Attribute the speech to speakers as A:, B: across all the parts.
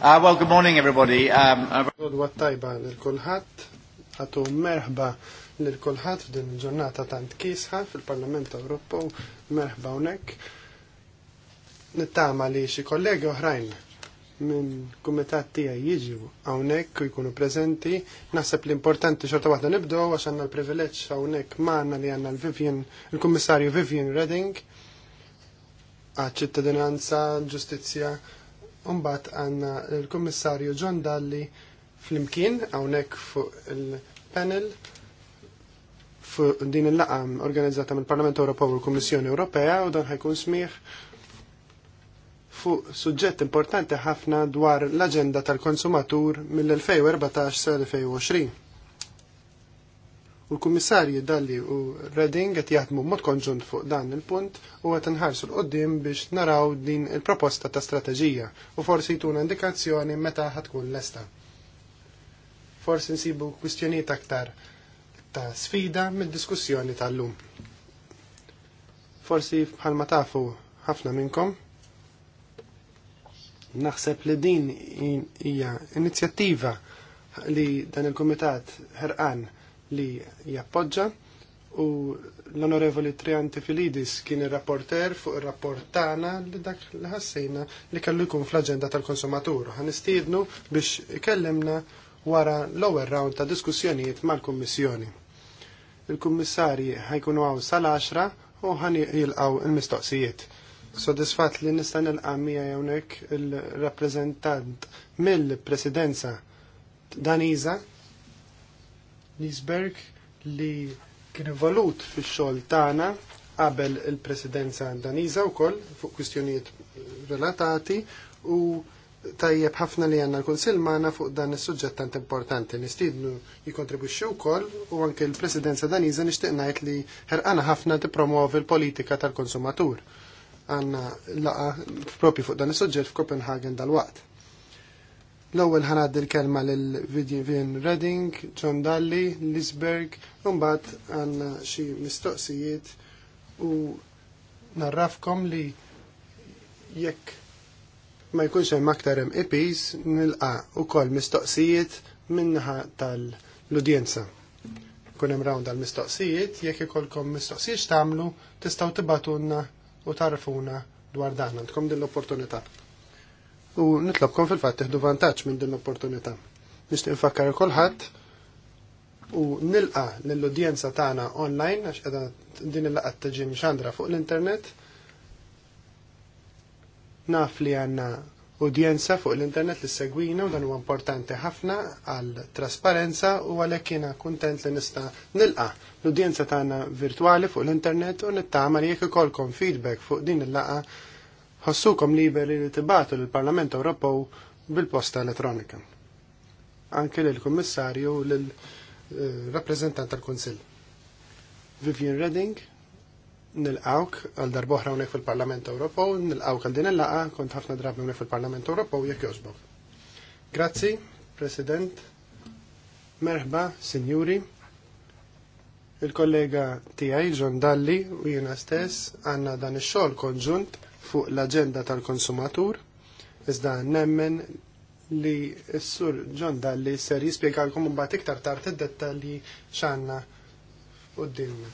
A: Uh, well, good morning everybody. Għodwa um, uh, tajba l-kulħat, għatu merħba l-kulħat f'din il-ġurnata tant kisħa fil-Parlament Ewropew, merħba unek. Nittama li xi kollegi oħrajn minn kumitat tiegħi jiġu hawnhekk u jkunu preżenti. Naħseb l-importanti xorta waħda nibdew għax għandna l-privileġġ hawnhekk magħna li għandna l-Vivian, il-Kummissarju Vivian Redding għad ċittadinanza, ġustizzja, Umbat għanna il-Kommissarju John Dalli fl-imkien għawnek fuq il-panel fuq din il-laqam organizzata mill-Parlament Ewropew u l-Kummissjoni Ewropea u dan ħajkun smieħ fuq suġġett importanti ħafna dwar l-agenda tal-konsumatur mill-2014 sa 2020 U l-Kummissarji Dalli u Redding qed jaħdmu mod konġunt fuq dan il-punt u qed nħarsu l-qoddim biex naraw din il-proposta ta' strateġija u forsi jtuna indikazzjoni meta ħatkun lesta. Forsi nsibu kwistjonijiet aktar ta' sfida mid-diskussjoni tal-lum. Forsi bħalma tafu ħafna minnkom. Naħseb li din hija inizjattiva li dan il-Kumitat ħerqan li jappoġġa u l-Onorevoli Trianti Filidis kien ir-rapporter fuq ir-rapport tagħna li dak li ħassejna li kellu jkun fl-aġenda tal-konsumatur. Ħanistiednu biex ikellimna wara l-ewwel round ta' diskussjonijiet mal-Kummissjoni. Il-Kummissarji ħajkunu hawn sal-10 u ħan jilqaw il-mistoqsijiet. Sodisfat li nista' nilqa' mija hawnhekk il-rappreżentant mill-Presidenza Daniża Nisberg li kien valut fix-xogħol tagħna qabel il-presidenza u wkoll fuq kwistjonijiet relatati u tajjeb ħafna li għanna l-Konsil maħna fuq dan il suġġett tant importanti. Nistidnu u wkoll u anke l-Presidenza Daniża nixtieq ngħid li ħerqana ħafna tippromuovi l-politika tal-konsumatur. Għanna laqa propri fuq dan is-suġġett f'Copenhagen dal-waqt. L-ewwel ħanad l-kelma lil Vivian Redding, John Dalli, Lisberg, mbagħad għandna xi mistoqsijiet u narrafkom li jekk ma jkunx hemm aktar hemm EPs nilqa' ukoll mistoqsijiet minnaħa tal-udjenza. Kun hemm rawn tal-mistoqsijiet, jekk ikolkom mistoqsijiet tagħmlu tistgħu tibatunna u tarfuna dwar dan għandkom din l-opportunità u nitlobkom fil-fatt teħdu vantaġġ minn din l-opportunità. Nixtieq infakkar kulħadd u nilqa lill udjenza tagħna online għax qiegħda din il-laqgħa tiġi mxandra fuq l-internet. Naf li għandna udjenza fuq l-internet li segwina u dan huwa importanti ħafna għal trasparenza u għalhekk jiena kuntent li nista' nilqa l-udjenza tagħna virtwali fuq l-internet u nittama li jekk ikolkom feedback fuq din il-laqa ħossukom liberi li tibatu l-Parlament Ewropew bil-posta elettronika. Anke lill-Kummissarju u lill-rappreżentant eh, tal-Kunsill. Vivian Redding, nilqawk għal darboħra unek fil-Parlament Ewropew, nilqawk għal din il-laqa, kont ħafna drabi unek fil-Parlament Ewropew, jekk jozbok. Grazzi, President, merħba, Sinjuri, il-kollega tijaj, John Dalli, u jena stess, għanna dan ix xol konġunt fuq l-agenda tal-konsumatur, iżda nemmen li s-sur John Dalli ser jispiegalkom mbagħad iktar tard id-dettalji d-dimna.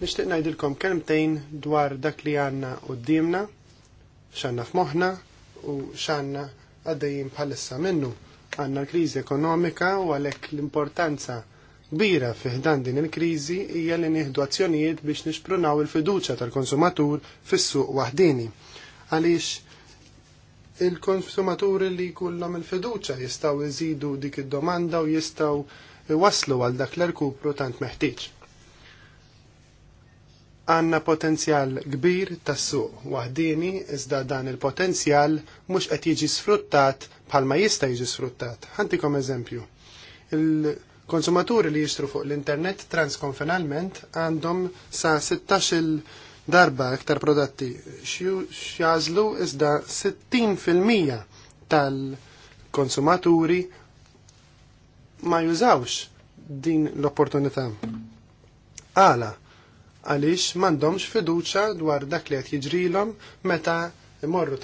A: Nixtieq ngħidilkom kelmtejn dwar dak li għandna xanna x'għandna f'moħħna u xanna għaddejjim bħalissa minnu. Għandna l-kriżi ekonomika u għalhekk l-importanza kbira fiħdan din il-kriżi hija li nieħdu azzjonijiet biex nixprunaw il-fiduċja tal-konsumatur fis-suq waħdini. Għaliex il-konsumaturi li jkollhom il-fiduċja jistgħu jżidu dik id-domanda u jistgħu waslu għal dak l-erkupru tant meħtieġ. Għanna potenzjal kbir tas-suq waħdini iżda dan il-potenzjal mhux qed jiġi sfruttat bħalma jista' jiġi sfruttat. Ħantikom eżempju. Il- Konsumaturi li jixtru fuq l-internet transkonfinalment għandhom sa 16 darba iktar prodotti xjażlu iżda 60% tal-konsumaturi ma jużawx din l-opportunità. Għala, għalix mandomx fiduċa dwar dak li għet jġrilom meta imorru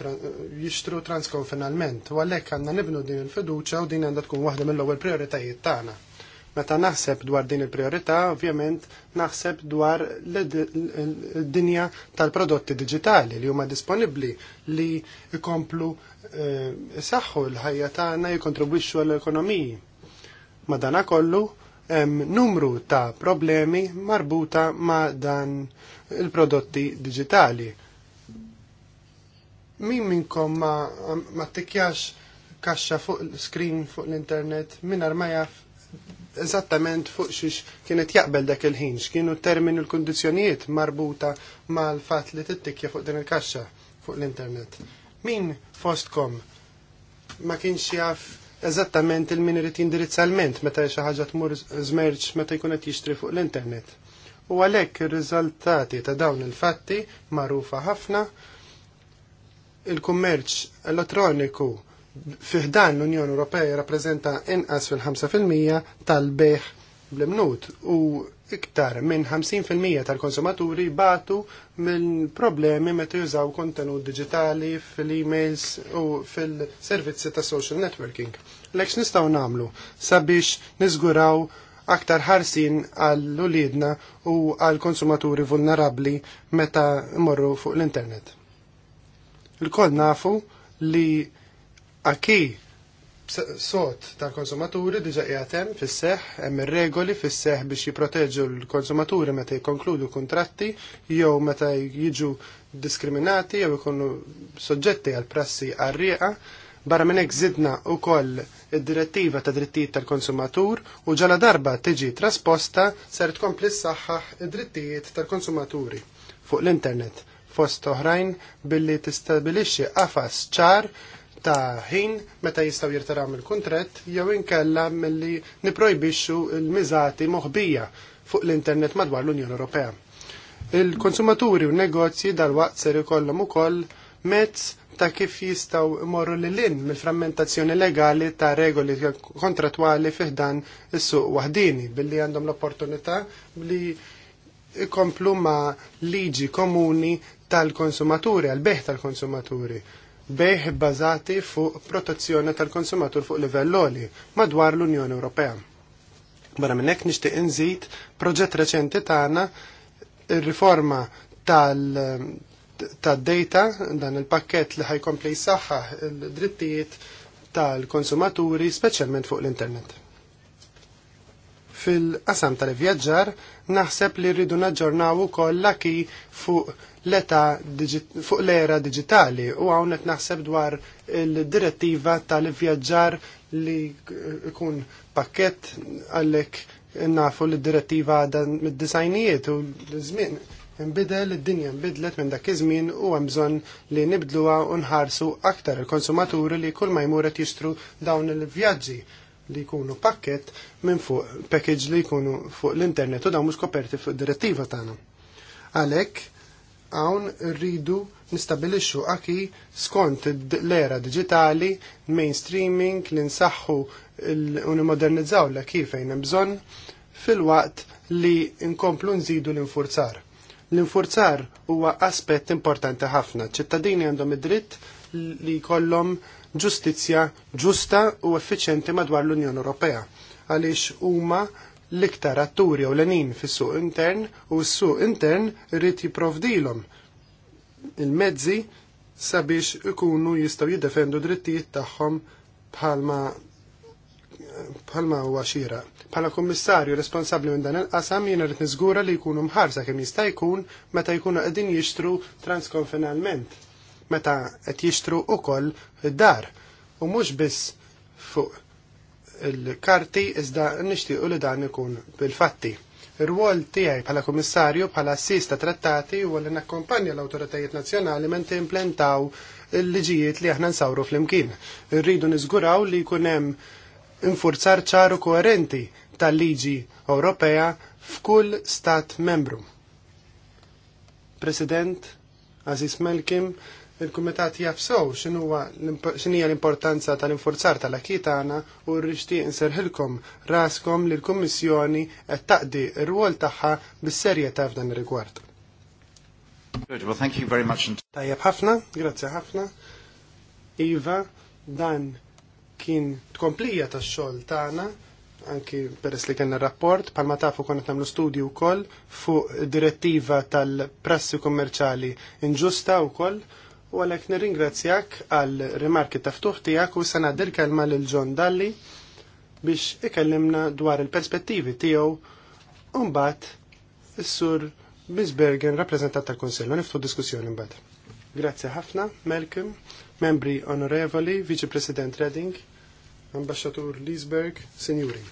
A: jixtru transkonfinalment. U għalek għanna nibnu din il-fiduċa u din għandha tkun waħda mill-ewwel prioritajiet tagħna. Meta naħseb dwar din il-priorità, ovvjament naħseb dwar l-dinja tal-prodotti digitali li huma disponibbli li jkomplu eh, saħħu l-ħajja tagħna jikontribwixxu għall-ekonomiji. Madana kollu hemm numru ta' problemi marbuta ma' dan il-prodotti digitali. Min minkom ma, ma tikjax kaxxa fuq l-screen fuq l-internet minar ma jaf eżattament fuq xiex kienet jaqbel dak il-ħin, x'kienu termini l kundizzjonijiet marbuta mal-fatt li tittikja fuq din il-kaxxa fuq l-internet. Min fostkom ma kienx jaf eżattament il-min irid jindirizzalment meta xi ħaġa tmur żmerġ meta jkun qed jixtri fuq l-internet. U għalhekk ir-riżultati ta' dawn il-fatti magħrufa ħafna il-kummerċ elettroniku fiħdan l-Unjoni Ewropea jirrappreżenta inqas fil-5% tal-beħ bl-imnut u iktar minn 50% tal-konsumaturi batu minn problemi meta jużaw kontenut digitali fil-emails u fil-servizzi ta' social networking. Lekx nistaw namlu sabiex nizguraw aktar ħarsin għall-ulidna u għall-konsumaturi vulnerabli meta morru fuq l-internet. Il-kol nafu li Aki sot tal-konsumaturi diġa jgħatem fis-seħ, hemm regoli fis biex jiproteġu l-konsumaturi meta jkonkludu kontratti jew meta jiġu diskriminati jew ikunu soġġetti għal prassi għarrieqa. Barra minn hekk u wkoll id-direttiva ta' drittijiet tal-konsumatur u ġala darba tiġi trasposta ser tkompli s-saħħaħ id-drittijiet tal-konsumaturi fuq l-internet fost oħrajn billi tistabilixxi qafas ċar ta' ħin meta jistaw jirtaraw mill-kuntrett jew inkella milli niprojbixxu l-miżati moħbija fuq l-internet madwar l-Unjoni Ewropea. Il-konsumaturi u negozji dal-waqt ser ikollhom ukoll mezz ta' kif jistaw morru lil-in mill-frammentazzjoni legali ta' regoli kontratwali fiħdan is-suq waħdini billi għandhom l-opportunità li ikomplu ma' liġi komuni tal-konsumaturi, għal-beħ tal-konsumaturi beħ bazati fuq protezzjoni tal-konsumatur fuq livell oli madwar l-Unjoni Ewropea. Barra minn hekk nixtieq inżid proġett reċenti tagħna ir-riforma tal- ta' data dan il-pakket li ħajkompli jisaxħa il drittijiet tal-konsumaturi, speċjalment fuq l-internet. Fil-qasam tal-vjaġġar naħseb li rridu naġġornaw ukoll laki fuq l-età fuq l-era digitali u hawnhekk naħseb dwar il-direttiva tal-vjaġġar li ikun pakket għalhekk nafu li d-direttiva għadha mid-disajnijiet u l-żmien Nbidel id-dinja nbidlet minn dak iż-żmien u hemm bżonn li nibdluha u nħarsu aktar il-konsumaturi li kull ma jmur qed jixtru dawn il-vjaġġi li jkunu pakket minn fuq package li jkunu fuq l-internet u dawn mhux koperti fuq direttiva tagħna. Għalhekk hawn rridu nistabilixxu aki skont l-era digitali, mainstreaming, li nsaħħu u nimodernizzaw la kif fejn hemm bżonn fil-waqt li nkomplu nżidu l-infurzar. L-infurzar huwa aspett importanti ħafna. ċittadini għandhom id-dritt li jkollhom ġustizzja ġusta u effiċenti madwar l-Unjoni Ewropea għaliex huma l-iktar atturi u l-enin fis-suq intern u s-suq intern rrit jiprovdilom il-mezzi sabiex ikunu jistgħu jiddefendu drittijiet tagħhom bħalma bħalma u għaxira. Bħala kummissarju responsabbli minn dan il-qasam jiena rrit niżgura li jkunu mħarsa kemm jista' jkun meta jkunu qegħdin jixtru transkonfinalment meta qed jixtru ukoll id-dar u mhux biss fuq il-karti iżda nixtiequ li dan ikun bil-fatti. Ir-rwol tiegħi bħala kummissarju bħala assist ta' trattati u li nakkompanja l-awtoritajiet nazzjonali meta implentaw il-liġijiet li aħna nsawru fl-imkien. Irridu niżguraw li jkun hemm infurzar ċaru koerenti tal-liġi Ewropea f'kull stat membru. President, Aziz Melkim, il-Kumitat jafsow xinija l-importanza tal-infurzar tal-akitana u r-rixti inserħilkom raskom l-Kummissjoni qed taqdi r-rwol tagħha bis serje f'dan ir-rigward. Good, well thank you very much. ħafna, grazzi ħafna. Iva, dan kien tkomplija tax-xogħol tagħna anki peress li kena rapport, palma tafu konna tamlu studju u koll fu direttiva tal-prassi kommerċali inġusta u koll u għalek nirringrazzjak għal rimarki taftuħ tijak u sana kelma lil John Dalli biex ikellimna dwar il-perspettivi tijow unbat il-sur Bisbergen, rappresentat tal-Konsellu, niftu diskussjoni mbagħad. Grazzi ħafna, Malcolm, membri onorevoli, Vice President Redding, Ambasċatur Lisberg, Sinjuri.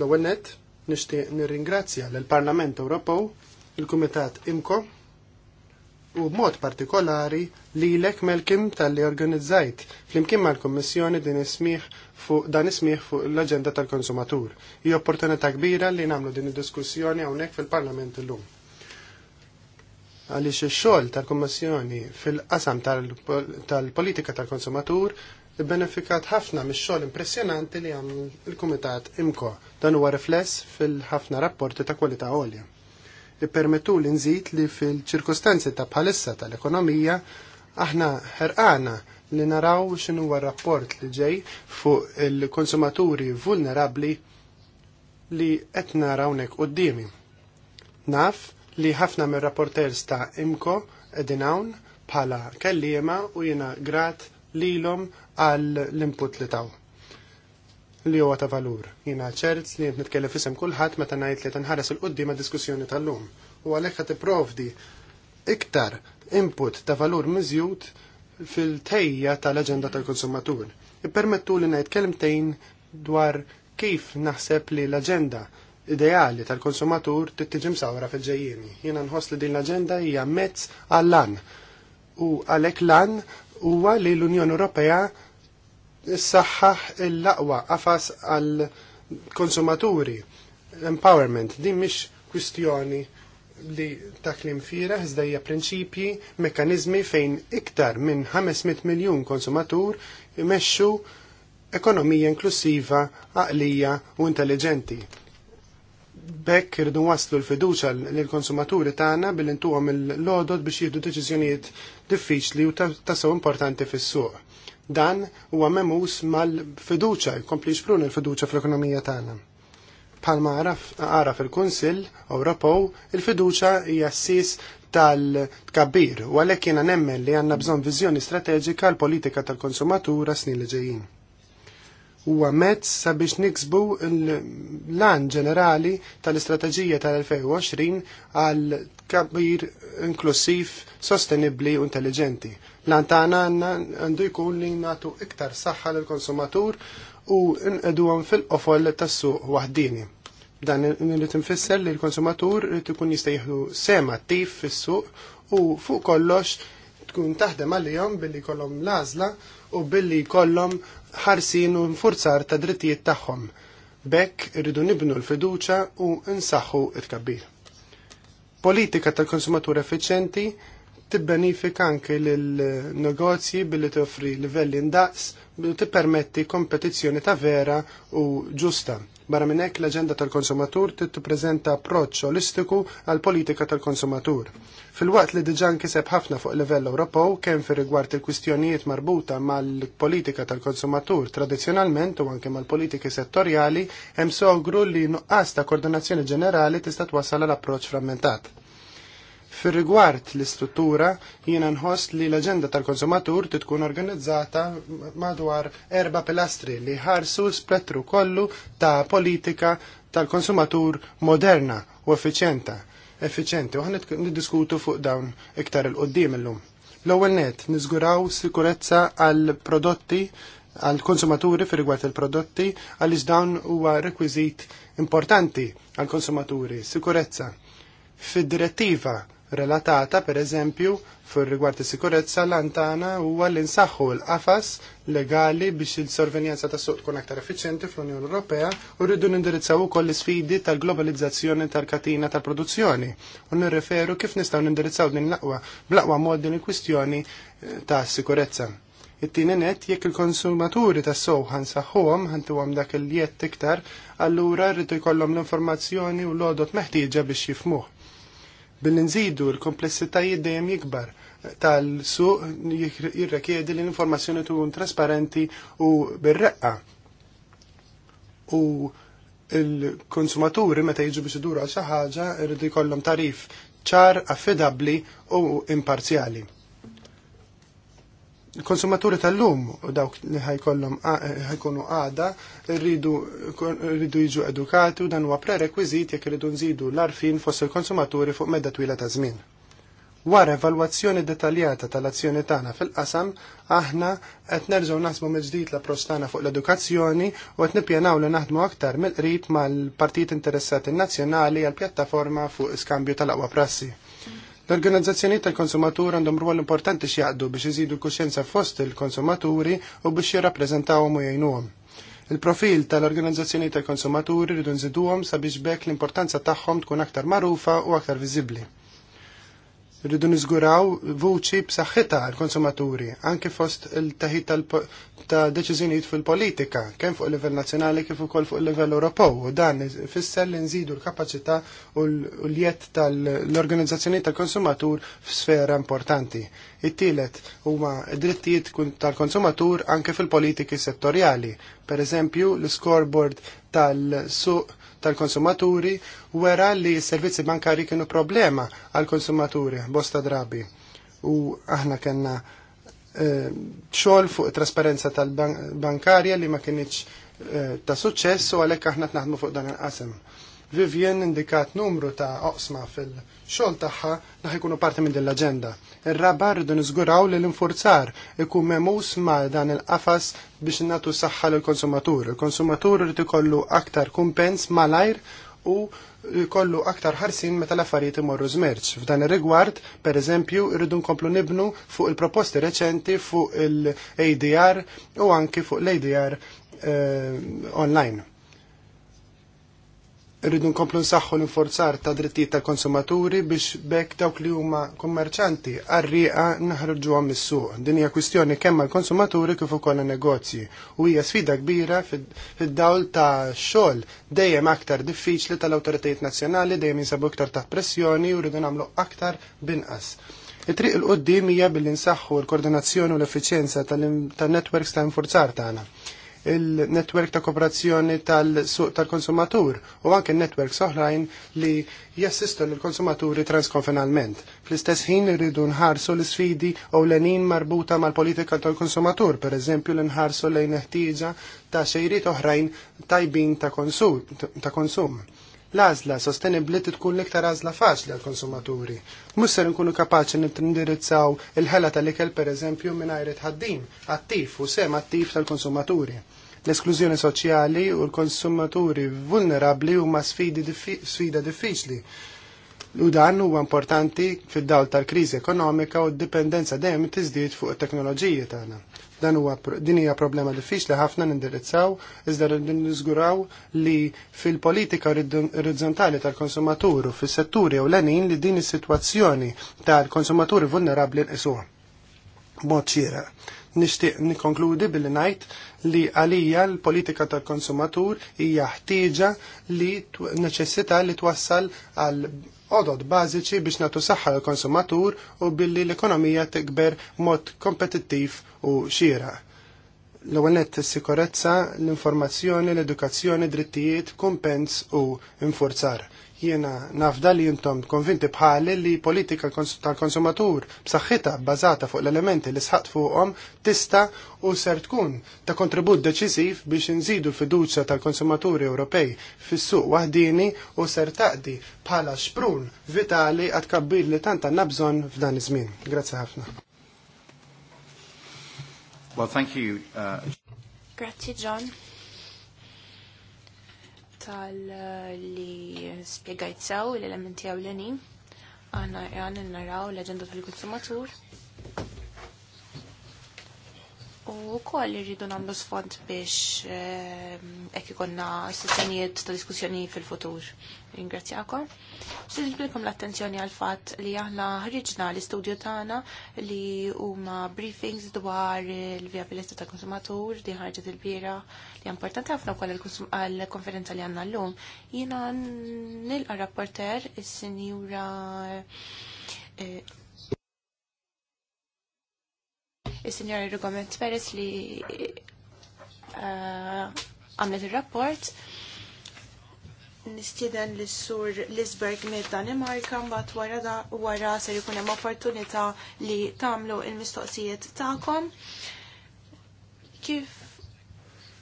A: L-ewwel nett nixtieq nirringrazzja lill-Parlament Ewropew, il-Kumitat Imko u mod partikolari li l-ek kim tal-li organizzajt fl imkim mal-Kommissjoni din ismiħ dan ismiħ fuq l-agenda tal-konsumatur. Hi opportunità kbira li namlu din id-diskussjoni hawnhekk fil-Parlament illum. Għaliex ix-xogħol tal-Kommissjoni fil-qasam tal-politika tal-konsumatur benefikat ħafna mix-xogħol impressjonanti li għam l-Kumitat Imko. Dan huwa rifless fil-ħafna rapporti ta' kwalità għolja. Ippermettu li nżid li fil-ċirkustanzi ta' bħalissa tal-ekonomija aħna ħerqana li naraw x'inhu rapport li ġej fuq il-konsumaturi vulnerabbli li qed narawnek qudiemi. Naf li ħafna mir rapporters ta' Imko qegħdin hawn bħala kelliema u jiena grat lilhom għall input li taw li huwa ta' valur. Jiena ċert li jint nitkellem fisem kulħadd meta ngħid li tinħares il-qudiem diskussjoni tal-lum. U għalhekk qed tipprovdi iktar input ta' valur miżjud fil-tejja tal-aġenda tal-konsumatur. Ippermettu li ngħid kelmtejn dwar kif naħseb li l-aġenda ideali tal-konsumatur tittiġi msawra fil-ġejjieni. Jiena nħoss li din l-aġenda hija mezz għall-lan. U għalhekk lan huwa li l-Unjoni Ewropea s-saxħaħ il-laqwa għafas għal-konsumaturi. Empowerment, din mish kwistjoni li taklim fira iżdejja prinċipji, mekanizmi fejn iktar minn 500 miljon konsumatur imexxu ekonomija inklusiva, għaqlija u intelligenti. Bekk irdu waslu l-fiduċa l-konsumaturi tagħna bil ntuhom il-lodot biex jieħdu deċiżjonijiet diffiċli u tasaw importanti fis-suq Dan huwa memus mal-fiduċa, jkompli xprun il-fiduċa fl-ekonomija tagħna. Palma għara fil-Kunsill Ewropew il-fiduċa hija assis tal-tkabbir u għalhekk jiena nemmen li għandna bżonn viżjoni strateġika għall politika tal-konsumatura snin li ġejjin. Huwa mezz sabiex niksbu l-lan ġenerali tal-istrateġija tal-2020 għal kabbir inklusiv, sostenibbli u intelligenti Lantana għandu jkun li natu iktar saħħa l-konsumatur u nqedu fil-qofol tas-suq waħdini. Dan li tinfisser li l-konsumatur tkun jista' jieħdu sema attiv fis-suq u fuq kollox tkun taħdem għalihom billi kollom l-għażla u billi kollom ħarsin u nfurzar ta' drittijiet tagħhom. Bekk irridu nibnu l-fiduċa u nsaħħu it-kabbir. Politika tal-konsumatur effiċenti tibbenifika anke l-negozji billi toffri livelli ndaqs u tippermetti kompetizzjoni ta' vera u ġusta. Barra minn hekk l-aġenda tal-konsumatur tippreżenta approċċ olistiku għal politika tal-konsumatur. Fil-waqt li diġà nkiseb ħafna fuq livell Ewropew kemm fir rigward il-kwistjonijiet marbuta mal-politika tal-konsumatur tradizzjonalment u anke mal-politiki settorjali hemm sogru li nuqqas ta' koordinazzjoni ġenerali tista' twassal l approċċ frammentat. Fir rigward l-istruttura, jiena nħoss li l-aġenda tal-konsumatur titkun organizzata madwar erba pilastri li ħarsu spettru kollu ta' politika tal-konsumatur moderna u effiċjenta. Effiċjenti, u ħanet niddiskutu fuq dawn iktar il-qoddim illum. L-ewwel net niżguraw sikurezza għal prodotti għal konsumaturi fi rigward il-prodotti għaliex dawn huwa rekwiżit importanti għal konsumaturi, sikurezza. Fid-direttiva relatata per eżempju fur rigward is-sikurezza l-antana huwa li nsaħħu l-qafas legali biex il-sorvenjanza ta' suq tkun aktar effiċjenti fl-Unjoni Ewropea u rridu nindirizzaw ukoll l-isfidi tal-globalizzazzjoni tal-katina tal-produzzjoni u nirreferu kif nistgħu nindirizzaw din l-aqwa bl-aqwa mod din il-kwistjoni eh, ta' sikurezza. It-tieni net jekk il-konsumaturi tas sow saħħuhom ħantuhom dak il jett iktar, allura rridu jkollhom l-informazzjoni u l-għodot meħtieġa biex jifmuh billi nżidu l-komplessitajiet dejjem jikbar tal-suq jirrekjedi li l-informazzjoni tkun trasparenti u bir-reqqa. U il-konsumaturi meta jiġu biex iduru għal xi ħaġa jridu jkollhom tarif ċar, affidabbli u imparzjali il-konsumaturi tal-lum u dawk li ħajkollhom eh, ħajkunu għada rridu jiġu edukati u dan huwa prerekwiżit jekk irridu nżidu l-arfin fost il-konsumaturi fuq medda twila ta' żmien. Wara evalwazzjoni dettaljata tal-azzjoni tagħna fil-qasam, aħna qed nerżgħu naħsmu mill-ġdid la prostana fuq l-edukazzjoni u qed nippjanaw li naħdmu aktar mill-qrib mal-partit interessati nazzjonali għal pjattaforma fuq iskambju tal-aqwa prassi. L-organizzazzjoni tal-konsumatur għandhom rwol importanti x'jaqdu biex iżidu kuxjenza fost il-konsumaturi u biex jirrappreżentawhom u jgħinuhom. Il-profil tal-organizzazzjoni tal-konsumaturi rridu nżiduhom sabiex bekk l-importanza tagħhom tkun aktar magħrufa u aktar viżibbli. Rridu niżguraw vuċi b'saħħitha għall-konsumaturi, anke fost il-taħit ta' deċiżjonijiet fil-politika, kemm fuq livell nazzjonali kif ukoll fuq livell Ewropew, u dan ifisser li nżidu l-kapaċità u l-jett tal-organizzazzjoni tal-konsumatur f'sfera importanti. It-tielet huma drittijiet tal-konsumatur anke fil-politiki settorjali, per eżempju l-scoreboard tal-suq tal-konsumaturi wera li s-servizzi bankari kienu problema għal-konsumaturi bosta drabi. U aħna kena eh, xogħol fuq trasparenza tal-bankarja li ma kienieċ eh, ta' suċċess u għalhekk aħna naħdmu fuq dan il-qasem. Vivien indikat numru ta' oqsma fil-xol tagħha li kunu parti minn dell l-aġenda. Ir-raba izguraw niżguraw li l-infurzar ikun memus ma' dan il-qafas biex natu saħħa l-konsumatur. Il-konsumatur rriti kollu aktar kumpens malajr u kollu aktar ħarsin meta l-affarijiet imorru żmerċ. F'dan ir-rigward, per eżempju, irridu nkomplu nibnu fuq il-proposti reċenti fuq il-ADR u anki fuq l-ADR eh, online rridu nkomplu nsaħħu l-inforzar ta' drittijiet tal konsumaturi biex bekk dawk li huma kummerċanti għarriqa naħarġu għom mis-suq. Din hija kwistjoni kemm mal konsumaturi kif ukoll negozji u hija sfida kbira fid-dawl ta' xogħol dejjem aktar diffiċli tal-awtoritajiet nazzjonali dejjem jinsabu aktar ta' pressjoni u rridu nagħmlu aktar binqas. It-triq il-qoddim hija billi nsaħħu l-koordinazzjoni u l-effiċjenza tal-networks ta' infurzar tagħna il-netwerk ta' kooperazzjoni tal-suq tal-konsumatur u anke netwerk soħrajn li jassistu l-konsumaturi transkonfinalment. Fl-istess ħin rridu nħarsu l-sfidi u l-enin marbuta mal-politika tal-konsumatur, per eżempju l-nħarsu lejn ħtieġa ta' xejriet oħrajn tajbin ta' konsum. Ta konsum l azla sostenibbli tkun l-iktar għażla faċli għal konsumaturi Mhux ser nkunu kapaċi nindirizzaw il-ħela tal-ikel pereżempju mingħajr ħaddim attiv u sem attiv tal-konsumaturi. L-esklużjoni soċjali u l-konsumaturi vulnerabbli huma sfida diffiċli U dan huwa importanti fid-dawl tal-kriżi ekonomika u d-dipendenza dejjem tiżdied fuq it-teknoloġiji tagħna. Dan huwa din hija problema diffiċli ħafna nindirizzaw iżda rridu niżguraw li fil-politika orizzontali tal-konsumatur u fis-setturi ewlenin li din is-sitwazzjoni tal-konsumaturi vulnerabbli nqisuha. B'mod xieraq Nixtieq nikkonkludi billi ngħid li għalija l-politika tal-konsumatur hija ħtieġa li neċessità li twassal għal odod bażiċi biex natu saħħa l-konsumatur u billi l-ekonomija tikber mod kompetittiv u xira. L-ewwel nett is-sikurezza, l-informazzjoni, l-edukazzjoni, drittijiet, kumpens u infurzar. Jiena nafda li jintom konvinti bħali li politika tal-konsumatur b'saħħitha bbażata fuq l-elementi li sħat fuqhom tista u ser tkun ta' kontribut deċisiv biex inżidu fiduċa fiduċja tal-konsumaturi Ewropej fis-suq waħdini u ser taqdi bħala xprun vitali għad kabbir li tant nabżon f'dan iż-żmien. Grazzi ħafna. Well, thank you. Uh...
B: Grazie, John tal-li eh, spiegajt sew l-elementi għawleni għana għan naraw l-agenda tal-konsumatur U koll irridu nagħmlu sfond biex ehm, ekk ikonna sessjonijiet ta' diskussjoni fil-futur. Ringrazzjakom. Sirribilkom l-attenzjoni għal fatt li aħna ħriġna l-istudju tagħna li huma briefings dwar il-vjabilità ta' konsumatur di ħarġet il-bira li importanti ħafna wkoll għall-konferenza li għandna llum. Jiena nilqa' rapporter is-sinjura eh, il-Sinjora Rigament Peres li uh, għamlet il-rapport. Nistieden li sur Lisberg mid Danimarka mbagħad wara da wara ser ikun hemm opportunità li tagħmlu l-mistoqsijiet tagħkom. Kif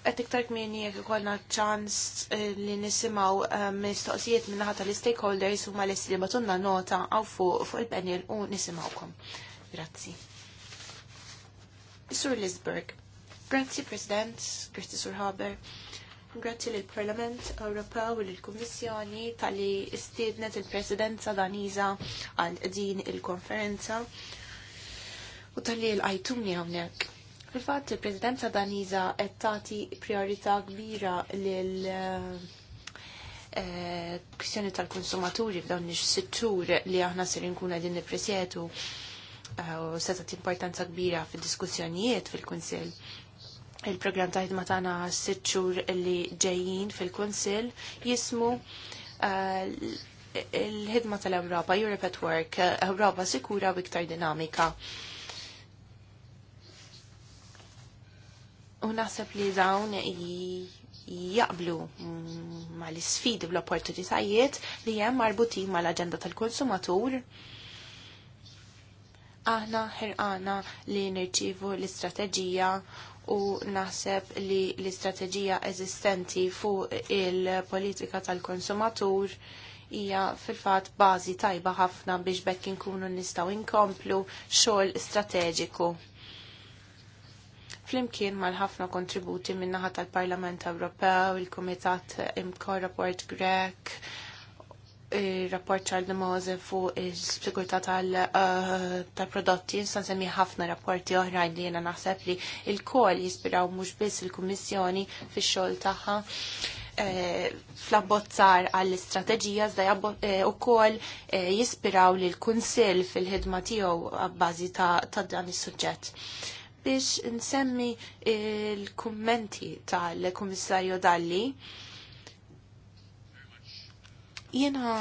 B: qed iktar kmieni jekk ikollna ċans eh, li nisimgħu eh, mistoqsijiet min-naħa tal-stakeholders huma lesti li batunna nota għaw fuq fuq il-panel u nisimgħukom. Grazzi. Sur Lisberg. Grazzi President, grazzi Sur Haber. Grazzi lill parlament Ewropew u lill kummissjoni tal-li il-Presidenza Daniza għal din il-konferenza u tal-li l-għajtumni hawnhekk. Fil-fatt il-Presidenza Daniza qed tagħti priorità kbira lil eh, kwistjoni tal-konsumaturi f'dawn ix-sittur li aħna ser nkun qegħdin nippresjetu u setat importanza kbira fil-diskussjonijiet fil-Kunsill. Il-programm ta' ħidma tagħna sitt xhur li ġejjin fil-Kunsill jismu eh, il-ħidma tal-Ewropa, Europe at Work, Ewropa sikura u iktar dinamika. U naħseb li dawn jaqblu ma l-sfidi bl opportunitajiet li hemm marbutin mal-aġenda tal-konsumatur Aħna ħirqana li nirċivu l-istrateġija u naħseb li l-istrateġija eżistenti fuq il-politika tal-konsumatur hija fil-fatt bażi tajba ħafna biex bekk inkunu nistgħu inkomplu xogħol strateġiku flimkien mal-ħafna kontributi minnaħat tal-Parlament Ewropew, il-Kumitat Imkor Report Grek, il-rapport Charles de fuq il-sigurtà eh, tal-prodotti, nistan semmi ħafna rapporti oħrajn li jena naħseb li il-kol jispiraw mux biss il-Kummissjoni fi xol taħħa eh, fl-abbozzar għall-istrateġija zda u kol jispiraw li l-Kunsil fil-ħidma tiegħu għabbazi ta' dan is-suġġett biex nsemmi il-kummenti tal-Kummissarju Dalli Jena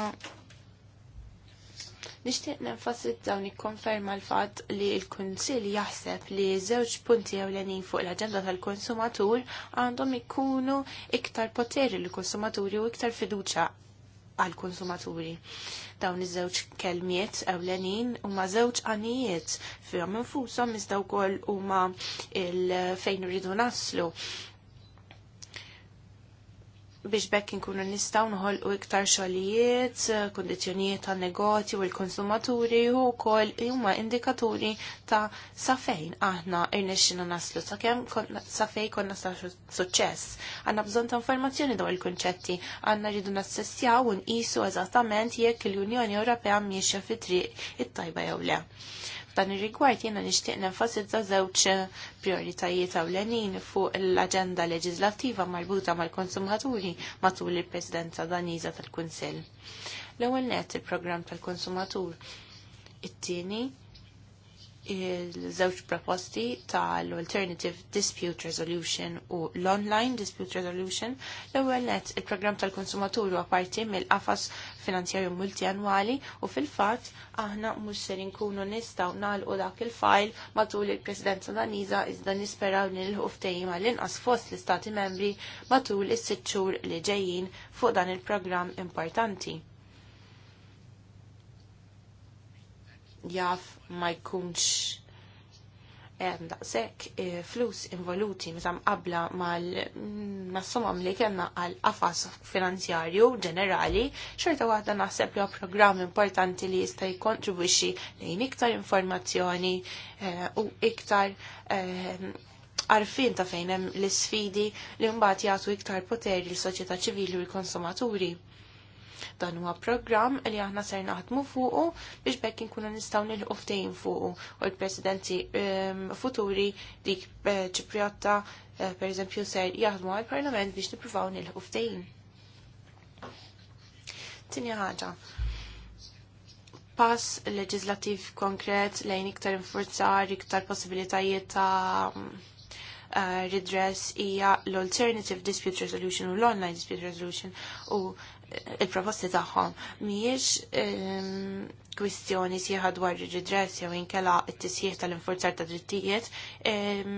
B: nishtiq nenfasizza dawn ikkonferma l-fatt li l-Kunsill jaħseb li żewġ punti ewlenin fuq l-aġenda tal-konsumatur għandhom ikunu iktar poteri l konsumaturi u iktar fiduċa għal konsumaturi. Dawn iż-żewġ kelmiet ewlenin huma żewġ għanijiet fihom infushom iżda wkoll huma il fejn iridu naslu biex bekk inkunu nistaw nħolqu iktar xogħlijiet, eh, kundizzjonijiet tan negozju u l-konsumaturi u wkoll huma indikaturi ta' sa fejn aħna irnexxina naslu sa kemm sa fejn konna sa suċċess. Għandna bżonn ta' informazzjoni dwar il-kunċetti, għandna rridu nassessjaw u nqisu eżattament jekk il-Unjoni Ewropea mhiexja fit triq it-tajba jew le. Dan ir-rigward jiena nixtieq nenfasizza żewġ prioritajiet ewlenin fuq l-aġenda leġislattiva marbuta mal-konsumaturi matul il-Presidenza Daniża tal-Kunsill. L-ewwel nett il-programm tal-konsumatur. It-tieni il-żewġ proposti tal-Alternative Dispute Resolution u l-Online Dispute Resolution l-ewwel net il-programm tal-konsumatur huwa parti mill-qafas finanzjarju multianwali u fil-fatt aħna mhux se nkunu nistgħu nagħlqu dak il file matul il-Presidenza Daniża iżda nisperaw nilħu ftehim għall-inqas fost l-Istati Membri matul is-sitt xhur li ġejjin fuq dan il-programm importanti jaf ma jkunx hemm daqshekk eh, flus involuti meta mqabbla mal nassumam mm, li kellna għal qafas finanzjarju ġenerali, xorta waħda naħseb li huwa programm importanti li jista' jikkontribwixxi lejn iktar informazzjoni eh, u iktar eh, għarfien ta' fejn hemm l-isfidi li mbagħad jagħtu iktar poteri l soċjetà ċivili u l-konsumaturi. Dan huwa programm li aħna ser naħdmu fuqu biex bekk inkunu nistgħu nilħu ftehim fuqu u l-presidenti ehm, futuri dik eh, Ċipriotta eh, pereżempju ser jaħdmu għall-Parlament biex nippruvaw nilħu ftehim. Tinja ħaġa pass leġislativ konkret lejn iktar infurzar, iktar possibilitajiet ta' uh, redress hija l-Alternative Dispute Resolution u l-Online Dispute Resolution u il-proposti tagħhom mhijiex ehm, kwistjoni sieħa dwar ir-redress jew inkela it tisjieħ tal-infurzar ta' drittijiet, ehm,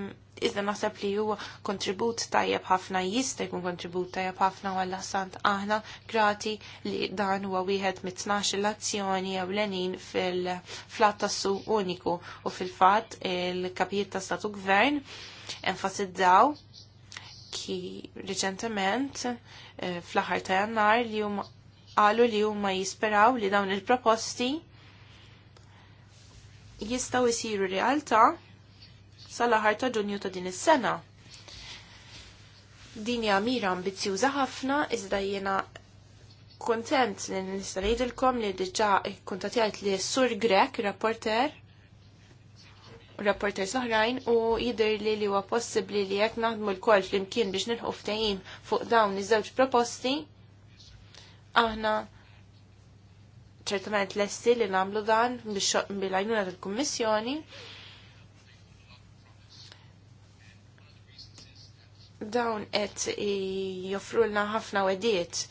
B: iżda naħseb li huwa kontribut tajjeb ħafna jista' jkun kontribut tajjeb ħafna għalla sant aħna grati li dan huwa wieħed mit l-azzjoni jew lenin fil-flat tassu uniku u fil-fatt il-kapijiet ta' statu gvern enfasizzaw ki reċentement eh, fl-aħħar ta' jannar li huma qalu li huma jisperaw li dawn il-proposti jistgħu jsiru realtà sal-aħħar ta' Ġunju ta' din is-sena. Din hija mira ambizzjuża ħafna iżda jiena kontent li nista' ngħidilkom li diġà kuntatjajt li Sur Grek, rapporter, Rapporter soħrajn u jidir li li huwa possibbli li jekk naħdmu l-kol flimkien biex nilħu ftehim fuq dawn iż-żewġ proposti, aħna ċertament lesti li nagħmlu dan bil-għajnuna tal-Kummissjoni. Dawn qed joffrulna ħafna wedijiet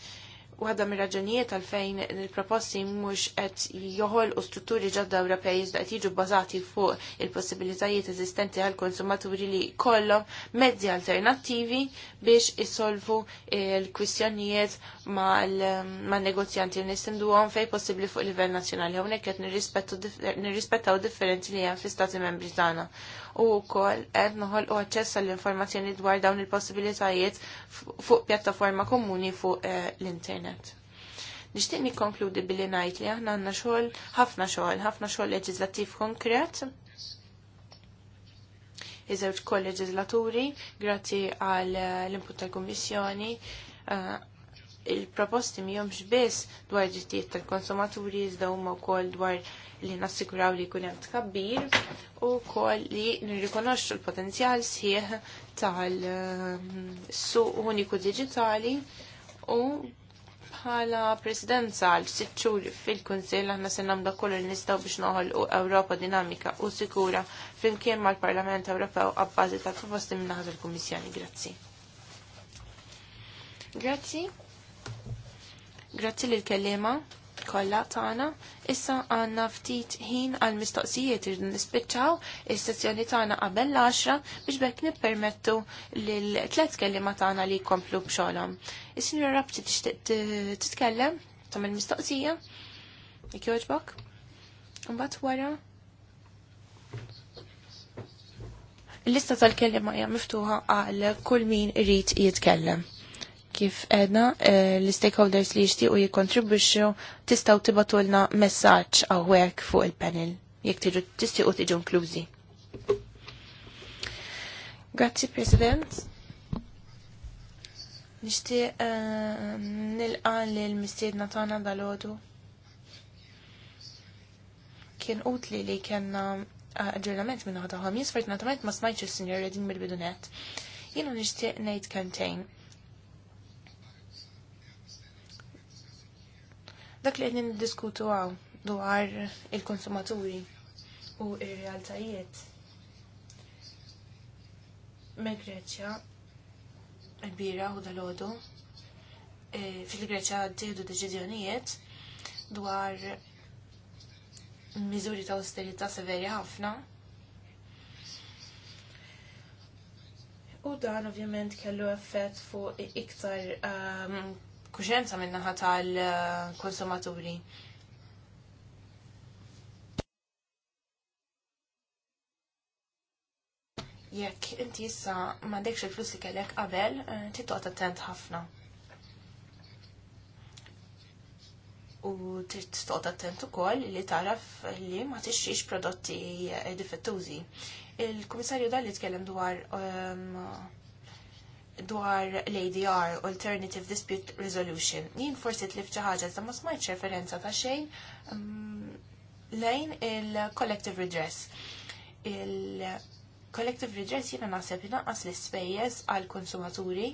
B: waħda mir-raġunijiet għalfejn il-proposti mhux qed joħolqu strutturi ġodda Ewropej iżda qed jiġu bbażati fuq il-possibilitajiet eżistenti għal konsumaturi li kollhom mezzi alternattivi biex isolvu l-kwistjonijiet mal-negozjanti nistenduhom fejn possibbli fuq livell nazzjonali hawnhekk qed nirrispettaw differenzi li hemm fl-Istati Membri tagħna u ed qed u aċċess għall-informazzjoni dwar dawn il-possibilitajiet fuq pjattaforma komuni fuq eh, l-internet. Nixtieq nikkonkludi billi ngħid li aħna għandna xogħol ħafna xogħol, ħafna xogħol leġislattiv konkret Iżewġ żewġ kolleġislaturi, grazzi għall eh, input tal-Kummissjoni, eh, il-proposti jomx biss dwar ġittijiet tal-konsumaturi iżda huma wkoll dwar li nassikuraw li jkun hemm tkabbir u wkoll li nirrikonoxxu l-potenzjal sħiħ tal-suq uniku digitali u bħala presidenza għal sitt xhur fil-Kunsill aħna se nagħmlu kollu li nistgħu biex u Ewropa dinamika u sikura flimkien mal-Parlament Ewropew abbażi tal-proposti minn naħa il kummissjoni Grazzi. Grazzi. Grazzi l kellima kollha tagħna. Issa għandna ftit ħin għal mistoqsijiet irridu nispiċċaw is-sessjoni tagħna qabel l-10 biex bekk nippermettu lil tliet kellima tagħna li jkomplu b'xogħolhom. Is-Sinjur Rabti tixtieq titkellem tagħmel mistoqsija? Jekk jogħġbok? Imbagħad wara Il-lista tal-kellima hija miftuħa għal kull min irid jitkellem kif edna eh, l-stakeholders li jishtiqu jikontribuxxu tistaw tibatulna messaġġ hawnhekk fuq il-panel jekk tiġu tistiqu tiġu inklużi. Grazzi President. Nixtieq uh, eh, nilqa l mistied tagħna dal Kien utli li kienna eh, aġġornament minn ħadd ħamis, fortunatament ma smajtx is-sinjor Redin mill-bidunet. Jiena nixtieq ngħid kantejn Dak li għedin diskutu għaw dwar il-konsumaturi u il-realtajiet. Me Greċja, il-bira u dal-ħodu, e, fil-Greċja għaddiħdu deċizjonijiet dwar miżuri ta' austerita severi ħafna. U dan ovvjament kellu effett fuq iktar um, kuxenza minnaħa tal-konsumaturi. Jekk inti issa m'għandekx il-flus li kellek qabel, eh, titqgħod attent ħafna. U tent attent ukoll li taraf li ma tixtrix prodotti difettużi. Il-Kummissarju dal li tkellem dwar ehm, dwar l-ADR, Alternative Dispute Resolution. Jien forsi tlif ħaġa ta' ma smajt referenza ta' xejn mm, lejn il-collective redress. Il-collective redress jiena naħseb inaqqas l-ispejjeż għal konsumaturi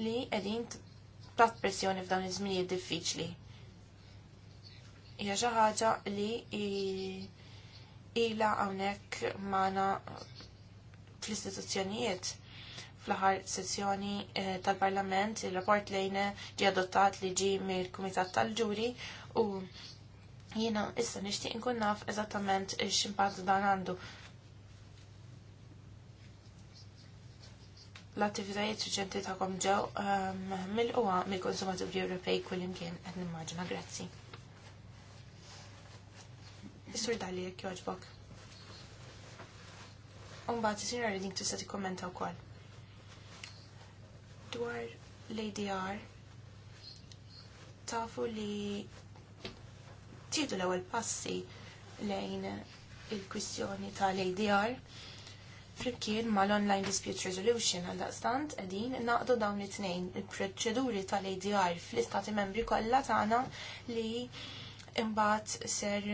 B: li qegħdin tat pressjoni f'dawn iż-żminijiet diffiċli. Hija xi ħaġa li ilha hawnhekk magħna fl-istituzzjonijiet fl-aħħar sessjoni eh, tal-Parlament il-rapport lejna ġi adottat li ġi mill-Kumitat tal-Ġuri u jiena issa nixtieq nkun naf eżattament x'impatt dan għandu. L-attivitajiet riċenti tagħkom ġew ehm, mill uwa mill-konsumaturi Ewropej kullimkien qed nimmaġina. Grazzi. Is-sur Dali jekk joġbok. Umbat, sinjora Redding tista' u wkoll dwar l-ADR tafu li tieħdu l-ewwel passi lejn il-kwistjoni tal-ADR flimkien mal-Online Dispute Resolution għal daqstant qegħdin naqdu dawn it-tnejn il-proċeduri tal-ADR fl-istati membri kollha tagħna li imbagħad ser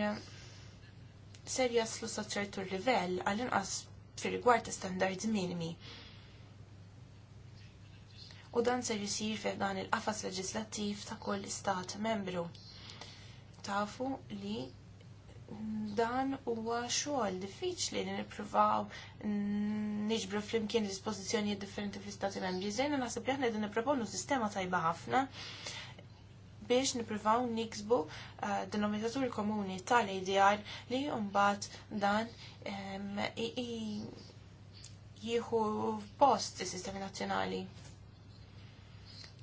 B: ser jaslu sa ċertu livell għall-inqas fir rigward standards minimi u dan se jisir fih dan il-qafas leġislattiv ta' kull stat membru. Tafu li dan huwa xogħol diffiċli li nippruvaw niġbru flimkien dispożizzjonijiet differenti fl-Istati Membri. Żejna naħseb li aħna qegħdin nipproponu sistema tajba ħafna biex nippruvaw niksbu eh, denominatur komuni tal adr li mbagħad dan ehm, jieħu post is-sistemi nazzjonali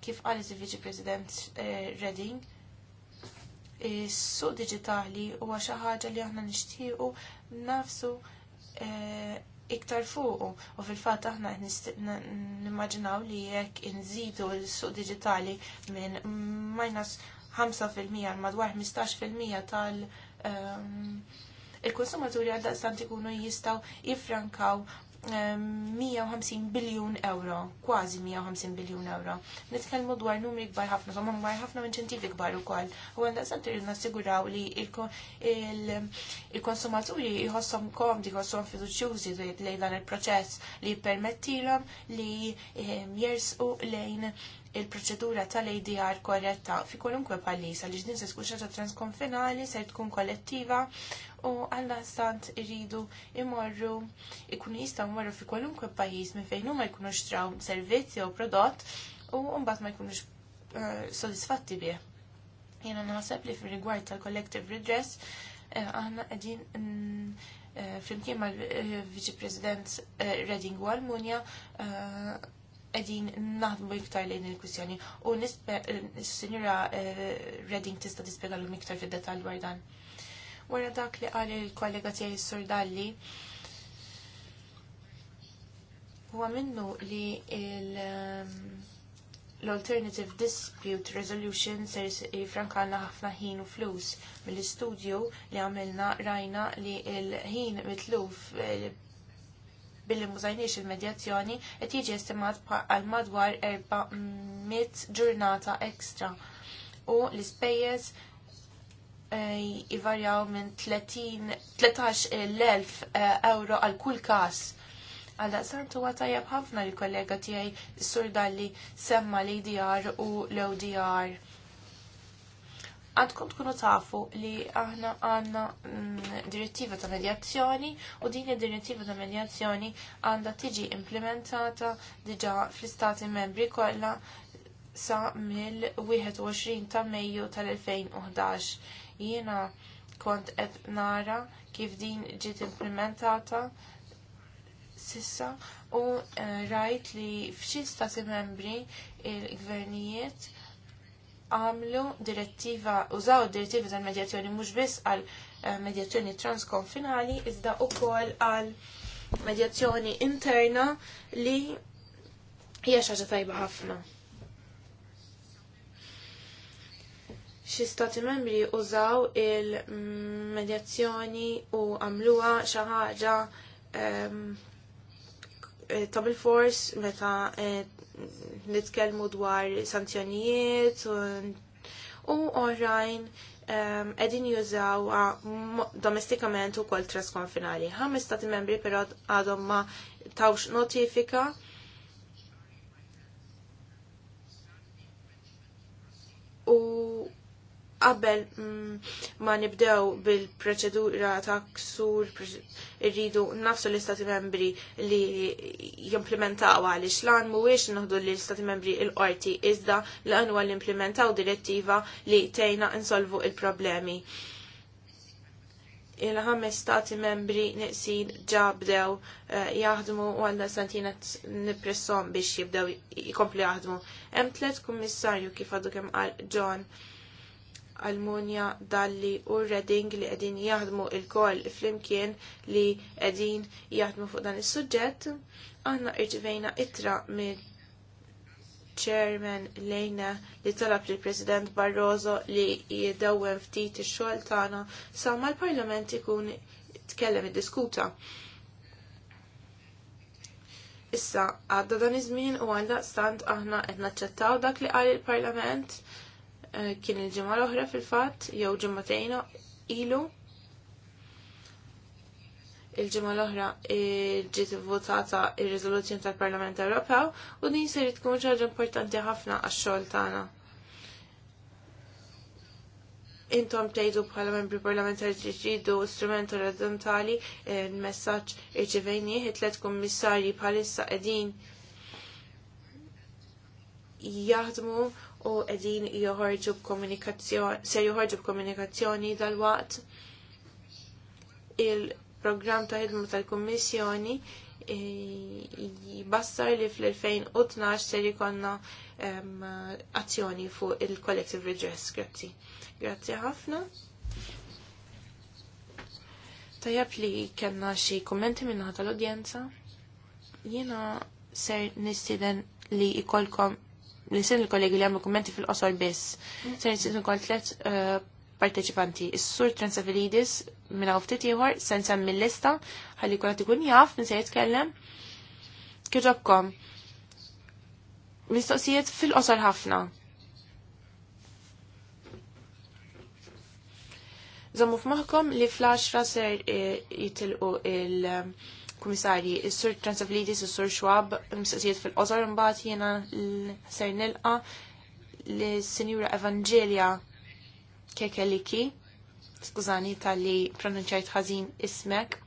B: kif qalet il-Viċi President eh, Redding, is-suq digitali huwa xi ħaġa li aħna nixtiequ nafsu eh, iktar fuqu u fil-fatt aħna nimmaġinaw li jekk inżidu l-suq digitali minn minus 5% għal madwar 15% tal- ehm, il-konsumaturi għal daqstant ikunu jistaw jifrankaw 150 biljun euro, kważi 150 biljun euro. Nitkellmu dwar numri kbar ħafna, somma kbar ħafna inċentivi kbar ukoll. U għandha sant irrid nassiguraw li il-konsumaturi jħossom di jħossom fiduċjużi lejn dan il-proċess li jippermettilhom li jersqu lejn il-proċedura tal-ADR korretta fi kolunkwe pallisa li ġdin se tkun xaġa transkonfinali se tkun kollettiva u għalla stant irridu imorru ikunu jistaw imorru fi kolunkwe pajis minn fejn huma jkunu xtraw servizzi u prodott u mbagħad ma jkunux uh, sodisfatti bih. Jena naħseb li fil-rigward tal-collective redress uh, aħna qegħdin fl mm, eh, flimkien mal-Viċi President Reding u Almunja għedin naħdmu iktar lejn il-kwistjoni u s-sinjura eh, eh, Redding tista' dispjega l iktar fid-detalj dwar dan. Wara dak li qal il-kollega tiegħi Sur Dalli huwa minnu li ehm, l-Alternative Dispute Resolution ser eh, frankalna ħafna ħin u flus mill-istudju li għamilna rajna li l-ħin mitluf billi mużajniex il-medjazzjoni qed jiġi estimat għal madwar 400 mm, ġurnata ekstra u l-ispejjeż eh, jivarjaw minn 13.000 eh, euro għal kull każ. Għal daqsant huwa tajjeb ħafna li kollega tiegħi Sur Dalli semma l-ADR u l-ODR għandkom tkunu tafu li aħna għanna mm, direttiva ta' medjazzjoni u din id-direttiva ta' medjazzjoni għandha tiġi implementata diġa fl-istati membri kollha sa mill-21 ta' Mejju tal-2011. Jiena kont qed nara kif din ġiet implementata sissa u eh, rajt li f'xi stati membri il-gvernijiet għamlu direttiva, użaw direttiva tal-medjazzjoni mhux biss għal eh, medjazzjoni transkonfinali, iżda wkoll għal medjazzjoni interna li hija xi ħaġa tajba ħafna. xi stati membri użaw il-medjazzjoni u għamluha xi ħaġa um, ehm, eh, ta' fors meta eh, nitkellmu dwar sanzjonijiet u oħrajn ehm, edin jużaw domestikament u kol trasconfinali. Ħames stati membri pero għadhom ma tawx notifika qabel mm, ma nibdew bil-proċedura ta' ksur irridu nafsu l-istati membri li jimplementaw għaliex lan mhuwiex li l-istati membri il-qorti iżda l għanwa li implementaw direttiva li tejna insolvu il-problemi. Il-ħames stati membri niqsin ġabdew eh, jaħdmu u għandna santina nipressom biex jibdew jikompli jaħdmu. Hemm tliet kummissarju kif għadu kemm qal John Almunja, Dalli u Redding li qegħdin jaħdmu il-koll flimkien li qegħdin jaħdmu fuq dan is-suġġett. għanna irċivejna itra mill chairman lejna li talab li president Barroso li jidawem ftit ix-xogħol tagħna sa ma l-Parlament ikun tkellem id-diskuta. Issa għadda dan iż-żmien u għandha stand aħna qed naċċettaw dak li qal il-Parlament Eh, kien il-ġimgħa l-oħra fil-fatt jew ġimgħatejn ilu. Il-ġimgħa l-oħra eh, ġiet votata ir-riżoluzzjoni tal-Parlament Ewropew u din se tkun ħaġa importanti ħafna għax-xogħol tagħna. Intom tgħidu bħala membri parlamentari ġiġidu strument orizzontali eh, il-messaġġ irċivejni tliet kummissarji bħalissa qegħdin jaħdmu u edin joħorġu b'komunikazzjoni, se joħorġu b'komunikazzjoni dal-waqt il-programm ta' ħidmu tal-Kummissjoni eh, jibassar li fl-2012 ser jikonna azzjoni fuq il-collective redress. Grazzi. Grazzi ħafna. Tajab li kena xie kommenti minna tal-udjenza. Jena ser nistiden li ikolkom nisit il-kollegi li għamlu kommenti fil-qosor biss. Ser nisit ukoll tliet eh, parteċipanti. Is-sur Transavilidis minn hawn ftit ieħor se nsemmi mill lista ħalli kull ikun jaf min se jitkellem. Kħiġobkom. Mistoqsijiet fil-qosor ħafna. Zammu f'maħkom li fl-10 ser eh, jitilqu il- kummissarji, s sur Transavlidis, s sur Schwab, msaqsijiet fil-qosor jena jiena ser nilqa li sinjura Evangelia Kekeliki, skużani tal-li pronunċajt ħażin ismek,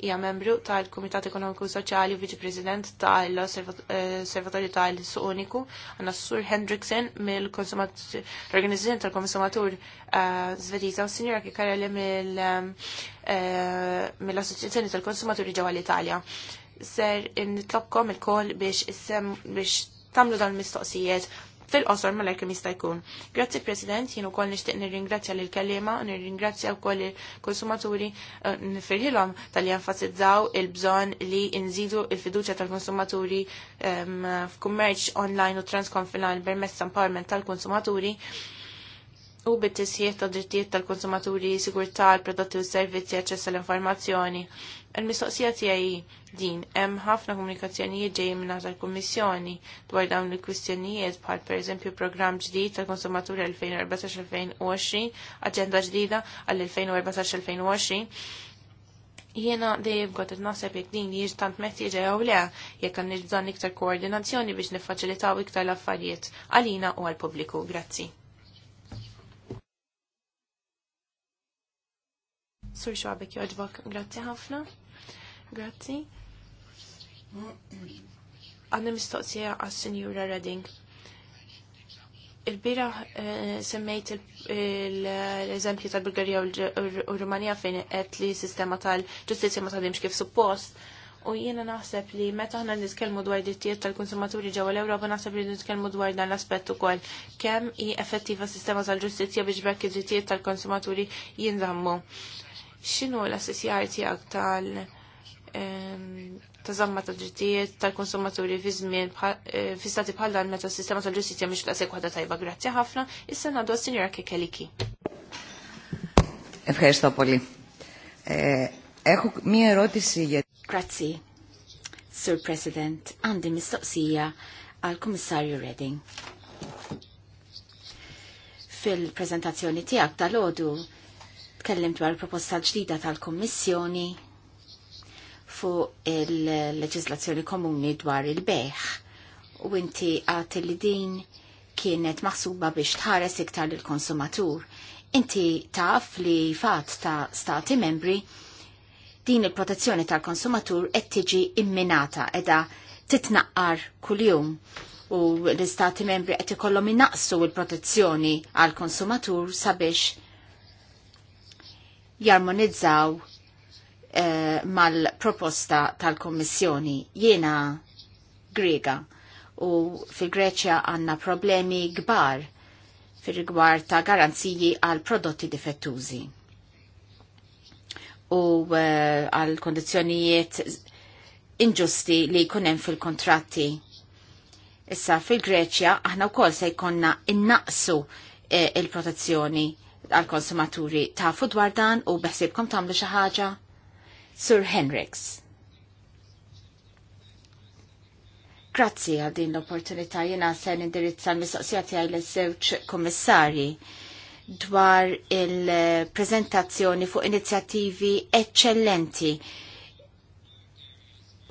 B: hija membru tal-Kumitat Ekonomiku Soċjali u Viċi President tal-Osservatorju tal-Suq Uniku, għandna Sur Hendriksen mill-Organizzazzjoni tal-Konsumatur Zvediża eh, u Sinjora Kikarelli eh, mill-Assoċjazzjoni tal-Konsumaturi ġewwa l-Italja. Ser nitlobkom il-kol biex biex tamlu dan mistoqsijiet fil-qosor ma l jista' jkun. Grazzi President, jien ukoll nixtieq nirringrazzja lil u nirringrazzja wkoll il-konsumaturi eh, nifirħilhom tal-li enfasizzaw il-bżonn li nżidu il-fiduċja tal-konsumaturi ehm, f'kummerċ online u transkonfinal permezz empowerment tal-konsumaturi u bit-tisjiet ta' drittijiet tal-konsumaturi, sigurtà, l-prodotti u servizzi, aċċess għall-informazzjoni. Il-mistoqsija tiegħi din hemm ħafna komunikazzjonijiet ġej minn tal-Kummissjoni dwar dawn il-kwistjonijiet bħal pereżempju programm ġdid tal-konsumaturi 2014-2020, aġenda ġdida għall-2014-2020. Jiena dejjem kont naħseb jekk din jiġ tant ġej jew le jekk għandna bżonn iktar koordinazzjoni biex niffaċilitaw iktar l-affarijiet għalina u għall-pubbliku. Grazzi. Sur xwabek joġbok, grazzi ħafna. Grazzi. Għanna mistoqsija għas senjura Redding. Il-bira eh, semmejt l-eżempju tal-Bulgarija u Rumanija fejn qed li sistema tal-ġustizzja ma tħadimx kif suppost. U jiena naħseb li meta aħna nitkellmu dwar drittijiet tal-konsumaturi ġewwa l-Ewropa naħseb li nitkellmu dwar dan l-aspett ukoll. Kemm hi effettiva sistema tal-ġustizzja biex bekk id-drittijiet tal-konsumaturi jinżammu x'inhu l-assessjar tiegħek tal ta' ta' ġittijiet tal-konsumaturi fi żmien eh, fi bħal dan meta s-sistema tal-ġustizja mhix taqsek waħda tajba grazzi ħafna, issa ngħadu għas sinjora Kekeliki.
C: Ευχαριστώ πολύ. Ε, έχω μία Grazie. Sir President, għandi mistoqsija għal Kummissarju Redding. Fil-prezentazzjoni tiegħek tal-ħodu Tkellim dwar proposta ġdida tal-Kommissjoni fuq il-leġislazzjoni komuni dwar il-beħ u inti għat li din kienet maħsuba biex tħares iktar il-konsumatur. Inti taf li fat ta' stati membri din il-protezzjoni tal-konsumatur qed tiġi imminata edha titnaqqar kuljum u l-istati membri qed ikollhom innaqsu l-protezzjoni għall konsumatur sabiex jarmonizzaw eh, mal-proposta tal-Kommissjoni. Jiena Grega u fil-Greċja għanna problemi gbar fil-rigward ta' garanziji għal prodotti difettużi u eh, għal kondizjonijiet inġusti li jkunem fil-kontratti. Issa fil-Greċja aħna wkoll se jkonna innaqsu eh, il-protezzjoni għal-konsumaturi tafu dwar dan u beħsibkom tamlu xi ħaġa? Sir Henriks. Grazzi għal din l-opportunità jena sen indirizza l-mistoqsija tiegħi l sewċ kummissarji dwar il-prezentazzjoni fuq inizjattivi eccellenti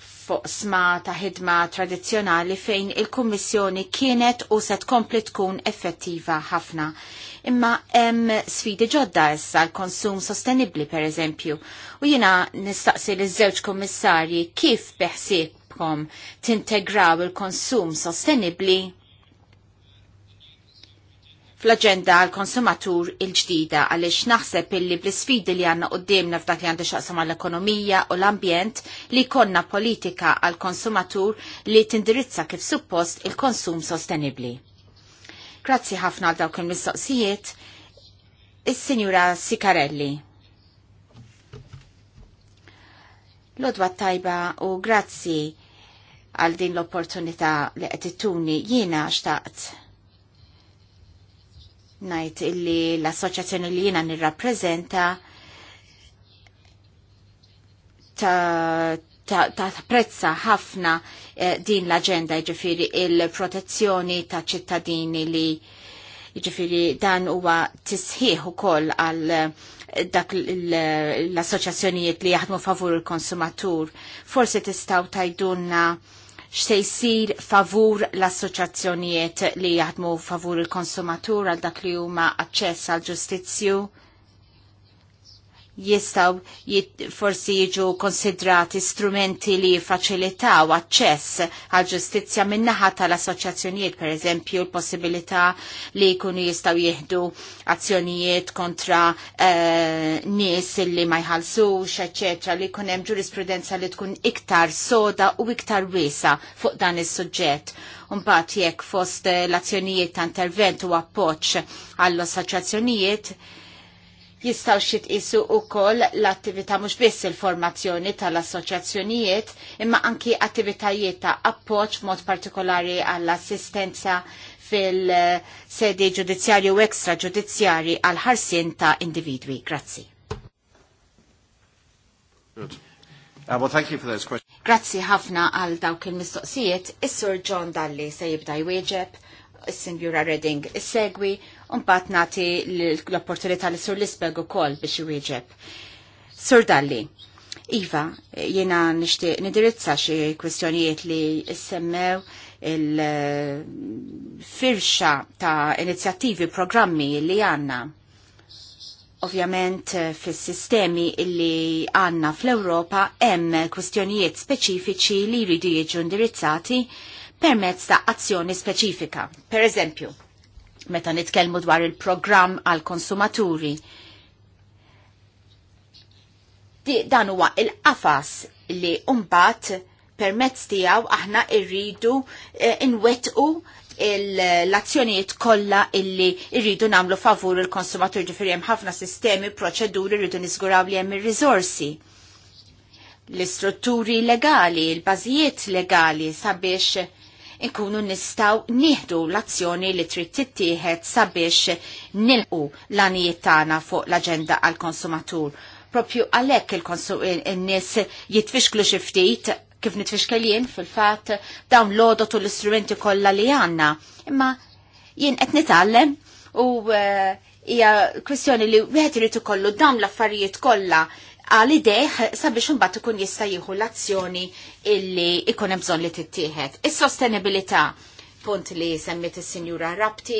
C: fuq sma ta' ħidma tradizzjonali fejn il-Kummissjoni kienet u se tkompli tkun effettiva ħafna imma hemm sfidi ġodda issa l-konsum sostenibli per eżempju. U jina nistaqsi l żewġ kommissarji kif beħsibkom tintegraw il-konsum sostenibli fl-agenda għal-konsumatur il-ġdida għalix naħseb illi bl-sfidi li għanna qoddimna f'dak li għandi xaqsam għall-ekonomija u l-ambjent li konna politika għal-konsumatur li tindirizza kif suppost il-konsum sostenibli. Grazzi ħafna għal dawk il-mistoqsijiet. Is-Sinjura Sikarelli. Lodwa tajba u grazzi għal din l-opportunità li qed ittuni jiena xtaqt najt illi l-assoċjazzjoni li jiena nirrappreżenta ta' prezza ħafna eh, din l-agenda ġifiri il-protezzjoni ta' ċittadini li ġifiri dan huwa tisħiħ ukoll għal eh, dak l-assoċjazzjonijiet li jaħdmu favur il-konsumatur. Forsi tistaw tajdunna xse jisir favur l-assoċjazzjonijiet li jaħdmu favur il-konsumatur għal dak li huma aċċess għal ġustizzju jistaw forsi jiġu konsidrati strumenti li faċilitaw aċċess għal ġustizzja minnaħat tal-assoċjazzjonijiet, per eżempju, l-possibilità li jkunu jistaw jihdu azzjonijiet kontra eh, nies li ma jħalsux, eccetera, li jkun hemm ġurisprudenza li tkun iktar soda u iktar wiesa fuq dan is-suġġett. Mbagħad jekk fost l-azzjonijiet ta' intervent u appoġġ għall-assoċjazzjonijiet, jistaw isu u koll l-attività mux biss il-formazzjoni tal-assoċjazzjonijiet imma anki attivitajiet ta' appoċ mod partikolari għall-assistenza fil-sedi ġudizzjari u ekstra ġudizzjarji għal-ħarsin ta' individwi. Grazzi.
B: Uh, well, thank you for those questions.
C: Grazzi ħafna għal dawk il-mistoqsijiet. Is-Sur John Dalli se jibda jwieġeb, is-Sinjura Redding is-segwi, Unbat nati l-opportunità li sur l-isbeg u kol biex iwieġeb. Sur Dalli, Iva, jena nishti nidirizza xie kwestjonijiet li semmew il-firxa ta' inizjattivi, programmi li għanna. Ovvjament fis sistemi li għanna fl-Europa hemm kwestjonijiet speċifiċi li jridu jiġu indirizzati permezz ta' azzjoni speċifika. Per eżempju, meta nitkellmu dwar il-programm għal konsumaturi. Dan huwa il-qafas li umbat permezz tiegħu aħna irridu eh, inwettqu l-azzjonijiet kollha illi irridu nagħmlu favur il-konsumatur ġifieri hemm ħafna sistemi, proċeduri rridu niżguraw li hemm ir-riżorsi l-istrutturi legali, l-bażijiet legali sabiex ikunu nistaw nieħdu l-azzjoni li trid tittieħed sabiex nilqu l-anijiet tagħna fuq l-aġenda għall-konsumatur. Propju għalhekk il-nies jitfixklu xi ftit kif nitfixkel jien fil-fatt dawn l-odot u l-istrumenti kollha li għandna. Imma jien qed nitgħallem u eh, hija kwestjoni li wieħed irid ikollu dawn l-affarijiet kollha għal ideħ sabiex imbagħad ikun jista' jieħu l-azzjoni illi ikun hemm bżonn li tittieħed. Is-sostenibilità punt li semmit is-Sinjura Rabti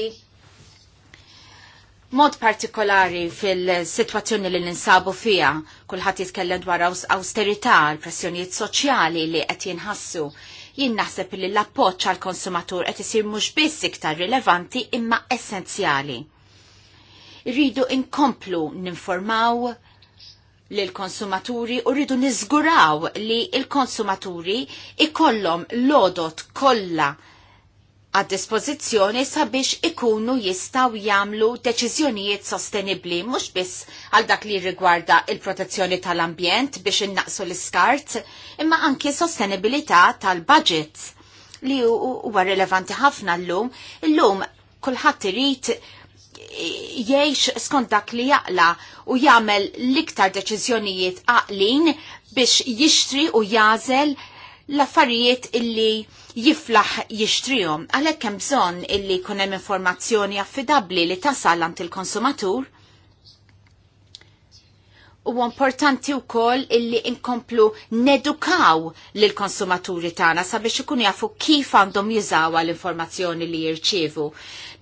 C: mod partikolari fil-situazzjoni li ninsabu fija, kullħat jitkellem dwar austerità, pressjonijiet soċjali li qed jinħassu. Jien naħseb li l-appoċ għal konsumatur qed isir mhux biss iktar rilevanti imma essenzjali. Rridu inkomplu ninformaw l-konsumaturi u rridu nizguraw li l konsumaturi ikollhom lodot kollha għad dispożizzjoni sabiex ikunu jistaw jamlu deċiżjonijiet sostenibli mhux biss għal dak li rigwarda il-protezzjoni tal-ambjent biex innaqsu l-iskart, imma anki sostenibilità tal-budget li huwa rilevanti ħafna llum, illum kulħadd irid jiex skont dak li jaqla u jagħmel l-iktar deċiżjonijiet għaqlin biex jixtri u jażel l-affarijiet illi jiflaħ jixtrihom. Għalhekk hemm bżonn illi jkun hemm informazzjoni affidabbli li tasal għand il-konsumatur. U importanti wkoll illi inkomplu nedukaw lil konsumaturi tagħna sabiex ikunu jafu kif għandhom jużaw l-informazzjoni li jirċievu.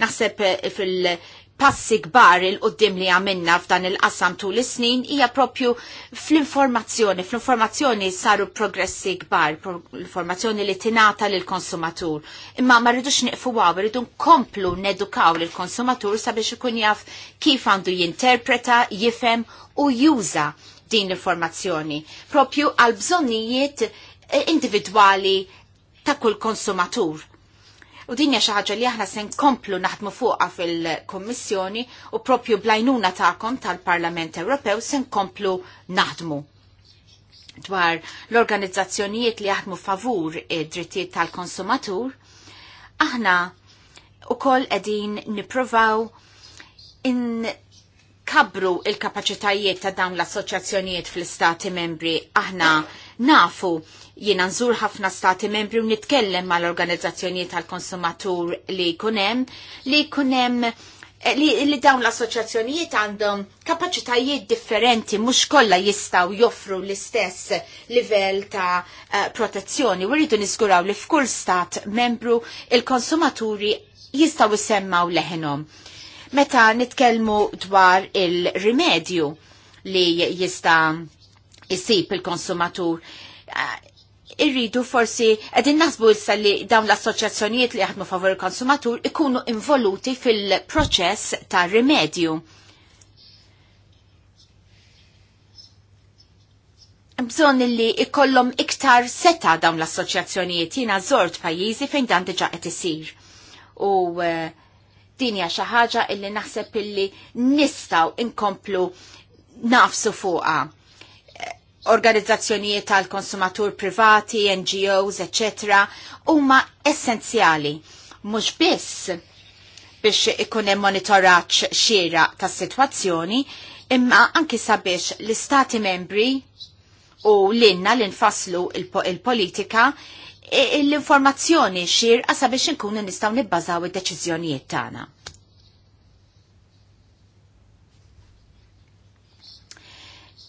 C: Naħseb eh, fil- passi kbar il-qoddim li għamilna f'dan il-qasam tul is-snin hija propju fl-informazzjoni. Fl-informazzjoni saru progressi kbar, l-informazzjoni li tinata lil konsumatur Imma ma rridux niqfu għaw, rridu nkomplu nedukaw lil konsumatur sabiex ikun jaf kif għandu jinterpreta, jifem u juża din l-informazzjoni. Propju għal bżonnijiet individwali ta' kull konsumatur U dinja xaħġa xi ħaġa li aħna se nkomplu naħdmu fuqha fil-Kummissjoni u propju blajnuna tagħkom tal-Parlament Ewropew se nkomplu naħdmu dwar l-organizzazzjonijiet li jaħdmu favur id-drittijiet tal-konsumatur, aħna u koll edin niprovaw in kabru il-kapacitajiet ta' dawn l-assoċjazzjonijiet fl-istati membri aħna nafu Jiena nżur ħafna stati membri u nitkellem mal-organizzazzjonijiet tal-konsumatur li kunem li kunem eh, li, li dawn l-assoċjazzjonijiet għandhom kapaċitajiet differenti mhux kollha jistgħu joffru l-istess livell ta' eh, protezzjoni u rridu niżguraw li f'kull stat membru il-konsumaturi jistgħu jsemmaw leħenhom meta nitkellmu dwar il-rimedju li jista jisib il-konsumatur, eh, irridu forsi edin naħsbu issa li dawn l-assoċjazzjonijiet li jaħdmu favor il-konsumatur ikunu involuti fil-proċess ta' rimedju. Bżon li ikollom iktar seta dawn l-assoċjazzjonijiet jina zort pajjiżi fejn dan diġà qed isir. U uh, din hija xi ħaġa illi naħseb illi nistgħu inkomplu nafsu fuqha organizzazzjonijiet tal-konsumatur privati, NGOs, etc. huma essenzjali mhux biss biex ikun hemm monitoraġġ xiera tas-sitwazzjoni, imma anki sabiex l-istati membri u l-inna li nfasslu il-politika il l-informazzjoni xirqa sabiex nkunu nistgħu nibbażaw id-deċiżjonijiet tagħna.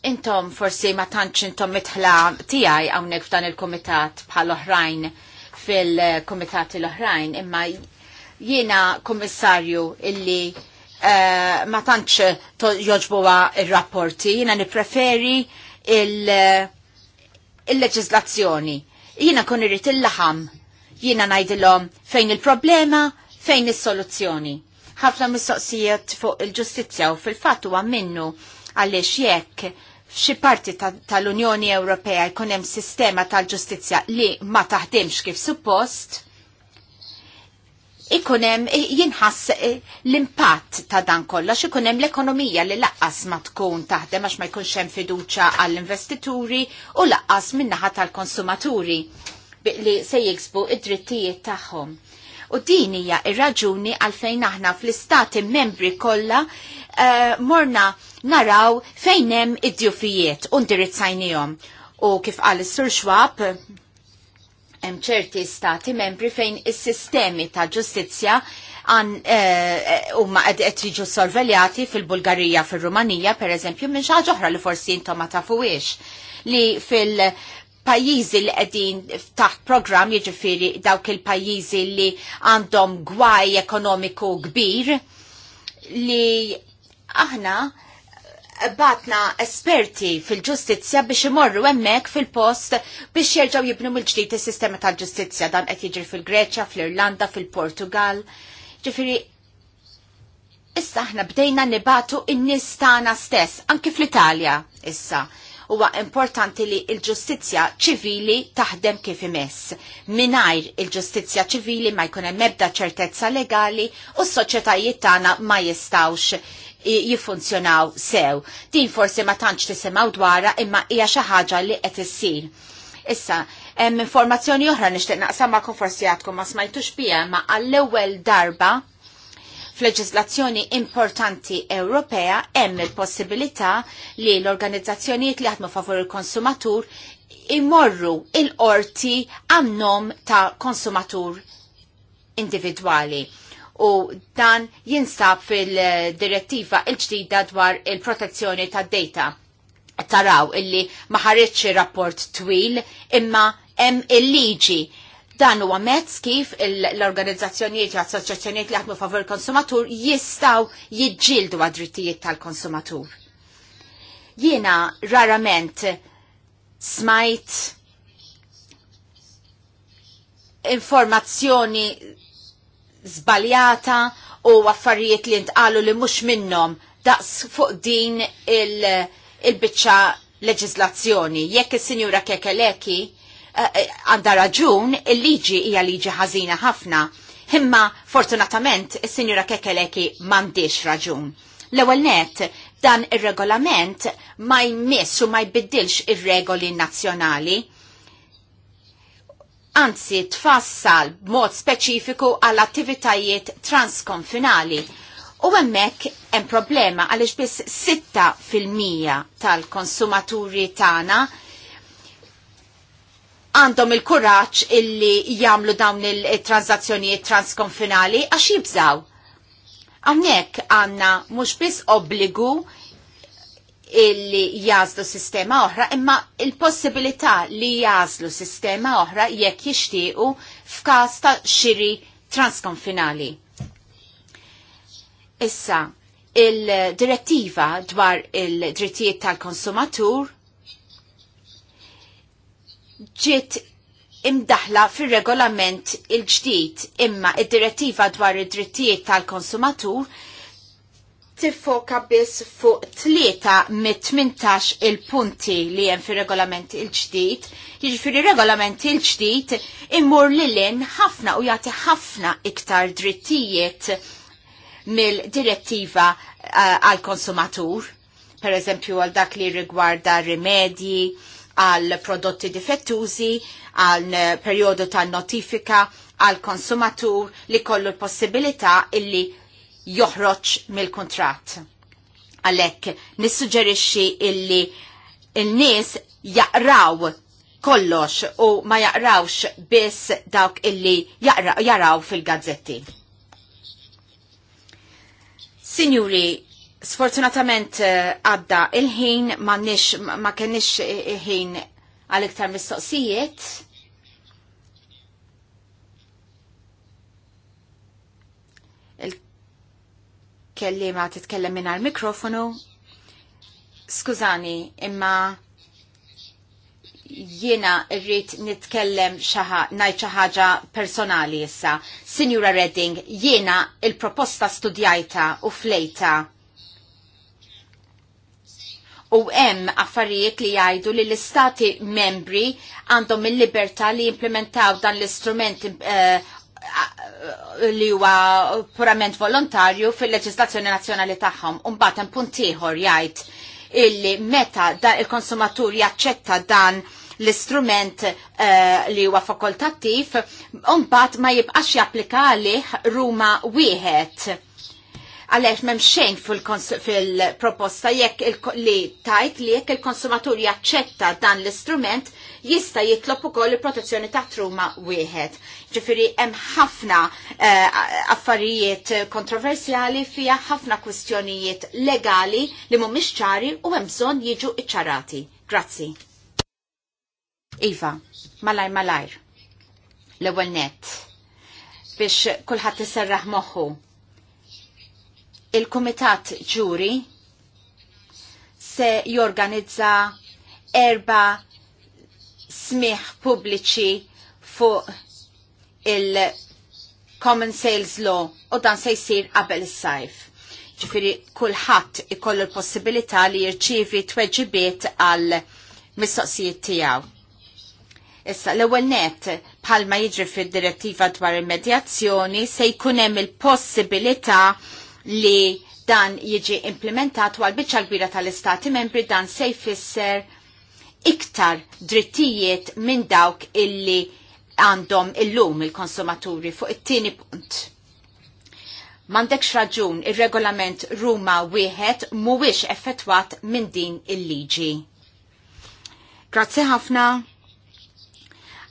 C: Intom forsi ma tantx intom mitħla tiegħi hawnhekk f'dan il-kumitat bħal oħrajn fil-kumitati l-oħrajn, imma jiena kummissarju illi uh, ma tantx joġbuha ir-rapporti, jiena nippreferi il-leġiżlazzjoni. Il jiena kun irrid il-laħam, jiena ngħidilhom fejn il-problema, fejn is-soluzzjoni. Ħafna mistoqsijiet fuq il-ġustizzja u fil-fatt huwa minnu għaliex jekk f'xi parti tal-Unjoni Ewropea jkun hemm sistema tal-ġustizzja li ma taħdimx kif suppost, ikun hemm jinħass l-impatt ta' dan kollox, ikun hemm l-ekonomija li laqqas ma tkun taħdem għax ma jkunx hemm fiduċja għall-investituri u laqqas min-naħa tal-konsumaturi li se jiksbu id-drittijiet tagħhom. U din hija ir-raġuni għalfejn aħna fl-istati membri kollha uh, morna naraw fejn hemm id-djufijiet u sajnijom. U kif għal is-Sur xwab, hemm ċerti stati membri fejn is-sistemi ta' ġustizzja għan eh, umma għed jiġu sorveljati fil-Bulgarija, fil-Rumanija, per eżempju, minn xaġa oħra li forsi intom ma tafuwiex li fil- pajizi li għedin taħt program jiġifieri dawk il-pajizi li għandhom gwaj ekonomiku kbir li aħna batna esperti fil-ġustizja biex imorru hemmhekk fil-post biex jerġgħu jibnu mill-ġdid is-sistema tal-ġustizzja dan qed jiġri fil-Greċja, fl-Irlanda, fil-Portugal. Ġifieri issa aħna bdejna nibatu in-nies tagħna stess, anke fl-Italja issa huwa importanti li l-ġustizzja ċivili taħdem kif imess. Minajr il-ġustizzja ċivili ma jkun hemm ebda ċertezza legali u s-soċjetajiet tagħna ma jistawx jifunzjonaw sew. Din forsi ma tantx tisimgħu dwarha imma hija xi ħaġa li qed issir. Issa, hemm informazzjoni oħra nixtieq naqsam ma' forsi għadkom ma smajtux bija ma għall-ewwel darba f'leġislazzjoni importanti Ewropea hemm il-possibilità li l-organizzazzjonijiet li jaħdmu favur il-konsumatur imorru il-qorti għannom ta' konsumatur individuali. u dan jinsab fil-direttiva il-ġdida dwar il-protezzjoni ta' data. Taraw illi maħarriċi rapport twil imma hemm il-liġi Dan huwa mezz kif l-organizzazzjonijiet u assoċjazzjonijiet li għatmu favur konsumatur jistgħu jiġġieldu għadrittijiet drittijiet tal-konsumatur. Jiena rarament smajt informazzjoni zbaljata u affarijiet li ntqalu li mhux minnhom daqs fuq din il-biċċa il leġislazzjoni. Jekk is-Sinjura Kekeleki Eh, għandha raġun il-liġi hija liġi ħażina ħafna. Imma fortunatament is-Sinjura Kekeleki m'għandix raġun. L-ewwel net dan ir-regolament ma jmiss u ma jbiddilx ir-regoli nazzjonali anzi tfassal b'mod speċifiku għall attivitajiet transkonfinali. U hemmhekk hemm problema għaliex biss 6% tal-konsumaturi tagħna għandhom il-kuraċ illi jamlu dawn il-transazzjonijiet transkonfinali għax jibżaw. Għamnek għanna mux bis obbligu illi jazlu sistema oħra, imma il-possibilità li jazlu sistema oħra jekk jixtiequ f'każ ta' xiri transkonfinali. Issa, il-direttiva dwar il-drittijiet tal-konsumatur ġiet imdaħla fil-regolament il-ġdid imma id-direttiva dwar id-drittijiet tal-konsumatur tiffoka biss fuq tlieta mit-18 il-punti li hemm fir-regolament il-ġdid. Jiġifieri regolament il-ġdid immur l-in ħafna u jagħti ħafna iktar drittijiet mill-direttiva eh, għal-konsumatur. Per eżempju għal dak li rigwarda rimedji, għal prodotti difettużi, għal eh, periodu ta' notifika, għal konsumatur li kollu l-possibilità illi joħroċ mill-kontrat. Għalek, nissuġerixi illi il-nis jaqraw kollox u ma jaqrawx biss dawk illi jaqraw, jaraw fil-gazzetti. Signori, Sfortunatament eh, għadda il-ħin ma nix, ma kenix il-ħin għal-iktar mistoqsijiet. Il-kellima titkellem minn għal-mikrofonu. Skużani, imma jiena rrit nitkellem xaħa, najt xaħġa personali issa. Signora Redding, jiena il-proposta studjajta u flejta U hemm affarijiet li jgħidu li l-istati membri għandhom il-libertà li jimplementaw dan l-istrument eh, li huwa purament volontarju fil-leġislazzjoni nazzjonali tagħhom. u mbagħad hemm punt ieħor jgħid illi meta il-konsumatur jaċċetta dan l-istrument uh, li huwa fakultattiv, mbagħad ma jibqax japplika għalih ruma wieħed għalhekk m'hemm xejn fil-proposta jekk li tajt li jekk il-konsumatur jaċċetta dan l-istrument jista' jitlob ukoll il-protezzjoni ta' truma wieħed. Ġifieri hemm ħafna eh, affarijiet kontroversjali fiha ħafna kwistjonijiet legali li mhumiex ċari u hemm bżonn jiġu iċċarati. Grazzi. Iva, malaj malajr. L-ewwel net biex kulħadd iserraħ moħħu Il-Kumitat Ġuri se jorganizza erba smiħ pubbliċi fuq il-Common Sales Law u dan se jsir qabel is-sajf. Ġifieri kulħadd ikollu l-possibilità li jirċievi tweġibiet għal mistoqsijiet tiegħu. Issa l-ewwel net bħalma jiġri fid-direttiva dwar il-medjazzjoni se jkun hemm il-possibilità li dan jiġi implementat għal bieċa kbira tal-istati membri dan se jfisser iktar drittijiet minn dawk illi għandhom illum il-konsumaturi fuq it-tieni punt. Mandek raġun ir-regolament Ruma wieħed mhuwiex effettwat minn din il-liġi. Grazzi ħafna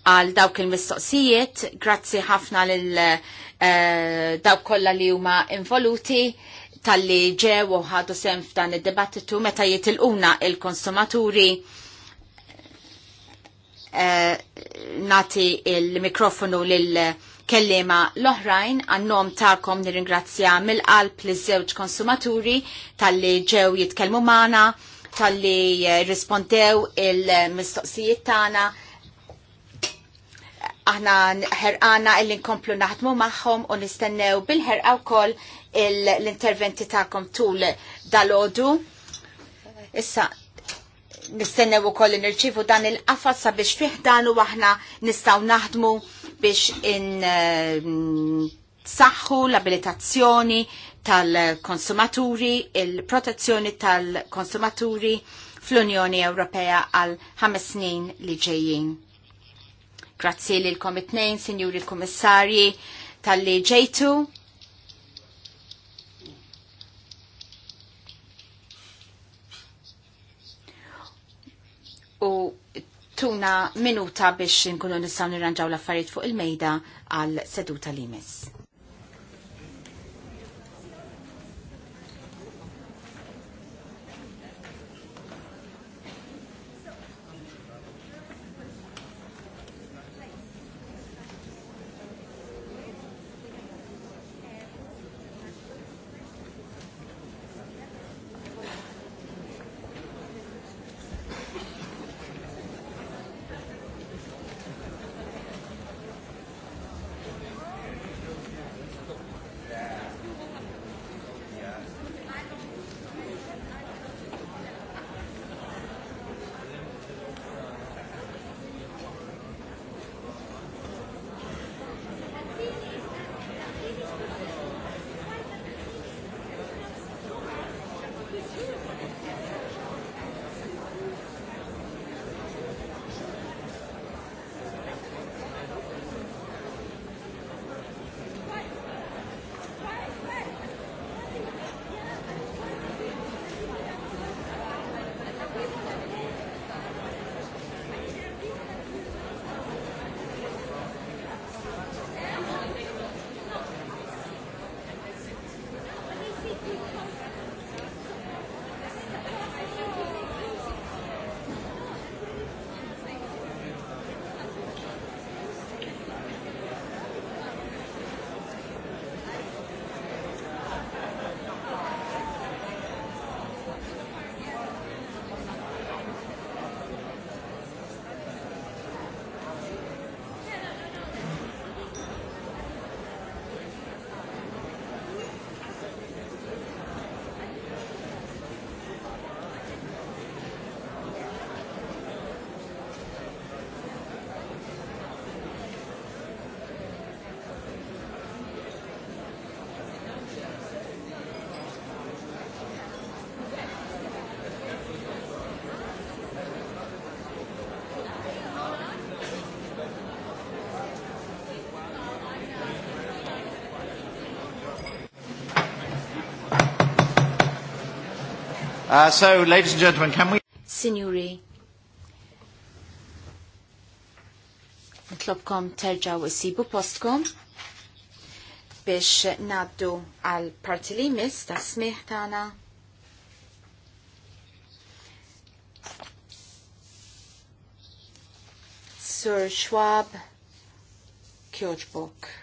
C: għal dawk il-mistoqsijiet, grazzi ħafna lil Eh, dawk kollha li huma involuti tal-li ġew u ħadu sem f'dan id-dibattitu meta jitilquna il-konsumaturi eh, nati il-mikrofonu lil kellima l-oħrajn għannom ta'kom nir-ingrazzja mill-qalb li żewġ konsumaturi tal-li ġew jitkellmu mana tal-li eh, rispondew il-mistoqsijiet tagħna aħna ħerqana illi nkomplu naħdmu magħhom u nistennew bil-ħerqa wkoll l-interventi tagħkom tul dal-għodu. Issa nistennew ukoll nirċivu dan il-qafas sabiex fih dan u aħna nistgħu naħdmu biex in eh, saħħu l-abilitazzjoni tal-konsumaturi, il-protezzjoni tal-konsumaturi fl-Unjoni Ewropea għal ħames snin li ġejjin Grazzi li l-komitnejn, sinjuri l-komissarji tal-li ġejtu. U tuna minuta biex nkunu nistgħu nirranġaw l-affarijiet fuq il-mejda għal seduta li jmiss.
B: Uh, so, ladies and gentlemen, can we...
C: Signori, nitlobkom terġaw isibu postkom biex naddu għal parti mis ta' smiħ tana. Sur Schwab Kjoġbuk.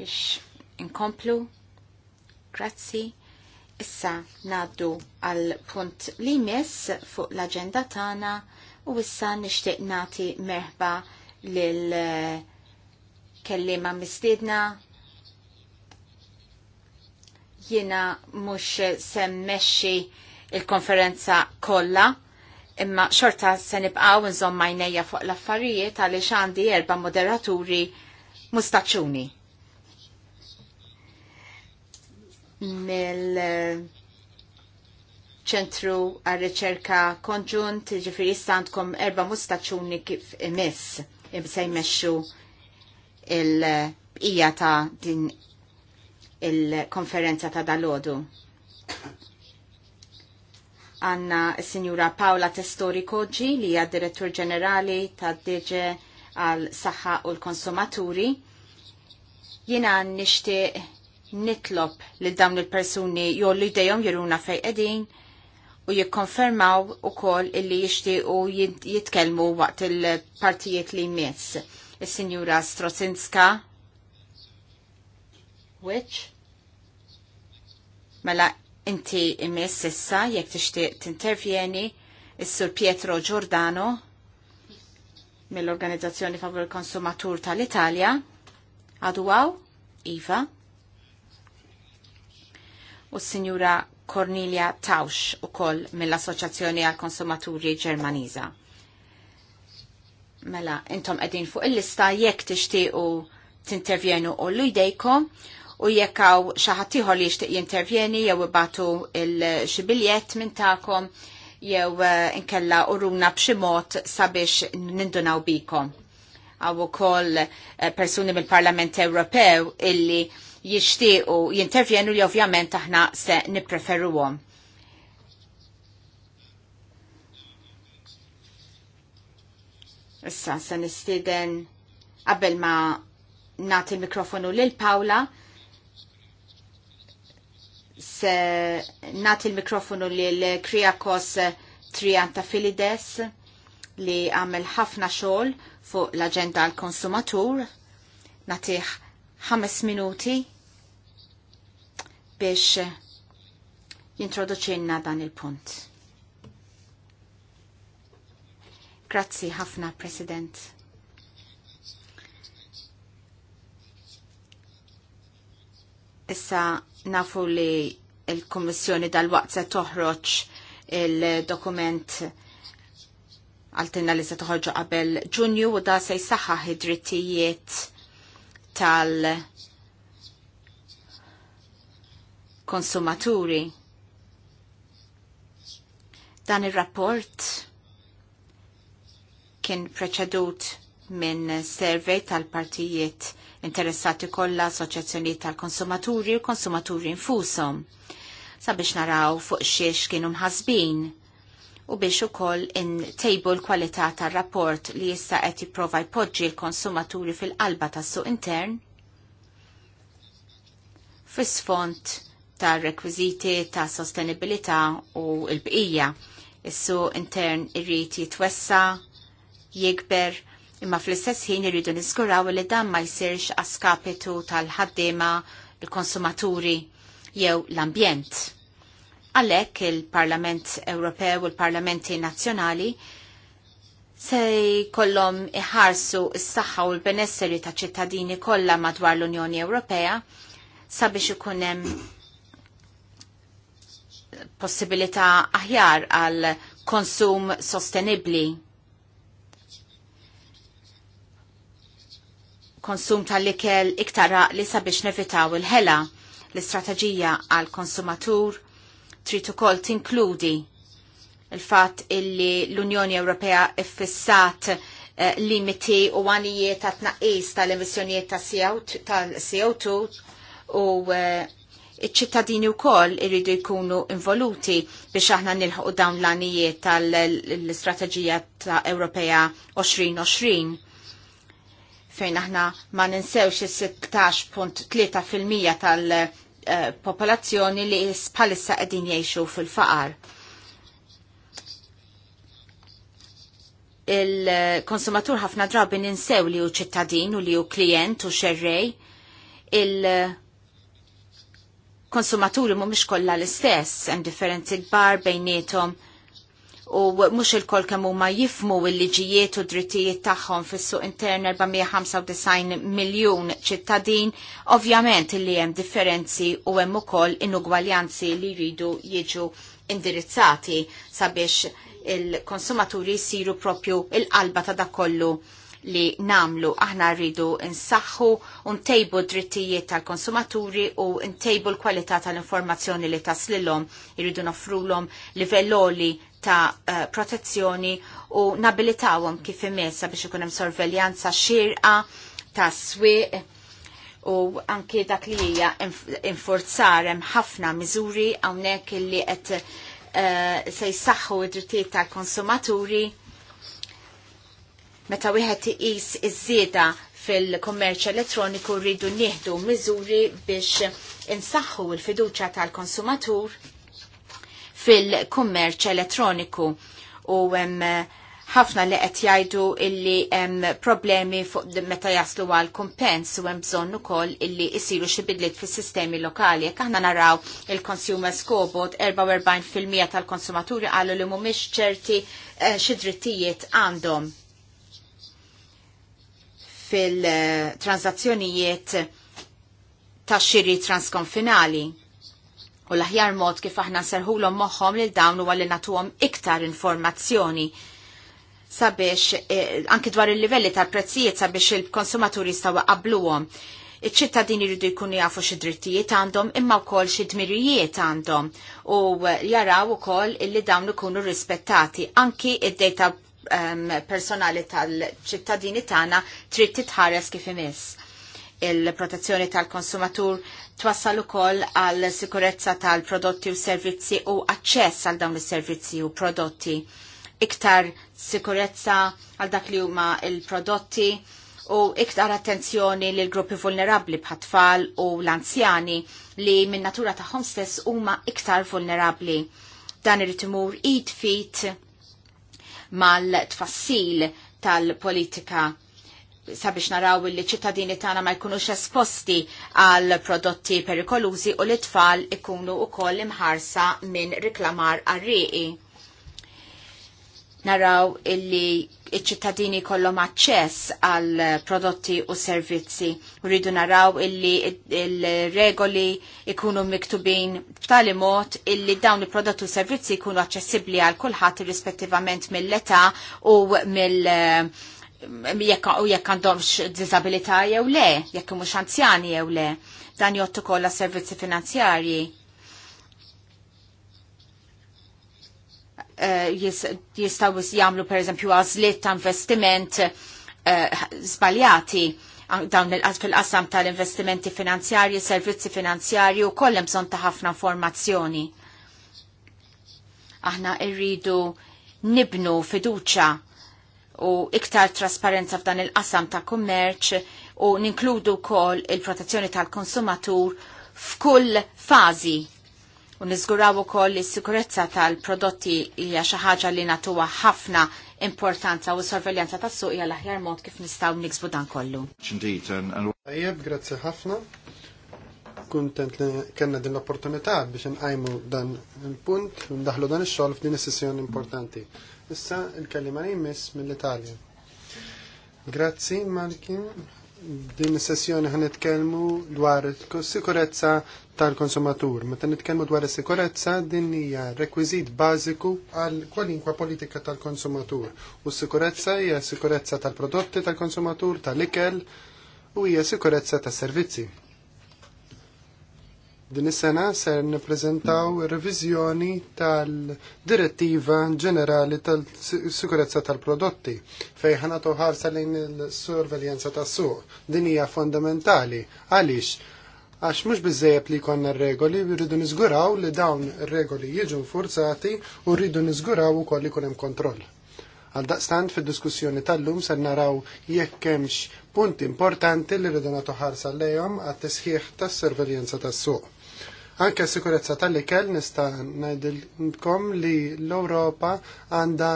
C: Biex inkomplu. Grazzi. Issa naddu għal punt li mis fuq l-agenda tagħna u issa nixtieq nagħti merħba lil eh, kellima mistiedna jiena mhux semmexxi il-konferenza kollha imma xorta se nibqgħu nżomm'ajnejja fuq l-affarijiet għaliex għandi erba' moderaturi mustaċuni. mill eh, ċentru għal riċerka konġunt, ġifiri għandkom erba mustaċuni kif imiss imse jmexxu il-bqija ta' din il-konferenza ta' dalodu. Għanna s-Sinjura Paola Testori Koġi li hija Direttur Ġenerali ta' DG għal saħħa u l-konsumaturi. Jina nishtiq nitlob li dawn il-persuni jollu jdejhom jiruna fej qegħdin u jikkonfermaw ukoll illi jixtiequ jitkellmu waqt il-partijiet li jmiss. Is-Sinjura Strosinska Which? Mela inti jmiss issa jekk tixtieq tintervjeni is-Sur Pietro Giordano mill-Organizzazzjoni favur il-Konsumatur tal-Italja. Għadu għaw? Iva? u s-Sinjura Cornelia Tausch u koll mill-Assoċjazzjoni għal Konsumaturi Ġermaniża. Mela, intom edin fuq il-lista jekk tixtiequ tintervjenu u l-idejkom u jekk hawn xi ħadd ieħor li jixtieq jintervjeni jew ibatu il xibiljett minn tagħkom jew eh, inkella uruna b'xi mod sabiex nindunaw bikom. Għaw ukoll eh, persuni mill-Parlament Ewropew illi jixtiequ jintervjenu li ovvjament aħna se nippreferuhom. Issa se nistieden qabel ma nati l-mikrofonu lil Pawla se nati l-mikrofonu lil Kriakos Trianta Filides li għamel ħafna xogħol fuq l-aġenda għal konsumatur natiħ ħames minuti biex jintroduċinna dan il-punt. Grazzi ħafna, President. Issa nafu li il-Kommissjoni dal-waqt se toħroġ il-dokument għaltinna li se toħroġ qabel ġunju u da se jsaħħaħ id-drittijiet tal konsumaturi. Dan ir-rapport kien preċedut minn servej tal-partijiet interessati kollha assoċjazzjonijiet tal-konsumaturi u konsumaturi infushom sabiex naraw fuq xiex kienu mħasbin u biex ukoll intejbu l-kwalità tar-rapport li issa qed jipprova jpoġġi l-konsumaturi fil-qalba tas-suq intern fis-sfond tar rekwiżiti ta' sostenibilità u l-bqija. Is-suq intern irrid jitwessa, jikber, imma fl-istess ħin irridu niżguraw li dan ma jsirx għaskapitu tal-ħaddiema, l-konsumaturi jew l-ambjent Għalhekk il-Parlament Ewropew u l-Parlamenti Nazzjonali se jkollhom iħarsu s-saħħa u l-benesseri ta' ċittadini kollha madwar l-Unjoni Ewropea sabiex ikun hemm possibilità aħjar għal konsum sostenibli. konsum tal-ikel iktar li sabiex nevitaw il-ħela, l-istrateġija għal konsumatur trid ukoll tinkludi il-fatt illi l-Unjoni Ewropea iffissat eh, limiti u għanijiet ta' tnaqqis tal-emissjonijiet tal-CO2 u eh, iċ-ċittadini wkoll irridu jkunu involuti biex aħna nilħu dawn l-għanijiet tal-istrateġija ta' Ewropea 2020 fejn aħna ma ninsewx is-16.3% tal- popolazzjoni li bħalissa qegħdin jgħixu fil-faqar. Il-konsumatur ħafna drabi ninsew li hu ċittadin u li hu klient u xerrej. Il-konsumaturi mhumiex kollha l-istess, hemm differenzi kbar bejnietom u mux il-kol kemmu ma jifmu il-liġijiet u drittijiet tagħhom fis-suq intern 495 miljon ċittadin, ovvjament li hemm differenzi u hemm ukoll inugwaljanzi li jridu jiġu indirizzati sabiex il-konsumaturi jsiru propju il-qalba ta' dakollu li namlu aħna rridu nsaħħu u ntejbu drittijiet tal-konsumaturi u ntejbu l-kwalità tal-informazzjoni li taslilhom irridu nofrulhom livelloli ta' eh, protezzjoni u nabilitawhom kif imessa biex ikun hemm sorveljanza xirqa ta' swieq u anke dak li hija infurzar hemm ħafna miżuri hawnhekk li qed eh, se jsaħħu id-drittijiet tal-konsumaturi meta wieħed iqis iż-żieda fil kummerċ elettroniku rridu nieħdu miżuri biex insaħħu l-fiduċja tal-konsumatur fil-kummerċ elettroniku u eh, ħafna li qed jgħidu illi hemm problemi fuq meta jaslu għal kumpens u hemm bżonn ukoll illi jsiru xi bidliet fis-sistemi lokali. Jekk aħna naraw il-Consumer Scoreboard 44% tal-konsumaturi qalu li mhumiex ċerti eh, xi drittijiet għandhom fil-transazzjonijiet eh, tax xiri transkonfinali U l-aħjar mod kif aħna nserħulhom moħħom lil dawn huwa li nagħtuhom iktar informazzjoni sabiex eh, anki dwar il-livelli tal-prezzijiet sabiex il-konsumaturi jistgħu qabluhom. Iċ-ċittadini jridu jkunu jafu xi drittijiet għandhom imma wkoll xi dmirijiet għandhom u jaraw ukoll illi dawn ikunu rispettati anki id-data um, personali tal-ċittadini tagħna trid titħares kif imiss il-protezzjoni tal-konsumatur twassal ukoll għal sikurezza tal-prodotti u servizzi u aċċess għal dawn is-servizzi u prodotti. Iktar sikurezza għal dak li huma il-prodotti u iktar attenzjoni lil gruppi vulnerabli bħat-tfal u l-anzjani li minn natura tagħhom stess huma iktar vulnerabli. Dan irid imur id fit mal-tfassil tal-politika sabiex naraw li ċittadini tagħna ma jkunux esposti għal prodotti perikolużi u l tfal ikunu wkoll imħarsa minn riklamar għarriqi. Naraw illi iċ-ċittadini kollhom aċċess għal prodotti u servizzi. Rridu naraw illi il-regoli ikunu miktubin b'tali mod illi dawn il-prodotti u servizzi ikunu aċċessibbli għal kulħadd irrispettivament mill-età u mill- jekk għandhomx disabilità jew le, jekk mhux anzjani jew le, dan jottu kollha servizzi finanzjarji. Uh, jistaw jamlu per eżempju ta' investiment uh, eh, zbaljati dawn fil-qasam tal-investimenti finanzjarji, servizzi finanzjarji u kollem bżon ta' ħafna informazzjoni. Aħna irridu nibnu fiduċa u iktar trasparenza f'dan il-qasam ta' kummerċ u ninkludu kol il-protezzjoni tal-konsumatur f'kull fazi u nizguraw ukoll li s-sikurezza tal-prodotti hija xi ħaġa li natuwa ħafna importanza u sorveljanza tas-suq hija l-aħjar mod kif nistgħu niksbu dan kollu. Tajjeb, grazzi
A: ħafna. Kuntent li kellna din l-opportunità biex nqajmu dan il-punt u ndaħlu dan ix-xogħol f'din is-sessjoni importanti. Issa il-kellima jimmis mill-Italja. Grazzi Malkin. Din is-sessjoni ħan nitkellmu dwar sikurezza tal-konsumatur. Meta nitkellmu dwar is-sikurezza din hija rekwiżit bażiku għal kwalinkwa politika tal-konsumatur. U s-sikurezza hija sikurezza tal-prodotti tal-konsumatur, tal-ikel u hija sikurezza tas-servizzi. Din is-sena ser nippreżentaw reviżjoni tal-Direttiva Ġenerali tal-Sikurezza tal-Prodotti fejn nagħtu ħarsa lejn is sorveljanza tas-suq. Din hija fondamentali. Għaliex? għax mhux biżejjed li jkollna regoli, rridu niżguraw li dawn regoli jiġu forzati u rridu niżguraw ukoll ikun hemm kunem kontroll. Għaldaqstant fid diskussjoni tal-lum ser naraw jekk hemmx punti importanti li rridu nagħtu ħarsa lejhom għat-tisħiħ tas-serveljenza tas-suq. Anke s-sikurezza tal-ikel nista' ngħidilkom li l-Ewropa għandha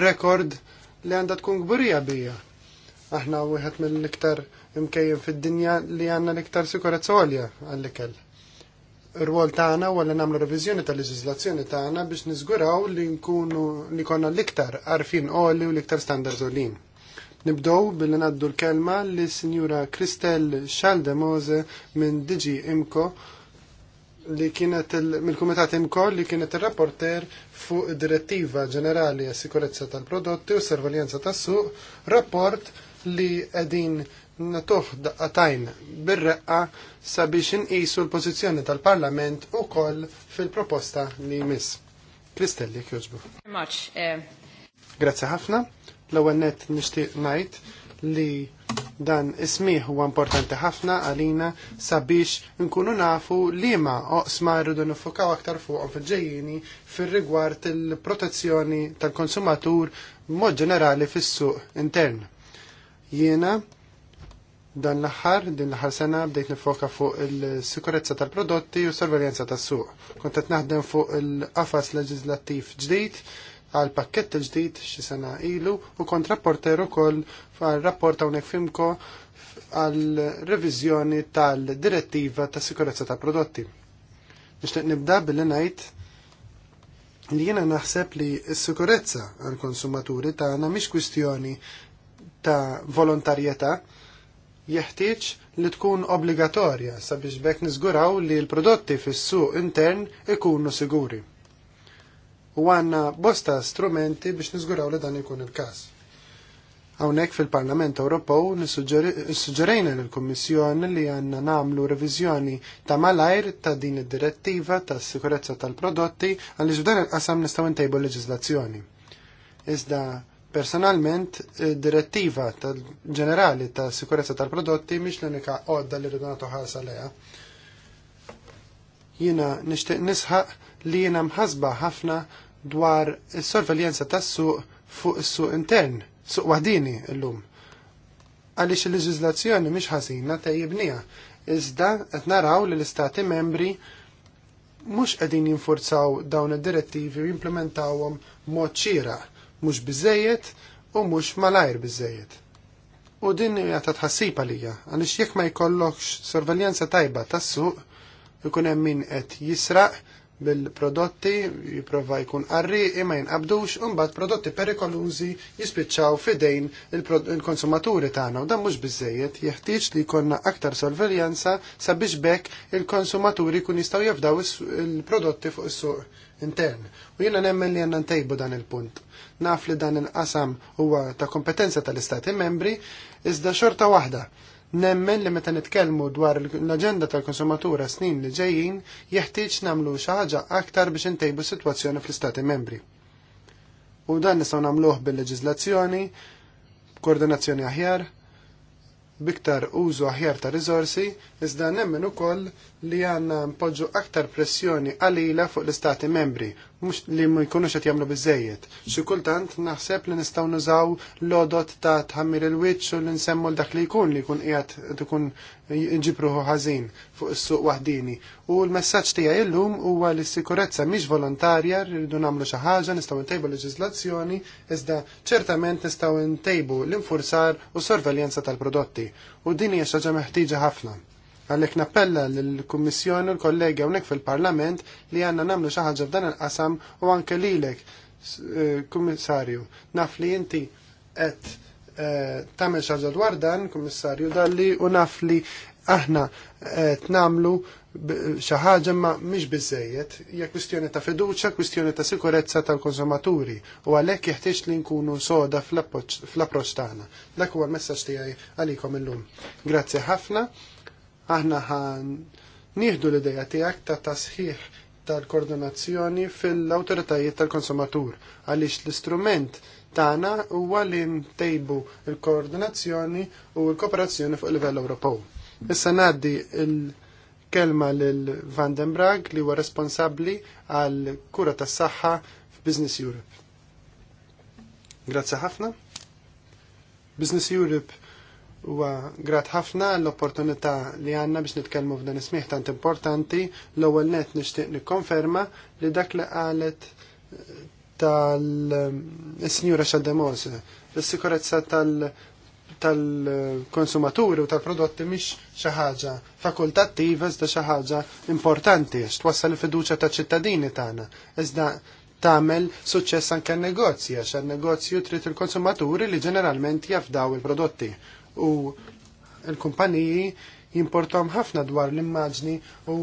A: rekord li għandha tkun gburija bija. Aħna wieħed mill-iktar imkejjem fid-dinja li għandna l-iktar sikurezza għolja għall-ikel. Ir-rwol tagħna huwa li nagħmlu reviżjoni tal-leġiżlazzjoni tagħna biex niżguraw li nkunu li konna l-iktar għarfin għolli u l-iktar standards għolin. Nibdow billi naddu l-kelma li sinjura Kristel Xaldemose minn Diġi Imko li kienet mill-Kumitat Imkor li kienet il-rapporter fuq direttiva ġenerali għas sikurezza tal-prodotti u sorveljanza tas-suq, rapport li qegħdin natuħ daqqatajn bir-reqqa sabiex inqisu l-pożizzjoni tal-Parlament ukoll fil-proposta li jmiss. Kristelli kjoġbu.
C: Eh.
A: Grazzi ħafna. L-ewwel nett nixtieq ngħid li dan ismiħ huwa importanti ħafna għalina sabiex nkunu nafu li ma oqsma rridu nifukaw aktar fuqhom fil-ġejjini fir-rigward il-protezzjoni tal-konsumatur mod ġenerali fis-suq intern. Jiena dan l-aħħar, din l-aħħar sena bdejt nifoka fuq il-sikurezza tal-prodotti u sorveljanza tas-suq. Kont qed naħdem fuq il-qafas leġislattiv ġdid għal pakket ġdid xi sena ilu u kontrapporter kol għal rapport hawnhekk fimko għal reviżjoni tal-direttiva ta' sikurezza ta' prodotti. Nixtieq nibda billi ngħid li jiena naħseb li s-sikurezza għal konsumaturi tagħna mhix kwistjoni ta' volontarjetà jeħtieġ li tkun obbligatorja sabiex bekk nizguraw li l-prodotti fis-suq intern ikunu siguri u għanna bosta strumenti biex nizguraw li dan ikun il-kas. Hawnhekk fil-Parlament Ewropew nissuġġerejna lill-Kummissjoni li għandna nagħmlu reviżjoni ta' malajr ta' din id-direttiva tas sikurezza tal-prodotti għaliex dan il-qasam nistgħu ntejbu l Iżda personalment id-direttiva tal-ġenerali ta' sikurezza tal-prodotti miex l-unika għodda li rridu nagħtu ħarsa leha. Jiena nixtieq nisħaq li jiena mħasba ħafna dwar is-sorveljenza tas-suq fuq is-suq intern, suq l llum. Għaliex il miex mhix ta' jibnija, iżda qed naraw li l-istati membri mhux qegħdin jinfurzaw dawn id-direttivi u jimplementawhom mod xieraq, mhux biżejjed u mhux malajr biżejjed. U din hija ta' tħassib għalija, għaliex jekk ma jkollokx sorveljenza tajba tas-suq, ikun hemm min qed jisraq bil-prodotti jipprova jkun qarri imma jinqabdux unbat prodotti perikolużi jispiċċaw fidejn il-konsumaturi tagħna u dan mhux biżejjed jeħtieġ li jkollna aktar sorveljanza sabiex bekk il-konsumaturi kun jistgħu jafdaw il-prodotti fuq is-suq intern. U jiena nemmen li għandna ntejbu dan il-punt. Naf li dan il-qasam huwa ta' kompetenza tal-Istati membri iżda xorta waħda Nemmen li meta nitkellmu dwar l-aġenda tal-konsumatura snin li ġejjin, jeħtieġ nagħmlu xi ħaġa aktar biex intejbu sitwazzjoni fl-Istati membri. U dan nistgħu nagħmluh bil-leġiżlazzjoni, koordinazzjoni aħjar, biktar użu aħjar ta' riżorsi, iżda nemmen ukoll li għandna npoġġu aktar pressjoni għalila fuq l-istati membri mux li ma jkunux qed jagħmlu biżejjed. Xi kultant naħseb li nistgħu nużaw lodot ta' tħammir il-wiċċ u li nsemmu l dak li jkun li jkun qiegħed ikun jġibru ħażin fuq is-suq waħdini. U l-messaġġ tiegħi llum huwa li s-sikurezza mhix volontarja rridu nagħmlu xi ħaġa, nistgħu ntejbu leġislazzjoni iżda ċertament nistgħu ntejbu l-infurzar u s-sorveljenza tal-prodotti. U din hija xi ħaġa meħtieġa ħafna. Għalhekk nappella lill-Kummissjoni u l-kollega hawnhekk fil-Parlament li għandna nagħmlu xi ħaġa f'dan il-qasam u anke lilek, eh, Kummissarju. Naf li inti qed eh, tagħmel xaħġa dwar dan, Kummissarju Dalli, u naf li aħna qed nagħmlu xi ħaġa ma mhix biżejjed, hija kwistjoni ta' fiduċja, kwistjoni ta' sikurezza tal-konsumaturi u għalhekk jeħtieġ li nkunu soda fl-approċċ tagħna. Dak huwa l-messaġġ tiegħi għalikom illum. Grazzi ħafna. Aħna ħan nieħdu l-ideja tiegħek ta' tasħiħ tal-koordinazzjoni fil-awtoritajiet tal-konsumatur għaliex l-istrument tagħna huwa li ntejbu l-koordinazzjoni u l-kooperazzjoni fuq livell Ewropew. Issa ngħaddi l-kelma lil Vandenbrag li huwa responsabbli għal kura tas-saħħa f'Business Europe. Grazzi ħafna. Business Europe Huwa grat ħafna l-opportunità li għandna biex nitkellmu f'dan ismieħ tant importanti. L-ewwel net nixtieq nikkonferma li dak li qalet eh, tal-Sinjura eh, Xaldemos, l-sikurezza tal-konsumaturi u tal-prodotti mhix xi ħaġa fakultattiva iżda xi ħaġa importanti għax twassal il-fiduċja ta' ċittadini tagħna. Iżda tagħmel suċċess anke negozja għax negozju trid il-konsumaturi li ġeneralment jafdaw il-prodotti u l-kumpaniji jimportom ħafna dwar l-immaġni u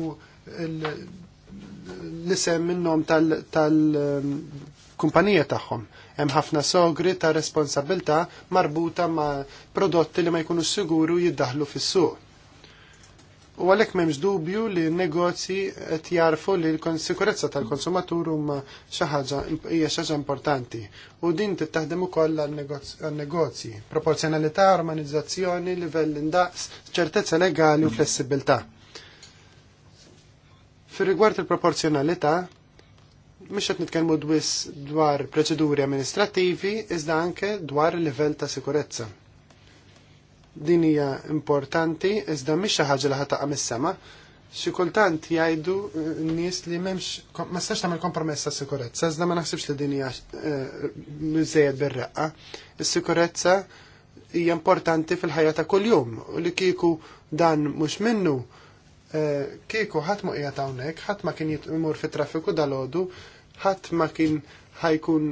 A: l-isem minnom tal-kumpanija tal tagħhom. Hemm ħafna sogri ta' responsabilta marbuta ma' prodotti li ma jkunu siguru jiddaħlu fis-suq U għalhekk m'hemmx dubju li n-negozji qed jarfu li l-sikurezza tal-konsumatur huma xi ħaġa hija xi ħaġa importanti. U din tittaħdem ukoll għan-negozji. Proporzjonalità, armonizzazzjoni, livell indaqs, ċertezza legali u flessibilità. Fir-rigward il-proporzjonalità, mux qed nitkelmu dwis dwar proċeduri amministrativi, iżda anke dwar il ta' sikurezza din hija importanti iżda mhix xi ħaġa li ħataqa' mis-sema. Xi kultant jgħidu eh, n-nies li m'hemmx ma stax tagħmel kompromess ta' sikurezza, iżda ma naħsibx li din hija miżejjed eh, bir-reqqa. Is-sikurezza hija importanti fil-ħajja ta' kuljum u li kieku dan mhux minnu eh, kieku ħadd ma qiegħed hawnhekk, ħadd ma kien jimur fit-traffiku dalodu, ħadd ma kien ħajkun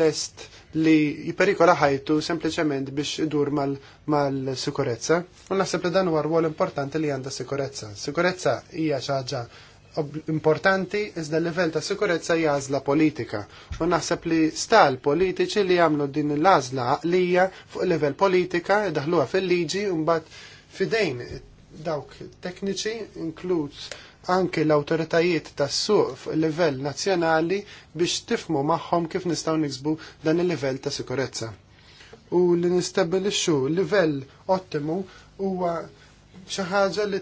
A: lest li jiperikola ħajtu sempliciment biex idur mal-sikurezza. Mal u naħseb li dan huwa rwol importanti li għandha sikurezza. Sikurezza hija xi ħaġa importanti iżda l-livell ta' sikurezza hija għażla politika. U naħseb li stal politiċi li jagħmlu din l-għażla għaqlija fuq livell politika daħluha fil-liġi un mbagħad fidejn dawk tekniċi inkluż anke l-autoritajiet tas-suq f'livell livell nazzjonali biex tifmu magħhom kif nistgħu niksbu dan il-livell ta' sikurezza. U li nistabilixxu livell ottimu huwa xi ħaġa li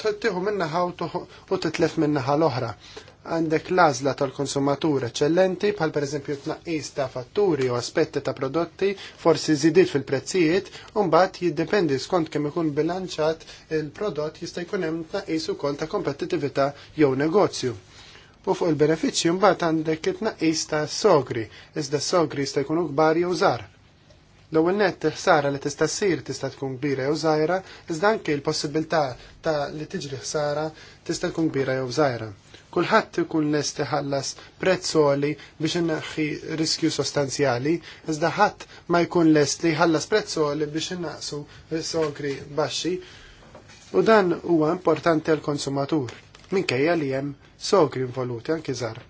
A: tieħu minnaħa u titlef minnaħa l-oħra għandek l tal-konsumatur eċċellenti, bħal per eżempju tnaqqis ta' fatturi u aspetti ta' prodotti, forsi zidit fil-prezzijiet, mbagħad jiddependi skont kemm ikun bilanċat il-prodott jista' jkun hemm tnaqqis ukoll ta' kompetittività jew negozju. U fuq il-benefiċċju mbagħad għandek it-tnaqqis ta' sogri, iżda sogri jista' jkunu kbar jew żgħar. L-ewwel nett ħsara li tista' ssir tista' tkun kbira jew żgħira, iżda anke l-possibilità ta' li tiġri ħsara tista' tkun kbira jew żgħira. Kulħadd ikun lest iħallas prezz soli biex inneħħi riskju sostanzjali, iżda ħadd ma jkun lest li jħallas prezz soli biex innaqsu sogri baxxi. U dan huwa importanti għal konsumatur minkejja li hemm sogri involuti anki iżgħar.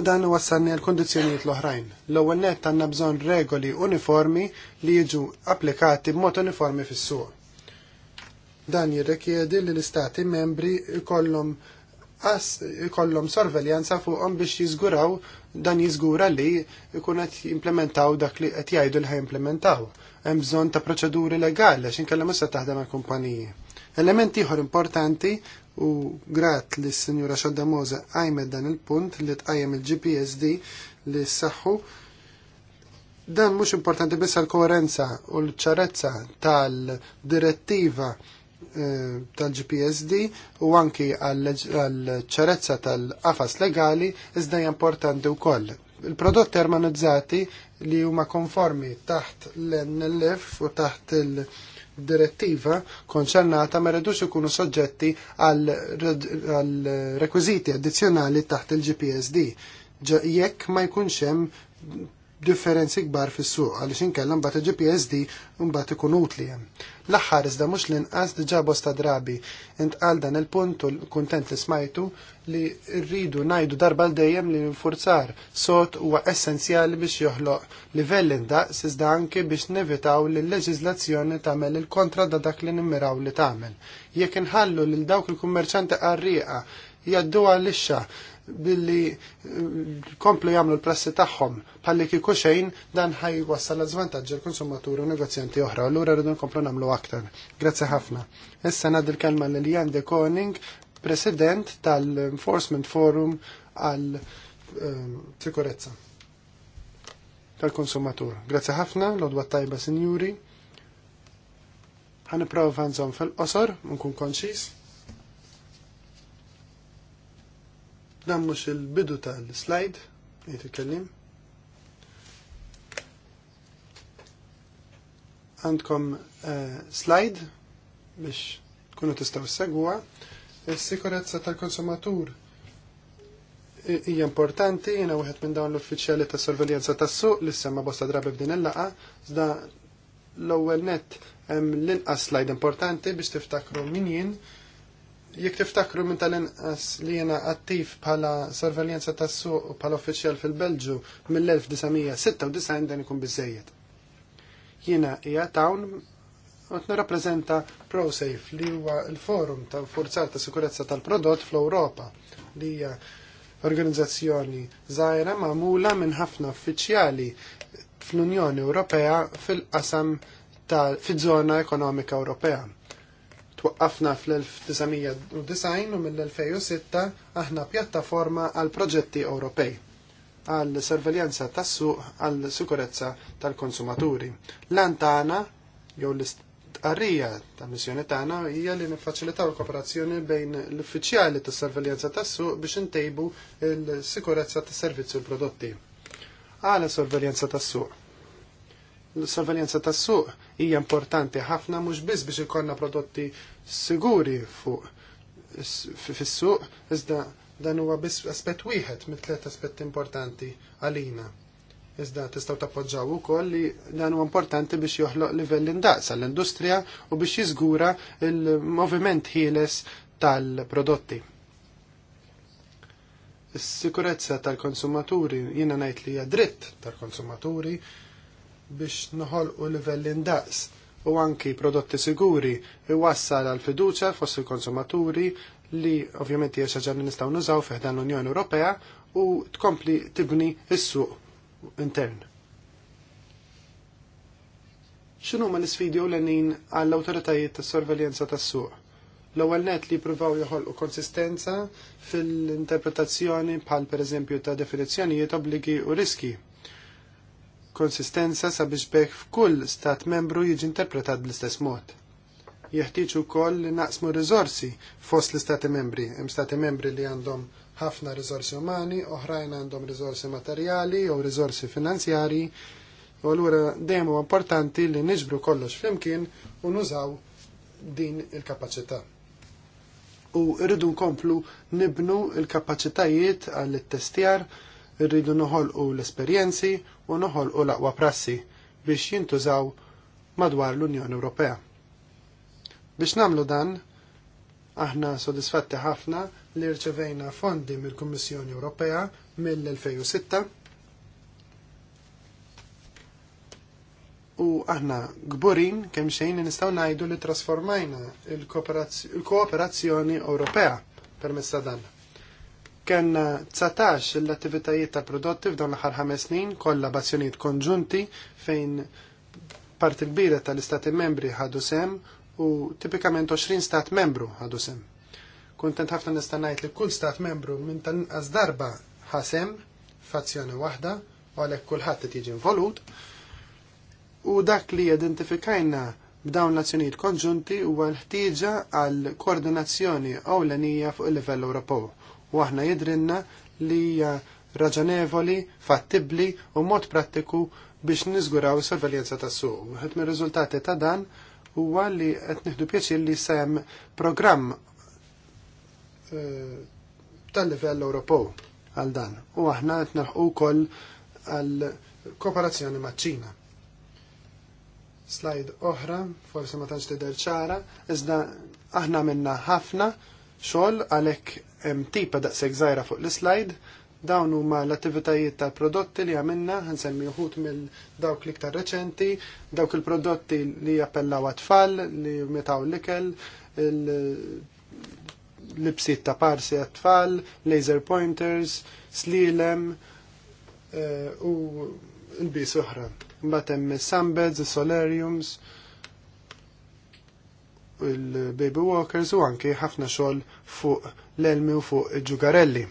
A: U dan wassalni għal kondizzjonijiet l-oħrajn. L-ewwel nett għandna bżonn regoli uniformi li jiġu applikati b'mod uniformi fis-suq. Dan jirrikjedi li l-istati membri jkollhom kollom sorveljanza fuqhom biex jiżguraw dan jiżgura li jkun qed jimplementaw dak li qed jgħidu li ħajimplementaw. Hemm bżonn ta' proċeduri legali għax inkellem issa taħdem ma' kumpaniji. Elementi ieħor importanti u grat li s-Sinjura Xodda Moza għajmed dan il-punt li tqajjem il-GPSD li s-saħħu dan mhux importanti biss għal koerenza u l-ċarezza tal-direttiva Eh, tal-GPSD u anki għall-ċarezza tal-qafas legali iżda importanti wkoll. Il-prodotti armonizzati li huma konformi taħt l-NLF u taħt il-direttiva konċernata ma redux ikunu soġġetti għal rekwiżiti addizzjonali taħt il-GPSD jekk ma jkunx hemm differenzi kbar fis-suq għaliex inkellem bat il-GPSD mbagħad ikun utli hemm. L-aħħar iżda mhux l-inqas diġà bosta drabi intqal dan il-punt u kuntent li smajtu li rridu ngħidu darba dejjem li nfurzar sot huwa essenzjali biex joħloq livell indaqs iżda anke biex nevitaw li l-leġiżlazzjoni tagħmel il-kontra da dak li nimmiraw li tagħmel. Jekk inħallu lil dawk il-kummerċanti qarrieqa jaddu għal-ixxa billi eh, komplu jagħmlu l-prassi tagħhom palli kieku xejn dan ħaj wassal l-żvantaġġ il-konsumaturi u negozjanti oħra. Allura rridu nkomplu nagħmlu aktar. Grazzi ħafna. Issa nad il kelma lil Jan de Koning, President tal-Enforcement Forum għal ehm, sikurezza tal-konsumatur. Grazzi ħafna, l-odwa tajba sinjuri. Għan prova nżom fil-qosor, nkun konċis. Dan mhux il-bidu tal-slide, jgħid il-kellim. Għandkom uh, slide biex tkunu tistgħu segwa. Is-sikurezza tal-konsumatur hija importanti, jiena wieħed minn dawn l-uffiċjali ta' sorveljanza tas-suq li semma bosta drabi b'din il-laqa, iżda l-ewwel net hemm l-inqas slide importanti biex tiftakru min jien Jek tiftakru minn tal-inqas li jena attiv bħala sorveljanza tas-suq bħala uffiċjal fil-Belġu mill-1996 dan ikun biżejjed. Jiena hija tawn u t-nirrapprezenta ProSafe li huwa l-forum ta' forzar ta' sikurezza tal-prodott fl-Ewropa li hija organizzazzjoni zaħira magħmula minn ħafna uffiċjali fl-Unjoni Ewropea fil qasam ta' tal-fiż-żona ekonomika Ewropea Twaqqafna fl-1990 u mill-2006 aħna pjattaforma għal proġetti Ewropej għal sorveljanza tas-suq għal sikurezza tal-konsumaturi. Lan tagħna jew l-istqarrija ta' missjoni tagħna hija li niffaċilitaw l-kooperazzjoni bejn l-uffiċjali tas-sorveljanza tas-suq biex intejbu l-sikurezza tas-servizzi u l-prodotti. Għal sorveljanza tas-suq. L-sorveljanza tas-suq hija importanti ħafna mhux biss biex ikollna prodotti siguri fuq fis-suq, iżda dan huwa biss aspett wieħed mit-tliet aspetti importanti għalina. Iżda tistgħu tappoġġaw ukoll li dan huwa importanti biex joħloq livell indaqs għall-industrija u biex jiżgura il-moviment ħieles tal-prodotti. Is-sikurezza tal-konsumaturi jiena ngħid li hija dritt tal-konsumaturi biex noħolqu livell indaqs u anki prodotti siguri iwassal għal fiduċa fost il-konsumaturi li ovvjament hija xaġa li nistgħu nużaw fiħdan l-Unjoni Ewropea u tkompli tibni s-suq intern. Xinu ma l-isfidi u l-għanin għall awtoritajiet tas sorveljenza tas-suq? L-ewwel net li jippruvaw joħolqu konsistenza fil-interpretazzjoni bħal pereżempju ta' definizzjonijiet obbligi u riski konsistenza sabiex bekk f'kull stat membru jiġi interpretat bl-istess mod. Jeħtieġ ukoll li naqsmu riżorsi fost l-istati membri, hemm stati membri li għandhom ħafna riżorsi umani, oħrajn għandhom riżorsi materjali jew riżorsi finanzjari, u allura dejjem huwa importanti li niġbru kollox flimkien u nużaw din il-kapaċità. U rridu nkomplu nibnu il-kapaċitajiet għall-testjar il kapaċitajiet għall testjar il irridu noħolqu l-esperjenzi u noħolqu l-aqwa prassi biex jintużaw madwar l-Unjoni Ewropea. Biex namlu dan, aħna sodisfatti ħafna li rċevejna fondi mill-Kummissjoni Ewropea mill-2006 u aħna gburin kemm xejn nistgħu ngħidu li trasformajna il-kooperazzjoni Ewropea permezz dan. Kenna 19 l-attivitajiet ta' prodotti f'dawn l-aħħar ħames snin kollha bazzjonijiet konġunti fejn parti kbira tal-istati membri ħadu sem u tipikament 20 stat membru ħadu sem. Kuntent ħafna nista' ngħid li kull stat membru minn tal darba ħasem f'azzjoni waħda u għalhekk kulħadd qed jiġi involut. U dak li identifikajna b'dawn l-azzjonijiet konġunti huwa l-ħtieġa għal koordinazzjoni ewlenija fuq il-livell Ewropew u aħna jidrinna li hija raġonevoli, fattibli u mod prattiku biex niżguraw is-sorveljenza tas-suq. Wieħed mir-riżultati ta' dan huwa li qed nieħdu pjaċir li sem programm eh, tal-livell Ewropew għal dan. U aħna qed naħqu wkoll għal kooperazzjoni maċ-Ċina. Slide oħra, forsi ma tantx tidher ċara, iżda aħna minna ħafna xogħol għalhekk hemm tipa daqshekk żgħira fuq l-slide dawn huma l-attivitajiet ta' prodotti li għamilna, nsemmi uħut mill dawk l-iktar reċenti, dawk il-prodotti li jappellaw għatfall, li metaw l-ikel, l-ibsit ta' parsi għatfall, laser pointers, slilem eh, u l-bis uħra. Mbatem sambeds, solariums, il-baby walkers u anke ħafna xogħol fuq l-elmi u fuq il-ġugarelli.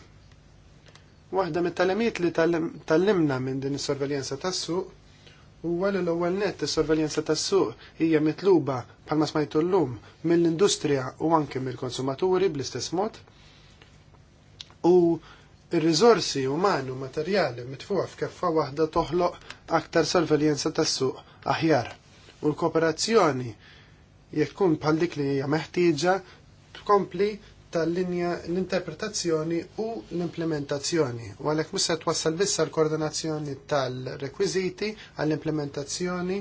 A: Waħda mit-talemiet li tallimna minn din is-sorveljanza tas-suq u għal l-ewwel nett is-sorveljanza tas-suq hija mitluba bħalma smajtu llum mill-industrija u anke mill-konsumaturi bl-istess mod. U ir-riżorsi umani u materjali mitfuqa f'keffa waħda toħloq aktar sorveljenza tas-suq aħjar. U l-kooperazzjoni jekk tkun bħal dik li hija meħtieġa tkompli tal-linja l-interpretazzjoni u l-implementazzjoni. U għalhekk mhux se twassal biss l-koordinazzjoni tal-rekwiżiti għall-implementazzjoni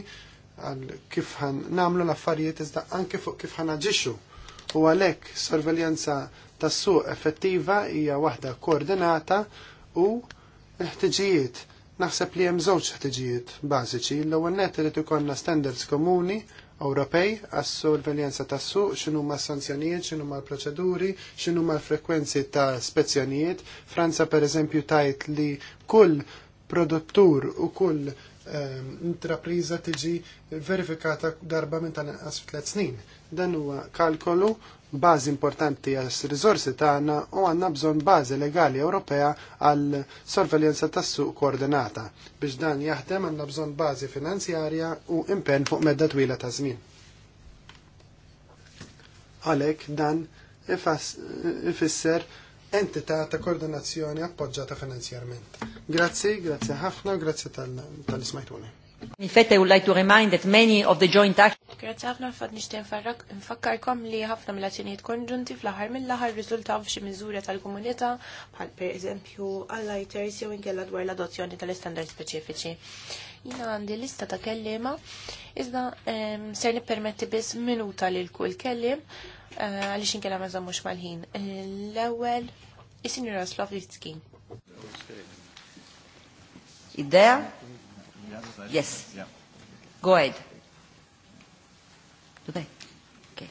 A: għal kif ħan namlu l-affarijiet iżda anke fuq kif ħan aġixxu. U għalhekk sorveljanza tas-suq effettiva hija waħda koordinata u l-ħtiġijiet. Naħseb li hemm żewġ ħtiġijiet bażiċi. L-ewwel nett irid ikollna standards komuni Ewropej għassu l-venjenza ta' suq, xinu ma' sanzjonijiet, xinu ma' proċeduri, xinu ma' frekwenzi ta' spezzjonijiet. Franza per eżempju tajt li kull produttur u kull ehm, intrapriza tiġi verifikata darba minn tal-inqas tliet snin. Dan huwa kalkolu bażi importanti għas riżorsi tagħna u għandna bżonn bażi legali Ewropea għal sorveljanza tas-suq koordinata. Biex dan jaħdem għandna bżonn bażi finanzjarja u impenn fuq medda twila ta' żmien. Għalhekk dan ifisser entità ta' koordinazzjoni appoġġata finanzjarment. Grazzi, grazzi ħafna, grazzi tal-ismajtuni.
C: In fact, I would like to remind that many of the joint actions
B: Grazzi ħafna fad nixtieq nfakkarkom li ħafna mill-azzjonijiet konġunti fl-aħħar mill-aħħar riżultaw f'xi miżura tal-komunità bħal pereżempju għall-lighters jew inkella dwar l-adozzjoni tal-istandard speċifiċi. Jina għandi lista ta' kellima, iżda ser nippermetti biss minuta lil kull kellim eh, għaliex inkella ma żammux mal-ħin. L-ewwel is-Sinjura Slovitski.
C: Idea? Yes. Go ahead. Do Okay.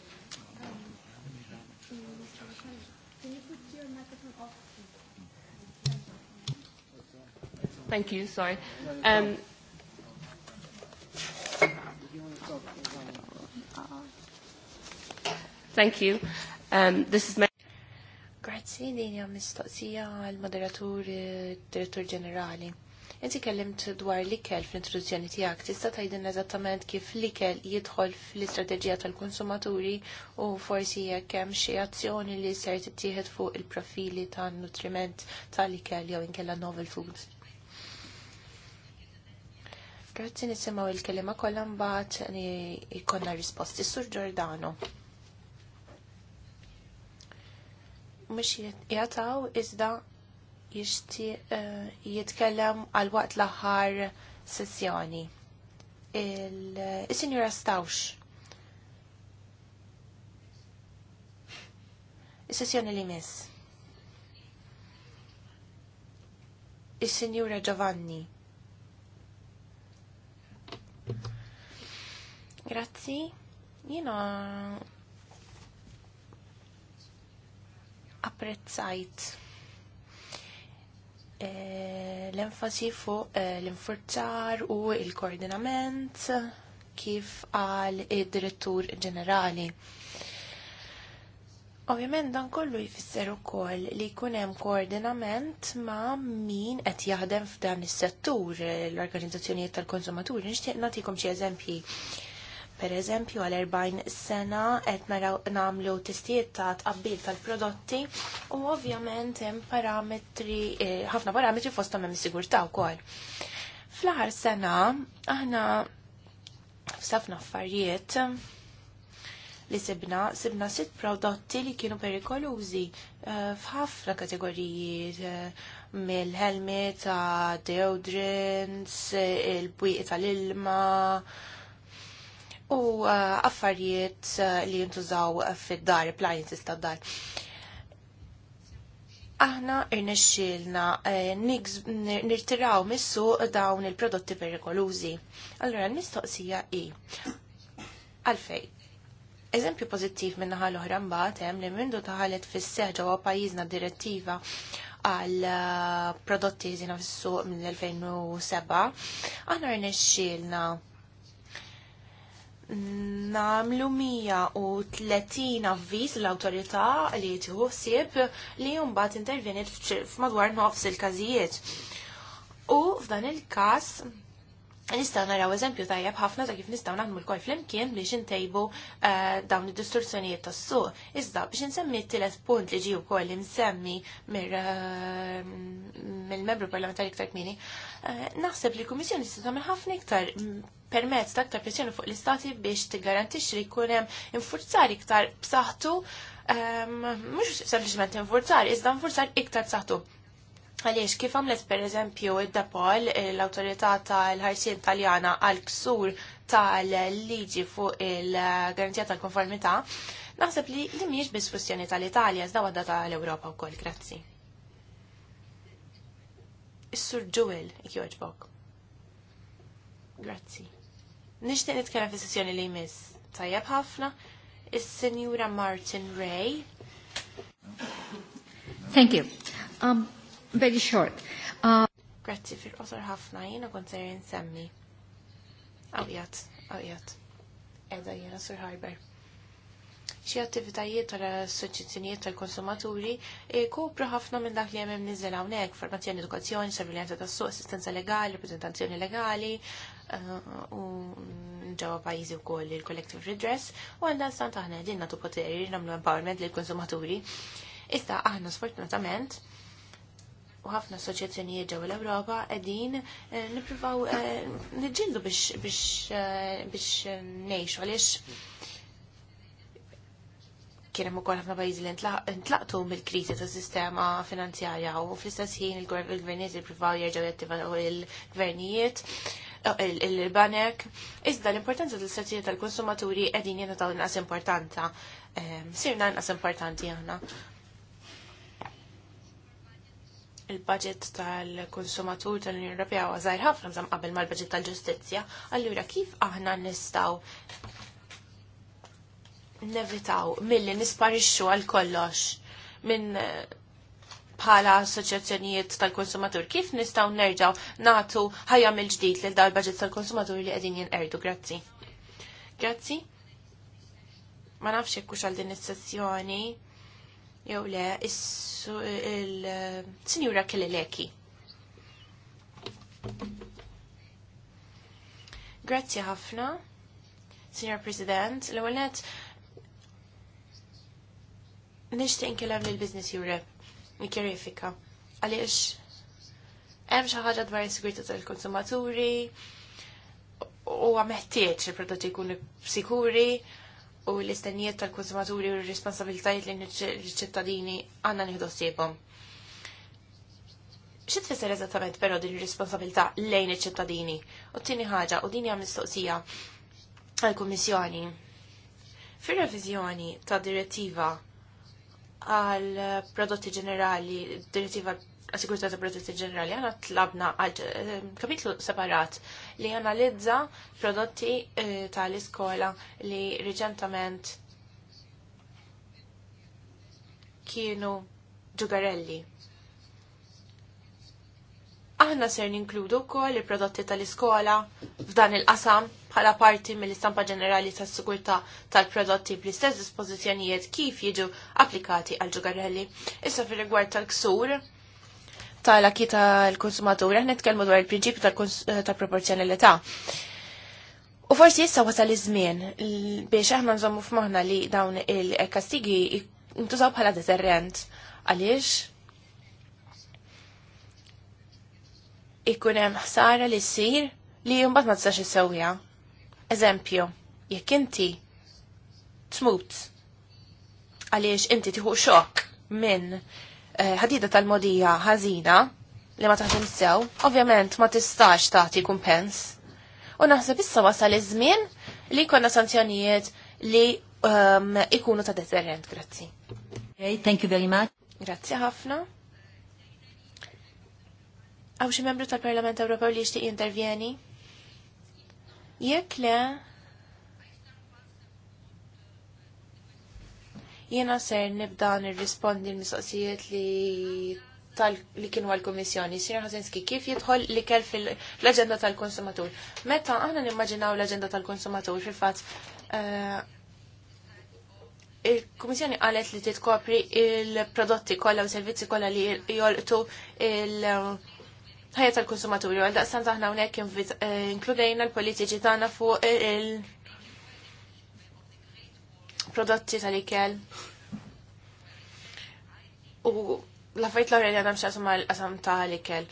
B: Thank you, sorry. Um, Thank you. Um, this is my... Grazie, Nina, mistoqsija għal-moderatur, eh, direttore generale. Inti kellimt dwar l-ikel fl-introduzzjoni tiegħek, tista' tgħidin eżattament kif l-ikel jidħol fl-istrateġija tal-konsumaturi u forsi jekk hemm xi azzjoni li ser tittieħed fuq il-profili tan-nutriment tal-ikel jew inkella novel foods. Grazzi nisimaw il-kelima kollha mbagħad ikonna risposti. Sur Giordano. Mhux jagħtaw iżda jixtieq eh, jitkellem għal waqt l-aħħar sessjoni. Il-Sinjura eh, Stawx. Is-sessjoni li miss. il sinjura Giovanni. Grazzi. Jina apprezzajt Eh, l-enfasi fuq eh, l-infurzar u il-koordinament kif għal id-direttur ġenerali. Ovvjament dan kollu jfisser ukoll li jkun hemm koordinament ma' min qed jaħdem f'dan is-settur l-organizzazzjonijiet tal-konsumaturi. Nixtieq nagħtikom xi eżempji Per eżempju, għal 40 sena qed naraw nagħmlu testijiet ta' tqabbil tal-prodotti u ovvjament hemm parametri eh, ħafna parametri fosthom hemm sigurtà wkoll. Fl-aħħar sena aħna f'safna affarijiet li sibna, sibna sitt prodotti li kienu perikolużi eh, f'ħafna kategoriji eh, mill-helmet, ta' deodorants, il-bwiq tal-ilma, u uh, affarijiet uh, li jintużaw uh, fid-dar, appliances tad-dar aħna irnexxilna nirtiraw missu dawn il-prodotti perikolużi. Allora n mistoqsija i. Għalfej, Eżempju pozittiv minnaħa l-oħra mbagħad hemm li mindu taħalet fis seħġa ġewwa pajjiżna direttiva għal prodotti jiżina fis-suq mill-2007, aħna rnexxielna namlu 130 avviż l-autorità li jtieħu ħsieb li mbagħad intervjenit f'madwar nofs il-każijiet. U f'dan il-każ Nistaw naraw eżempju tajjeb ħafna ta' kif nistaw naħdmu l fl flimkien biex intejbu eh, dawn id-distorsjonijiet tas-suq. Iżda biex insemmi t-tielet punt li ġi wkoll nsemmi eh, mill-membru parlamentari ktar kmini, eh, naħseb li l-Kummissjoni tista' tagħmel ħafna iktar permezz ta' aktar pressjoni fuq l-istati biex tiggarantix li jkun hemm infurzar iktar b'saħħtu ehm, mhux sempliċement infurzar, iżda infurzar iktar b'saħħtu. Għaliex, kif għamlet per eżempju id-Dapol, l-autorità tal-ħarsien Italjana għal-ksur tal-liġi fuq il-garanzija tal-konformità, naħseb li li miex bis fustjoni tal-Italja, zda għadda tal-Europa u koll, grazzi. Is-sur Jewel, ikjoġbok. Grazzi. Nixtieq nitkellem fis-sessjoni li jmiss. Tajjeb ħafna, is-Sinjura Martin Ray.
C: Thank you. Um, very short. Uh...
B: Grazzi fil-qosor ħafna jiena kont ser insemmi. Awjat, awjat. Edha jiena Sur Harber. Xi attivitajiet tal-assoċjazzjonijiet tal-konsumaturi eh, kopru ħafna minn dak li hemm niżel hawnhekk, formazzjoni edukazzjoni, servilenza tas-suq, assistenza legali, rappreżentazzjoni legali, Eh, u pajizi pajjiżi wkoll il-collective redress u għanda dan stant aħna qegħdin nagħtu poteri nagħmlu empowerment lill konsumaturi. Ista aħna sfortunatament u ħafna assoċjazzjonijiet ġew l-Ewropa qegħdin eh, nippruvaw eh, niġġieldu biex biex biex ngħixu għaliex kien hemm ukoll ħafna pajjiżi li ntlaqtu mill-kriżi tas-sistema finanzjarja u fl-istess ħin il-gvernijiet ippruvaw jerġgħu jattivaw il-gvernijiet Eh, il-banek, iżda l-importanza tal-istrateġija tal-konsumaturi qegħdin jiena l inqas importanta. Ehm, sirna inqas importanti aħna. Il-budget tal-konsumatur tal-Unjoni Ewropea huwa żgħir ħafna żam qabel mal-budget tal-ġustizzja, allura kif aħna nistgħu nevitaw milli nisparixxu għal kollox minn eh, bħala assoċjazzjonijiet tal-konsumatur. Kif nistgħu nerġaw nagħtu ħajja mill-ġdid lil dal-baġit tal-konsumatur li qegħdin jinqerdu? Grazzi. Grazzi. Ma nafx jekk għal din is-sessjoni jew le il-Sinjura Keleleki. Grazzi ħafna, Signor President. L-ewwel nishtiq nkellem l Business Europe nikjerifika. Għaliex hemm xi ħaġa dwar is-sigurtà tal-konsumaturi u għameħtieġ il-prodotti jkunu sikuri u l-istennijiet tal-konsumaturi u l-responsabilitajiet li n ċittadini għanna nieħdu ssibhom. Xi tfisser eżattament però din ir-responsabilità lejn iċ-ċittadini? U t-tieni ħaġa u din hija mistoqsija għall-Kummissjoni. Fir-reviżjoni ta' direttiva għal prodotti ġenerali, direttiva għasigurità ta' prodotti ġenerali, għana tlabna għal eh, kapitlu separat li analizza prodotti eh, tal-iskola li reċentament kienu ġugarelli. Aħna ser ninkludu wkoll il-prodotti tal-iskola f'dan il-qasam bħala parti mill-istampa ġenerali tas-sigurtà tal-prodotti bl-istess dispożizzjonijiet kif jiġu applikati għal ġugarelli. Issa fir rigward tal-ksur tal-aki tal-konsumatur, aħna nitkellmu dwar il-prinċipju eh, tal-proporzjonalità. U forsi issa wasal iż-żmien biex aħna nżommu f'moħħna li dawn il-kastigi jintużaw bħala deterrent. Għaliex? ikun hemm ħsara li ssir li mbagħad ma tistax issewwiha. Eżempju, jekk inti tmut għaliex inti tieħu xokk minn eh, ħadida tal-modija ħażina li ma taħdem sew, ovvjament ma tistax tagħti kumpens. U naħseb issa wasal iż-żmien li jkollna sanzjonijiet li um, ikunu ta' deterrent, grazzi. Okay, thank you very much. Grazzi ħafna. Għaw xi membru tal-Parlament Ewropew li jixtieq jintervjeni? Jekk le, jiena ser nibda nirrispondi l-mistoqsijiet li tal li kienu għal-Komissjoni, Sir Ħazinski, kif jidħol li kell fil-agenda tal-konsumatur? Meta aħna nimmaġinaw l-agenda tal-konsumatur fil-fat eh, il-Komissjoni għalet li titkopri il-prodotti kollha u servizzi kollha li jolqtu il- ħajja tal-konsumaturi għal daqsan taħna unek eh, inkludejna l-politiċi tagħna fuq il-prodotti tal-ikel. U l-affajt l-għorri għadam xasum għal-qasam tal-ikel.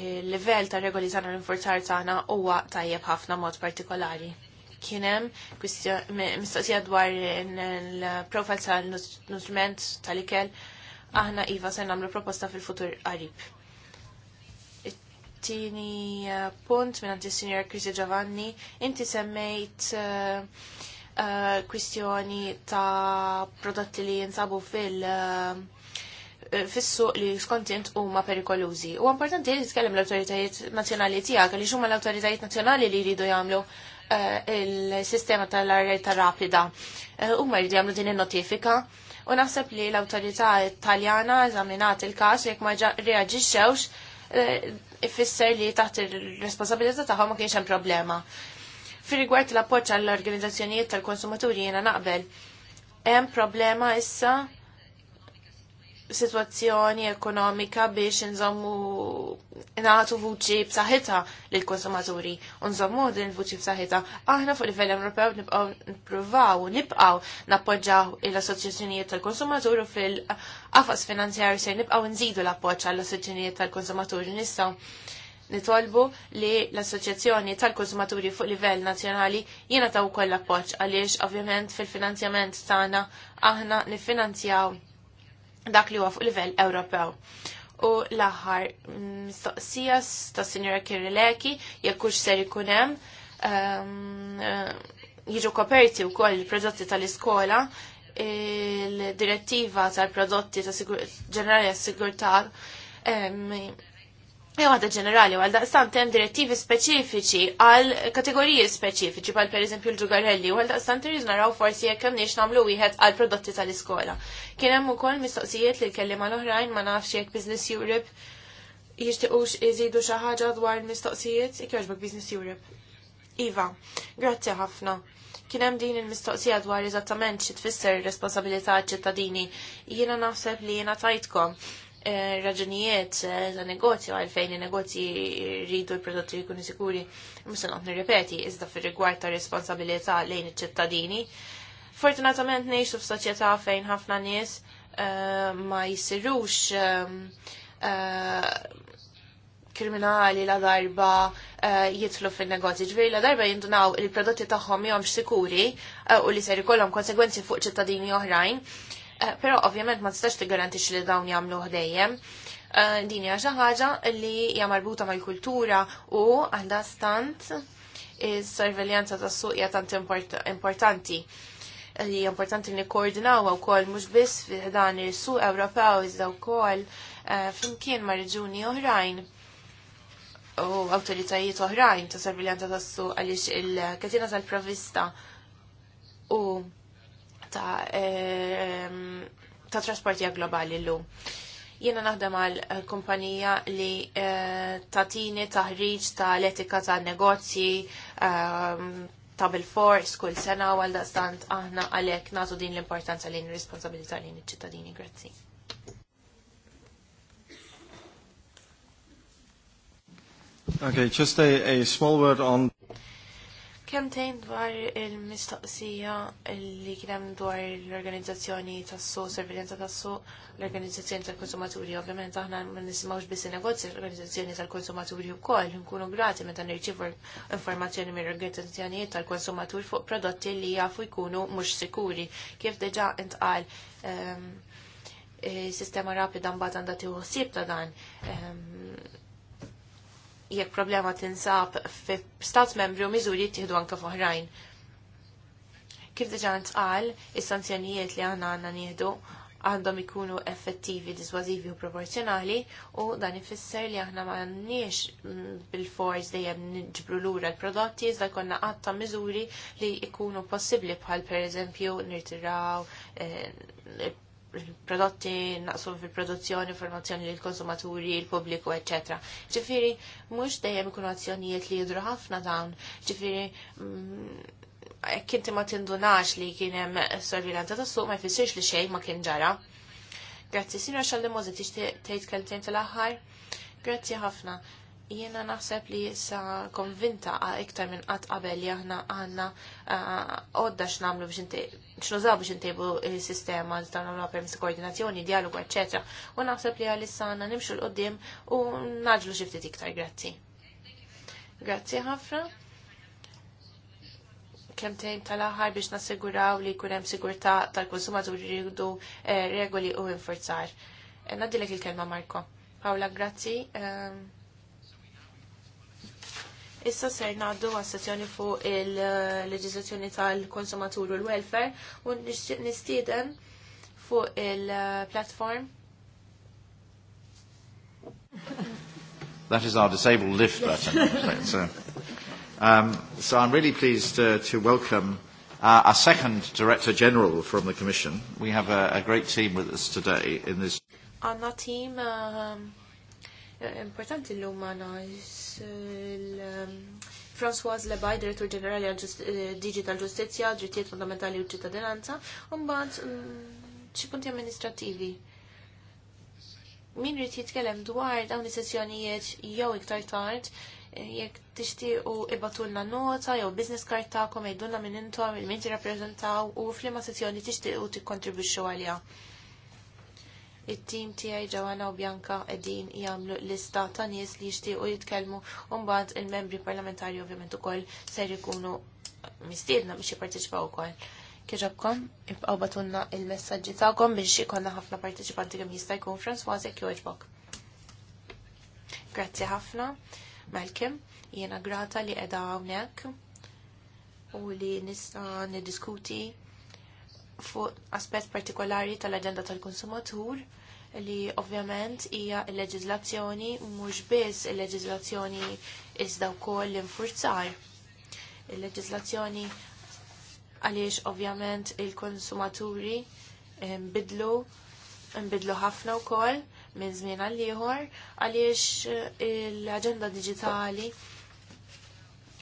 B: Il-level ta' regoli tagħna l-infurzar tagħna huwa tajjeb ħafna mod partikolari. Kienem mistoqsija dwar il-profil tal-nutriment tal-ikel aħna iva se nagħmlu proposta fil-futur qarib tini eh, punt minn għaddi Sinjor Krisi Giovanni, inti semmejt eh, eh, kwistjoni ta' prodotti li jinsabu fil- uh, fissuq li skontent huma perikolużi. U importanti li tkellem l-autoritajiet nazzjonali tiegħek li huma l-autoritajiet nazzjonali li jridu jagħmlu il-sistema tal-arreta rapida. Huma jridu jagħmlu din in-notifika u naħseb li l-awtorità Taljana eżaminat il-każ jekk ma reaġixxewx Eh, ifisser li taħt ir-responsabilità tagħhom ma kienx hemm problema. Fir-rigward l-appoġġ għall-organizzazzjonijiet tal-konsumaturi jiena naqbel. Hemm problema issa situazzjoni ekonomika biex nżommu nagħtu vuċi b'saħħitha lill konsumaturi u nżommu din il-vuċi b'saħħitha. Aħna fuq livell Ewropew nibqgħu nippruvaw nibqgħu nappoġġaw il-assoċjazzjonijiet tal-konsumaturi fil għafas finanzjari se nibqgħu nżidu l appoċ għall assoċjonijiet tal-konsumaturi nistgħu nitolbu li l-Assoċjazzjoni tal-Konsumaturi fuq livell nazzjonali jiena taw koll appoċ għaliex ovvjament fil-finanzjament tagħna aħna niffinanzjaw dak li huwa fuq livell Ewropew. U l-aħħar mistoqsija ta' Sinjora Kirileki jekk hux ser ikun hemm ehm, ehm, jiġu koperti u il-prodotti tal-iskola il-direttiva tal-prodotti ta' ġenerali għas sigurtà E waħda ġenerali għal daqstant hemm direttivi speċifiċi għal kategoriji speċifiċi bħal eżempju l-ġugarelli u għal daqstant irridu naraw forsi jekk hemm nix nagħmlu wieħed għal prodotti tal-iskola. Kien hemm ukoll mistoqsijiet li l-kelliem l-oħrajn ma nafx jekk Business Europe jixtiqux iżidu xi ħaġa dwar mistoqsijiet, mistoqsijiet ikjoġbok Business Europe. Iva, grazzi ħafna. Kien hemm din il-mistoqsija dwar eżattament xi tfisser responsabilità ċittadini. Jiena naħseb li jiena tajtkom eh, raġunijiet eh, ta' negozju għalfejn il-negozji rridu l-prodotti jkunu sikuri, musa not nirrepeti, iżda fir rigward ta' responsabilità lejn iċ-ċittadini. Fortunatament ngħixu f'soċjetà fejn ħafna nies eh, ma jsirux kriminali la darba eh, jitlu fin negozji ġviri la darba jindunaw il-prodotti tagħhom jomx sikuri eh, u li ser ikollhom konsegwenzi fuq ċittadini oħrajn. Pero eh, Però ovvjament ma tistax tigarantix li dawn jagħmlu ħdejjem. Din hija xi ħaġa li hija marbuta mal-kultura u għandha stant is-sorveljanza tas-suq hija tant importanti li importanti li koordinaw u kol mux bis dan il-su Ewropew iżda u kol uh, flimkien ma' reġuni oħrajn u awtoritajiet oħrajn ta' sorveljanza tas-su għaliex il-katina tal-provista u ta' ehm, ta' trasportija globali llum. Jiena naħdem għal kumpanija li eh, tatini taħriġ ta' l-etika ta' negozji ehm, ta' bil-fors kull sena u għal dastant aħna għalek natu din l-importanza li n-responsabilità li n-ċittadini. Grazzi.
A: Okay, just a, a small word on...
B: tejn dwar il-mistoqsija li kienem dwar l-organizzazzjoni tas-su, servilenza tas-su, l-organizzazzjoni tal-konsumaturi, ovvjament aħna ma nisimgħux biss negozji l-organizzazzjoni tal-konsumaturi wkoll, nkunu grati meta nirċivu informazzjoni mir organizzazzjonijiet tal-konsumatur fuq prodotti li jafu jkunu mhux sikuri. Kif diġà intqal ehm, sistema rapida mbagħad għandha tieħu ħsieb ta' dan ehm, jekk problema tinsab fi stat membri u miżuri jittieħdu anke f'oħrajn. Kif diġà tqal is-sanzjonijiet li aħna għandna nieħdu għandhom ikunu effettivi, diswazivi u proporzjonali u dan ifisser li aħna m'għandniex mm, bil-forz dejjem niġbru lura l-prodotti iżda jkollna għatta miżuri li jkunu possibbli bħal pereżempju nirtiraw eh, prodotti, naqsu fil-produzzjoni, informazzjoni lil konsumaturi il-pubbliku, ecc. Ġifiri, mux dejjem ikun azzjonijiet li jidru ħafna dawn, ġifiri, mm, kinti ma tindunax li kienem sorvilanza ta' suq ma jfissirx li xej ma kien ġara. Grazzi, sinra xalli mozi, tix tejt kelmtejn tal aħħar Grazzi ħafna. Jiena naħseb li sa konvinta iktar minn qatt qabel li aħna għandna għodda x'namlu biex x'nużaw biex intejbu s-sistema li tagħna nagħmlu permess koordinazzjoni, dialogu, eċċetera. U naħseb li għalissa għandna nimxu l qudiem u naġlu xi ftit iktar, grazzi. Grazzi ħafna. Kemm tejn tal-aħħar biex nassiguraw li jkun hemm sigurtà tal-konsumaturi jridu eh, regoli u infurzar. Eh, nadilek il-kelma Marko. Paola, grazzi. Um Issa ser naddu għas-sessjoni fuq il-leġizazzjoni tal-konsumatur u l-welfare u nistieden fuq il-platform. That is our disabled lift button. so, uh, um, so I'm really pleased uh, to welcome uh, our second Director General from the Commission. We have a, a great team with us today in this. On Għanna team um, Importanti l għana um, François Lebaj, Direttur Ġenerali għal eh, Digital Ġustizja, Drittijiet Fundamentali u Ċittadinanza, un bad ċi mm, punti amministrativi min rrit jitkellem dwar dawn is-sessjonijiet jew iktar tard, eh, jekk tixtiequ ibatulna nota jew business card tagħkom jgħidulna minn intom il-min tirrappreżentaw u f'liema sessjoni tixtiequ tikkontribwixxu għaliha it-tim tiegħi ġewana u Bjanka qegħdin jagħmlu lista ta' nies li jixtiequ jitkellmu u mbagħad il-membri parlamentari ovvjament ukoll ser ikunu mistiedna biex jipparteċipaw ukoll kieġabkom, ibqaw batunna il-messagġi tagħkom biex ikonna ħafna partiċipanti kemm jista' jkun jekk joġbok. Grazzi ħafna, Malkim, jiena grata li qiegħda hawnhekk u li nista' niddiskuti fuq aspett partikolari tal-aġenda tal-konsumatur li ovvjament hija l-leġiżlazzjoni mhux biss il-leġiżlazzjoni iżda wkoll l-infurzar. Il-leġiżlazzjoni għaliex ovvjament il-konsumaturi nbidlu nbidlu ħafna wkoll minn żmien għal ieħor għaliex l-aġenda diġitali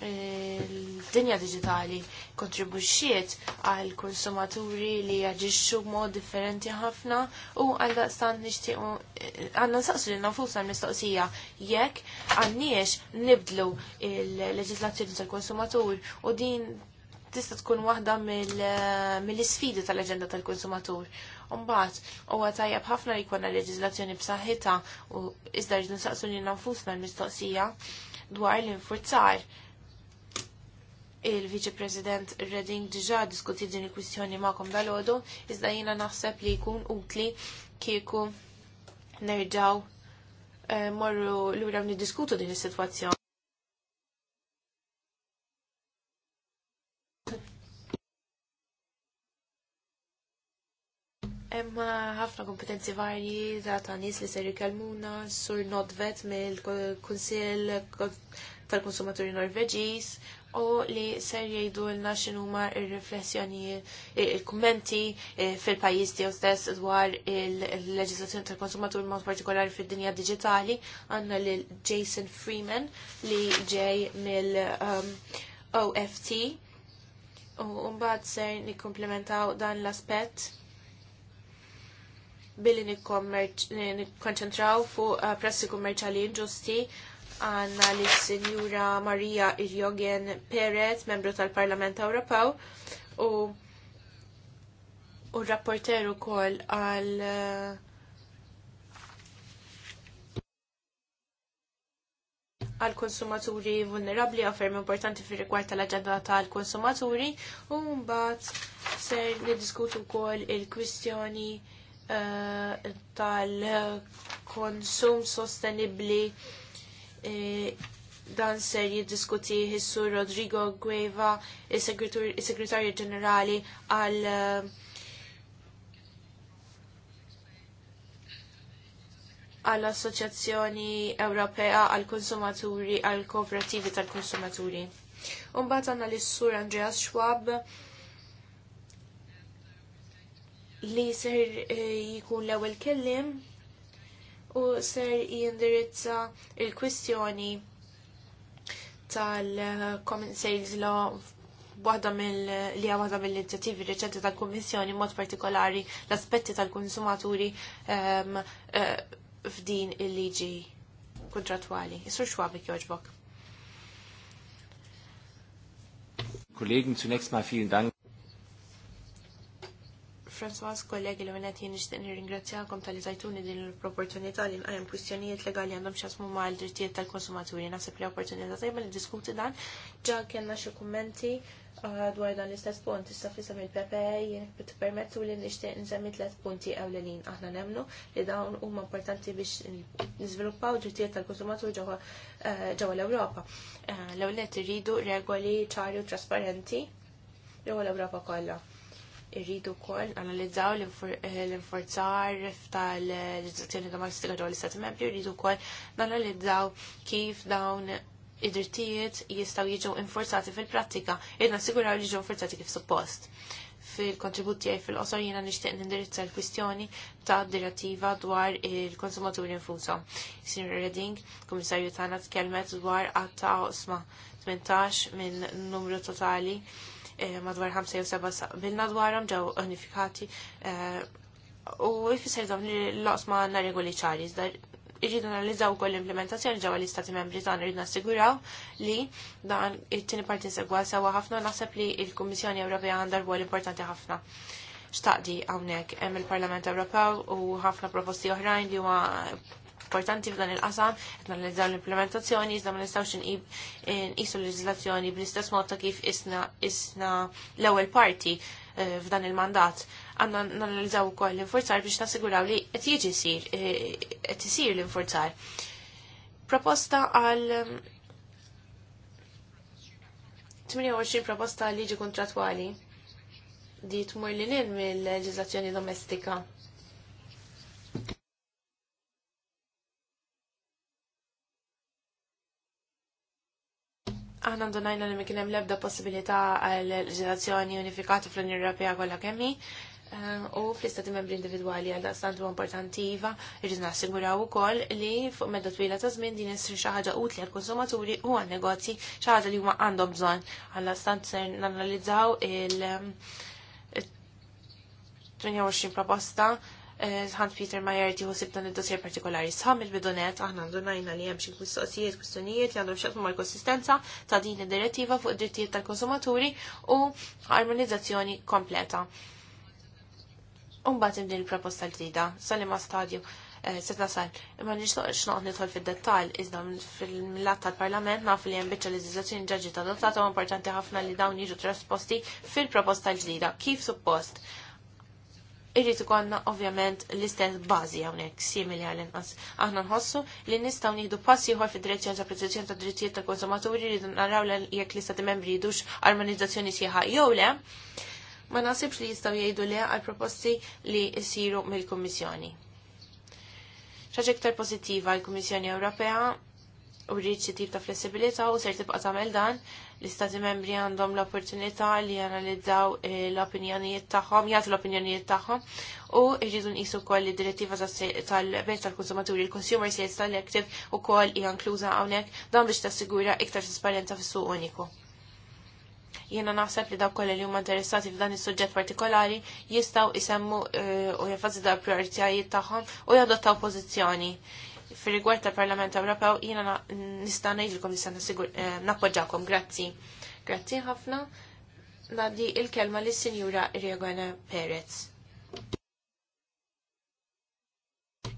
B: l dinja digitali kontribuxiet għal konsumaturi li jaġixxu mod differenti ħafna u għal daqstan nishtiqu għanna nsaqsu li nafusna mistoqsija jekk għanniex nibdlu il-leġislazzjoni tal-konsumatur u din tista tkun waħda mill-sfidi tal-aġenda tal-konsumatur. Umbat, u għatajab ħafna li konna leġislazzjoni b'saħħita u iżda ġnu saqsu li nafusna l-mistoqsija dwar l-infurzar il-Viċi President Redding diġa diskuti din il-kwistjoni ma'kom dal-ħodu, iżda jina naħseb li jkun utli kieku nerġaw eh, morru l-ura diskutu din il situazzjon Emma ħafna kompetenzi varji ta' ta' nis li ser jikalmuna, sur nodvet mill konsil tal-Konsumaturi Norveġis, u li ser jgħidu l-na xinuma il reflessjoni il-kommenti eh, fil-pajis tiegħu stess dwar il-leġislazzjoni tal-konsumatur mod partikolari fid-dinja digitali għandna lil Jason Freeman li ġej mill um, OFT u mbagħad ser nikkomplementaw dan l-aspett billi nikkonċentraw fuq eh, prassi kummerċali inġusti għanna li s-Sinjura Marija Irjogen Peret, membru tal-Parlament Ewropew, u u rapporteru kol għal għal konsumaturi vulnerabli għaffermi importanti fir rigward tal-ġadda tal-konsumaturi u mbagħad ser niddiskutu wkoll il-kwistjoni uh, tal-konsum sostenibbli E, dan ser jiddiskuti jissu Rodrigo Gueva, il-Segretarju Ġenerali għal għall assoċjazzjoni Ewropea għall konsumaturi għall kooperativi tal-konsumaturi. Umbat għanna l-Sur Andreas Schwab li ser e, jikun l-ewel kellim u ser jindirizza il-kwistjoni tal-Common eh, Sales Law waħda mill li waħda mill-inizjattivi reċenti tal-Kummissjoni mod partikolari l-aspetti tal-konsumaturi um, uh, f'din il-liġi kontratwali. Isur xwabik joġbok.
C: Kollegen, zunächst mal vielen Dank.
B: François, kollegi li minnet jien nixtieq nirringrazzjakom tal-li din l-opportunità li nqajjem kwistjonijiet legali għandhom xasmu ma' l-drittijiet tal-konsumaturi. Naħseb li opportunità tajba li diskuti dan. Ġa kellna xi kummenti ah, dwar dan l-istess punt issa fisem il-PPE jien permettu li nixtieq nsemmi tliet punti ewlenin. Aħna nemnu li dawn huma importanti biex niżviluppaw drittijiet tal-konsumatur eh, ġewwa l-Ewropa. Eh, l-ewwel irridu regoli ċari u trasparenti ġewwa l-Ewropa kollha irridu wkoll analizzaw l-inforzar tal mal domestika dwar l-Istati Membri, irridu wkoll nanalizzaw kif dawn id-drittijiet jistgħu jiġu infurzati fil-prattika, jedna nassiguraw li jiġu inforzati kif suppost. Fil-kontribut tiegħi fil-qosor jiena nixtieq nindirizza l-kwistjoni ta' direttiva dwar il-konsumaturi infuso. Sir Redding, kummissarju t tkellmet dwar għatta osma 18 minn numru totali Eh, madwar 5-7 bilna dwarom ġew unifikati eh, u jfisser dawn l-osma għandna regoli ċari irridu analizzaw kol l-implementazzjoni ġewwa l-Istati Membri dan iridu nassiguraw li dan it-tieni parti segwa sewa ħafna naħseb li l-Kummissjoni Ewropea għandha rwol importanti ħafna. Xtaqdi hawnhekk hemm il-Parlament Ewropew u ħafna proposti oħrajn li huma importanti f'dan il-qasam, qed analizzaw l-implementazzjoni, iżda ma nistgħux nqisu l leġislazzjoni bl-istess mod ta' kif isna isna l-ewwel parti eh, f'dan il-mandat. Għandna nanalizzaw ukoll l-infurzar biex nassiguraw li qed jieġi sir, għet eh, isir l-infurzar. Proposta għal 28 ehm, proposta għal liġi kontratwali di tmur li lin mill leġizazzjoni domestika Aħna ndonajna li mikinem hemm l-ebda possibilità għal ġenerazzjoni unifikata fl-Unjoni Ewropea kolla kemmi ehm, u fl-istati membri individwali għal daqstant huwa importanti iva irrid nassiguraw ukoll li fuq medda twila ta' żmien din issir xi ħaġa utli għall konsumaturi u għan-negozji xi ħaġa li huma għandhom bżonn għal stant ser nanalizzaw il- 28 proposta Eh, Hans Peter Majer tiħu sibdan id-dossier partikolari sħam il-bidonet, aħna għandunajna li hemm xi mistoqsijiet, kwistjonijiet li għandhom xaqmu mal-konsistenza ta' din id-direttiva fuq id-drittijiet tal-konsumaturi u armonizzazzjoni kompleta. Umbat imdin il-proposta l-ġdida, salima stadju eh, setna sal, imma nixtoqx noqt nidħol fil-dettal, iżda fil-millat tal-parlament naf li hemm biċċa izizazzjoni ġaġi ta' adottata importanti ħafna li dawn jiġu trasposti fil-proposta l-ġdida, kif suppost irrid konna ovvjament l-istess bażi hawnhekk simili għal inqas. Aħna nħossu li nistgħu nieħdu passi ieħor fid direzzjon ta' protezzjoni ta' drittijiet ta' konsumaturi rridu naraw jekk l stati membri jidux armonizzazzjoni sieħa jew le. Ma nasibx li jistgħu jgħidu le għal proposti li jsiru mill-Kummissjoni. Xaġ iktar pożittiva l-Kummissjoni Ewropea u rrid xi tip ta' flessibilità u ser tibqa' tagħmel dan l-istati membri għandhom l-opportunità li janalizzaw eh, l-opinjonijiet tagħhom, jagħtu l-opinjonijiet tagħhom u jridu nqisu wkoll id-direttiva tal-bejt tal-konsumaturi il-Consumer Sales Directive ukoll hija inkluża hawnhekk dan biex tassigura iktar trasparenza fis-suq uniku. Jiena naħseb li daw kolli li huma interessati f'dan is-suġġett partikolari jistgħu isemmu eh, u jefażida l-prijoritajiet tagħhom u jadottaw pożizzjoni fil rigward tal-Parlament Ewropew jiena nista' ngħidilkom nista' nasigur eh, nappoġġakom. Grazzi. Grazzi ħafna. Nadi il-kelma lis sinjura Irjagwana Perez.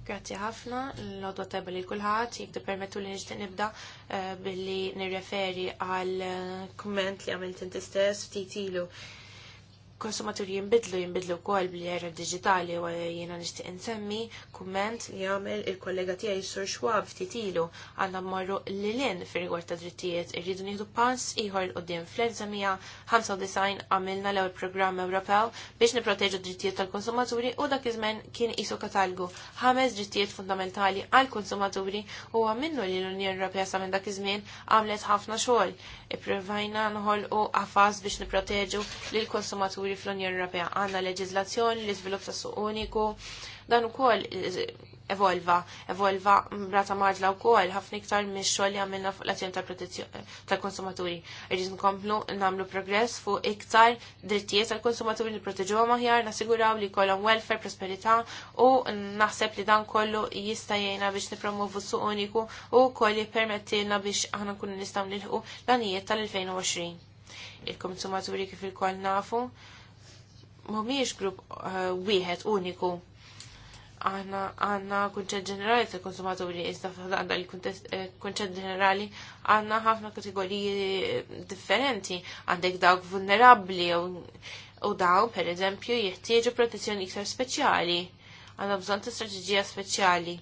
B: Grazzi ħafna, l-għodwa tajba li kullħat, jek permettu li nġti nibda eh, billi nirreferi għal eh, komment li għamilt inti stess ftit ilu konsumaturi jimbidlu jimbidlu kol bl-era digitali u jiena nishtiq insemmi kumment li għamil il-kollega tiegħi Sur Schwab ftit ilu għandna mmorru lilin fir-rigward ta' drittijiet irridu nieħdu pass ieħor l-qoddim fl-1995 għamilna l-ewwel programm Ewropew biex nipproteġu drittijiet tal-konsumaturi u dak iż-żmien kien qisu katalgu ħames drittijiet fundamentali għall-konsumaturi u għamilnu li l-Unjoni Ewropea sa minn dak iż-żmien għamlet ħafna xogħol. Ipprovajna nħolqu qafas biex niproteġu lil konsumaturi fl-Unjoni Ewropea. Għandna leġiżlazzjoni, l-iżvilupp tas suq uniku, dan ukoll evolva, evolva brata marġla u kol, ħafna iktar mis xogħol li għamilna fuq l-azzjoni tal-konsumaturi. Irrid nkomplu nagħmlu progress fuq iktar drittijiet tal-konsumaturi li aħjar, nassiguraw li jkollhom welfare, prosperità u naħseb li dan kollu jista' jgħinna biex nipromovu suq uniku u wkoll jippermettilna biex aħna nkunu nistgħu nilħu l għanijiet tal-2020. Il-konsumaturi kif il-kol nafu mhumiex grupp eh, wieħed uniku għanna għanna kunċett ġenerali ta' konsumaturi, iżda għanna l-kunċett eh, ġenerali għanna ħafna kategoriji eh, differenti, għandek dawk vulnerabli u daw, per eżempju, jihtieġu protezzjoni iktar speċjali, għanna bżon ta' strategija speċjali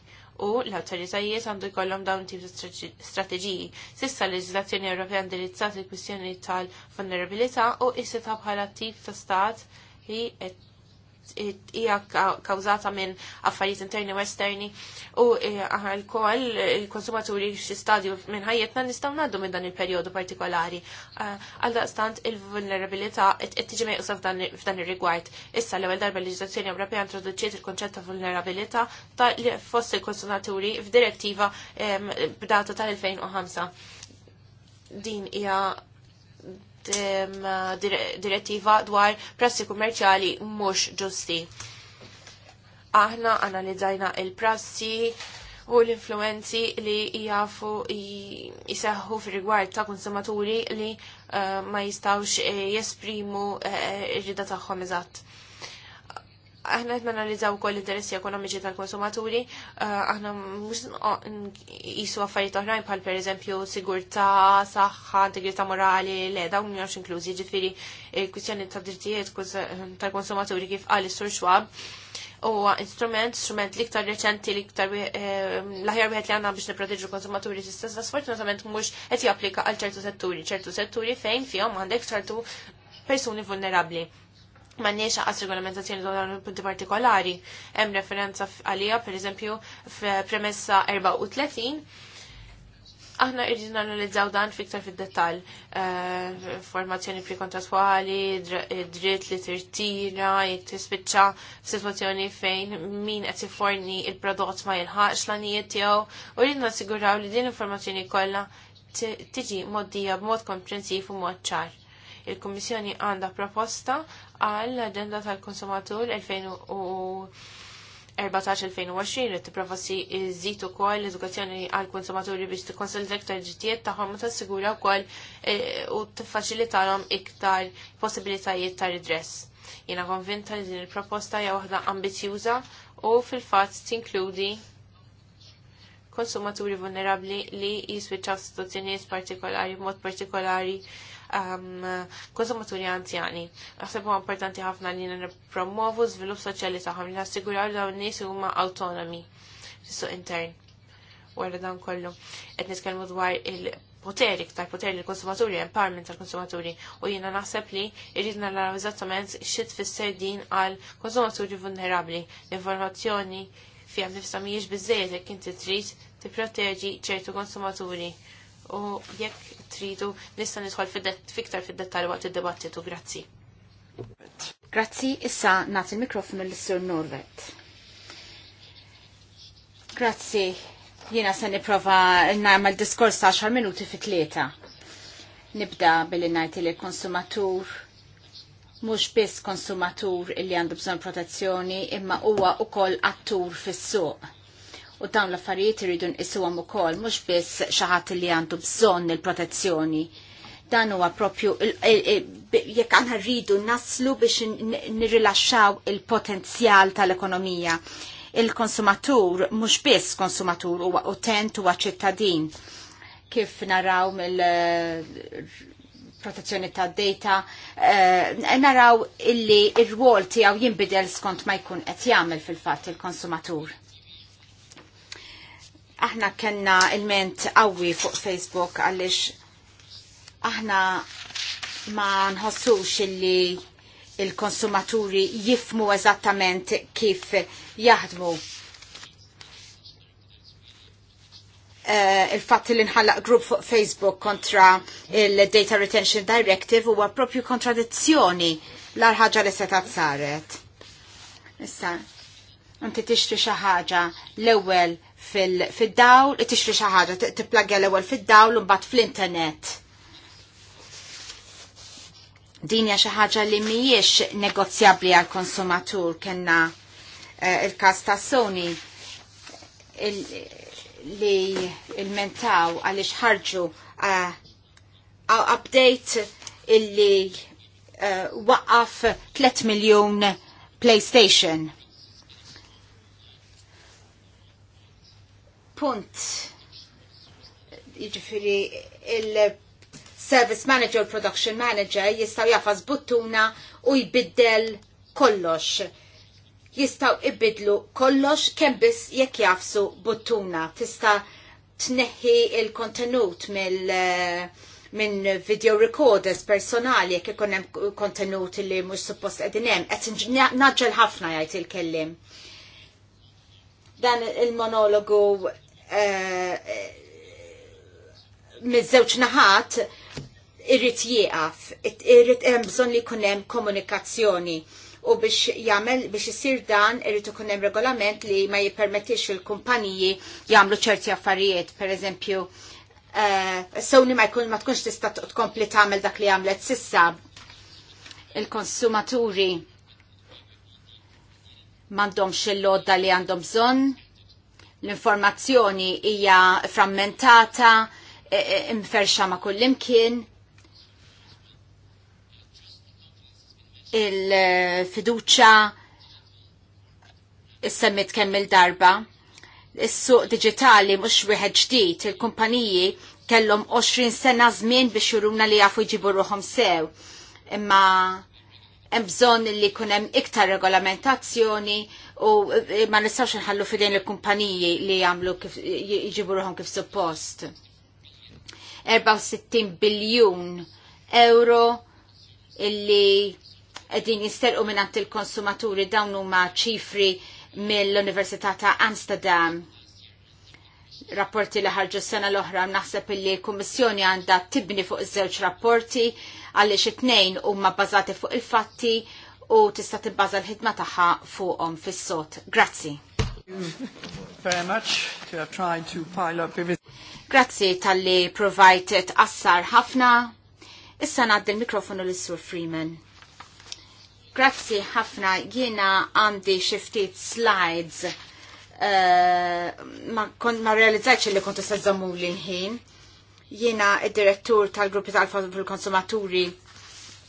B: u l-autoritajiet għandu jkollhom dawn tip ta' strateġiji. Sissa l-leġislazzjoni Ewropea indirizzat il-kwistjoni tal-vulnerabilità u isseta bħala tip ta' stat li qed hija kawżata minn affarijiet interni u esterni u eh, aħna l-koll il-konsumaturi xi stadju minn ħajjetna nistgħu ngħaddu minn dan il periodu partikolari. Eh, għal daqstant il-vulnerabilità qed tiġi meqsa f'dan ir-rigward. Issa l-ewwel darba l-leġiżlazzjoni Ewropea introduċiet il-konċett ta' vulnerabilità li fost il-konsumaturi f'direttiva b'data tal-2005. Din hija direttiva dwar prassi kummerċjali mhux ġusti. Aħna analizzajna il-prassi u l-influenzi li jafu jiseħħu fir-rigward ta' konsumaturi li eh, ma jistawx eh, jesprimu eh, r-rida tagħhom eżatt aħna qed nanalizzaw ukoll interessi ekonomiċi tal-konsumaturi, eh, aħna mhux isu affarijiet oħrajn bħal pereżempju sigurtà, saħħa, integrità morali, le dawn mhux inklużi, ġifieri eh, kwistjoni ta' drittijiet tal-konsumaturi kif qal is-Sur Xwab. huwa instrument, strument liktar reċenti, liktar eh, l-aħjar wieħed li għanna biex neprotegġu konsumaturi stess, sfortunatament mhux qed japplika għal ċertu setturi, ċertu setturi fejn fihom għandek ċertu persuni vulnerabbli ma nix għas regolamentazzjoni dwar punti partikolari. Hemm referenza għalija, per eżempju, f'premessa 34. Aħna irridu nanalizzaw dan fiktar fid-dettall. Eh, Formazzjoni prekontratwali, eh, dritt li tirtira, jek tispiċċa situazzjoni fejn min qed forni il-prodott ma jilħaqx l-anijiet tiegħu, u rridu nassiguraw li din l-informazzjoni kollha tiġi moddija b'mod komprensiv u mod ċar Il-Kummissjoni għandha proposta għal agenda tal-konsumatur 2014-2020 li tipprova si iżid ukoll l-edukazzjoni għal konsumaturi biex tikkonsolida iktar ġittijiet tagħhom u tassigura wkoll eh, u tiffaċilitalhom iktar possibilitajiet ta' redress. Jiena konvinta li din il-proposta hija waħda ambizjuża u fil-fatt tinkludi konsumaturi vulnerabli li jiswiċċaw situazzjonijiet partikolari, mod partikolari Um, konsumaturi anzjani. Naħseb huwa importanti ħafna li nippromovu żvilupp soċjali tagħhom li nassiguraw dawn in-nies huma autonomi fis-suq intern. Wara dan kollu qed nitkellmu dwar il- poteri, ktar poteri l-konsumaturi, empowerment tal-konsumaturi, u jina naħseb li irrid naraw eżattament xit fisser din għal konsumaturi vulnerabli. L-informazzjoni fiha nifsa mhijiex bizzejet jekk inti trid tipproteġi ċertu konsumaturi u jekk tridu nista' nidħol fiktar fid-dettall waqt id-dibattitu. Grazzi.
C: Grazzi, issa nagħti il-mikrofonu lis sur Norvet. Grazzi, jiena se nipprova nagħmel diskors ta' xar minuti fi tlieta. Nibda billi ngħid li konsumatur mhux biss konsumatur illi għandu bżonn protezzjoni imma huwa wkoll attur fis-suq u dawn l-affarijiet irridu nqisuhom ukoll mhux biss xi ħadd li għandu bżonn il-protezzjoni dan huwa propju jekk aħna rridu naslu biex nirilaxxaw il-potenzjal tal-ekonomija. Il-konsumatur mhux biss konsumatur huwa utent huwa ċittadin kif naraw mill eh, protezzjoni ta' data, eh, naraw illi ir-rwol tiegħu jinbidel skont ma jkun qed jagħmel fil-fatt il-konsumatur aħna kena il-ment għawi fuq Facebook għalix aħna ma nħossux illi il-konsumaturi jifmu eżattament kif jaħdmu. Eh, il-fatt li nħallaq grupp fuq Facebook kontra il-Data Retention Directive huwa propju kontradizzjoni l-ħaġa li setat saret. Issa, inti tixtri xi ħaġa l-ewwel fil-dawl, tixri xi ħaġa, tipplagja l-ewwel fid-dawl u mbagħad fl-internet. Din hija xi ħaġa li mhijiex negozjabbli għall konsumatur kellna eh, il-każ ta' Sony li il-mentaw għaliex ħarġu eh, update illi eh, waqqaf 3 miljon PlayStation punt jiġifieri il-service manager, production manager jistaw jafas buttuna u jbiddel kollox. Jistaw ibidlu kollox kemm biss jekk jafsu buttuna. Tista' tneħħi il-kontenut mill- eh, minn video recorders personali jekk ikun hemm kontenut li mhux suppost qegħdin hemm naġġel ħafna jgħid il-kellim. Dan il-monologu Eh, miż-żewġ naħat irrit jieqaf, irrit hemm bżonn li jkun hemm komunikazzjoni u biex jagħmel biex jisir dan irrit ikun hemm regolament li ma jippermettix il-kumpaniji jagħmlu ċerti affarijiet, pereżempju uh, eh, Sony ma jkun ma tkunx tista' tkompli tagħmel dak li għamlet sissa il-konsumaturi m'għandhomx il-lodda li għandhom bżonn l-informazzjoni hija frammentata, e, e, imferxa ma' kullimkien, il-fiduċa is-semmit kemm il-darba. Is-suq digitali mhux wieħed ġdid, il-kumpaniji kellhom 20 sena żmien biex juruna li jafu jġibu ruhom sew. Imma hemm bżonn li jkun hemm iktar regolamentazzjoni u eh, ma nistawx nħallu fidejn il kumpaniji li jagħmlu kif jġibu ruħhom kif suppost. 64 biljun euro illi qegħdin jisterqu minn il-konsumaturi dawn huma ċifri mill-Università ta' Amsterdam rapporti li ħarġu s-sena l-oħra naħseb li kummissjoni għandha tibni fuq iż-żewġ rapporti għaliex it-tnejn huma bbażati fuq il-fatti u tista' tibbaża l-ħidma tagħha fuqhom fis-sod. Grazzi. Very much to have tried to pile up Grazzi tal-li provajtet assar ħafna. Issa ngħaddi l-mikrofonu lis sur Freeman. Grazzi ħafna jiena għandi xi ftit slides Uh, ma, kon, ma realizzajċ li kontu s sazzamu l inħin Jena id-direttur tal-gruppi tal-konsumaturi fil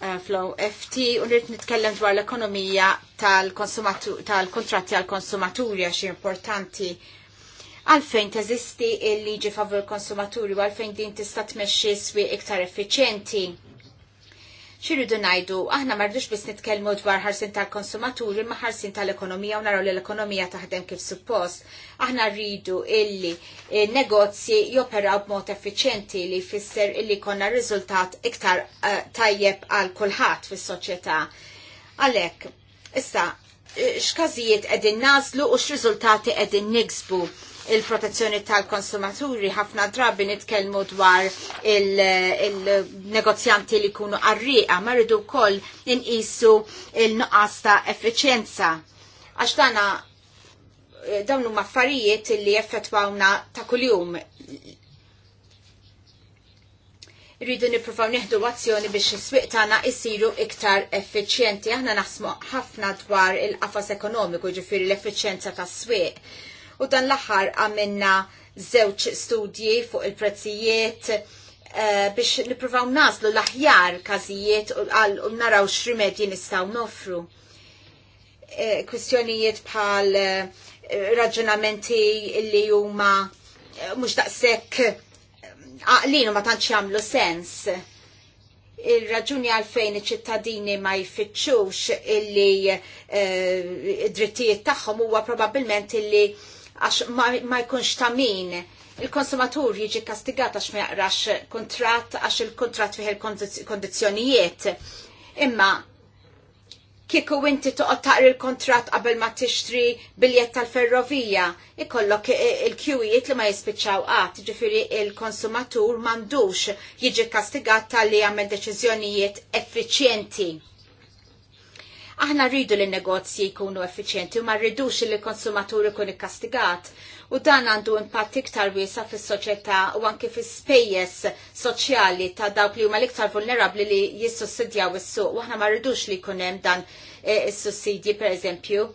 C: Uh, flow FT u rrit nitkellem dwar l-ekonomija tal-kontratti tal kontratti għal konsumaturi għax importanti għalfejn teżisti il-liġi favur konsumaturi u għalfejn din tista' tmexxi swi iktar effiċenti? xirridu najdu, aħna marridux biss nitkellmu dwar ħarsin tal-konsumaturi ma ħarsin tal-ekonomija u naraw li l-ekonomija taħdem kif suppost. Aħna rridu illi eh, negozji joperaw b'mod effiċjenti li jfisser illi konna riżultat iktar eh, tajjeb għal kulħadd fis-soċjetà. Għalhekk, issa eh, x'każijiet qegħdin nażlu u x'riżultati qegħdin niksbu il-protezzjoni tal-konsumaturi ħafna drabi nitkellmu dwar il-negozjanti il li kunu arriqa ma rridu wkoll inqisu il-nuqqas ta' effiċjenza. Għax tana eh, dawn huma affarijiet li effettwawna ta' kuljum rridu nippruvaw neħdu azzjoni biex is-swieq tagħna jsiru iktar effiċjenti. Aħna naħsmu ħafna dwar il-qafas ekonomiku, ġifieri l-effiċjenza tas-swieq u dan l-aħħar għamilna żewġ studji fuq il-prezzijiet eh, biex nippruvaw naslu l-aħjar każijiet u uh, naraw x'rimedji nistgħu nofru. Eh, kwistjonijiet bħal eh, raġunamenti li huma mhux daqshekk għaqlin u ma tantx jagħmlu sens il-raġuni għalfejn iċ-ċittadini ma jfittxux illi id-drittijiet tagħhom huwa probabbilment illi għax ma jkunx ta' min. Il-konsumatur jiġi kastigat għax ma jaqrax kontrat, għax il-kontrat fiħ il-kondizjonijiet. Imma kieku inti toqgħod taqri il kontrat qabel ma tixtri biljett tal-ferrovija, ikollok il kjujiet li ma jispiċċaw qatt, ġifieri il-konsumatur m'għandux jiġi kastigat tal-li jagħmel deċiżjonijiet effiċjenti Aħna rridu li negozji jkunu effiċjenti u ma rridux li l-konsumatur ikun ikkastigat u dan għandu impatt iktar wiesa fis soċjetà u anke fis spejjeż soċjali ta' dawk li huma l-iktar vulnerabbli li jissussidjaw is-suq. U aħna ma rridux li jkun hemm dan eh, is-sussidji pereżempju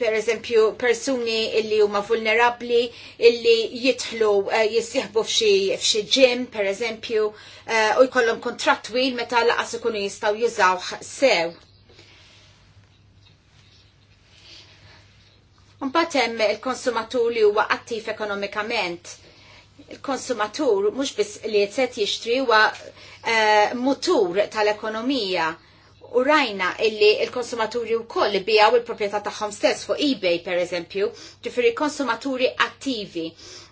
C: per eżempju persuni illi huma vulnerabli illi jitħlu eh, jissieħbu f'xi ġim per eżempju eh, u jkollhom kontratt twil meta laqas ikunu jistgħu jużawh sew. Mbagħad hemm il-konsumatur li huwa attiv ekonomikament. Il-konsumatur mhux biss li qed jixtri huwa motur eh, mutur tal-ekonomija u rajna illi il-konsumaturi u koll li bijaw il-propieta taħħom stess fuq eBay per eżempju, ġifiri konsumaturi attivi.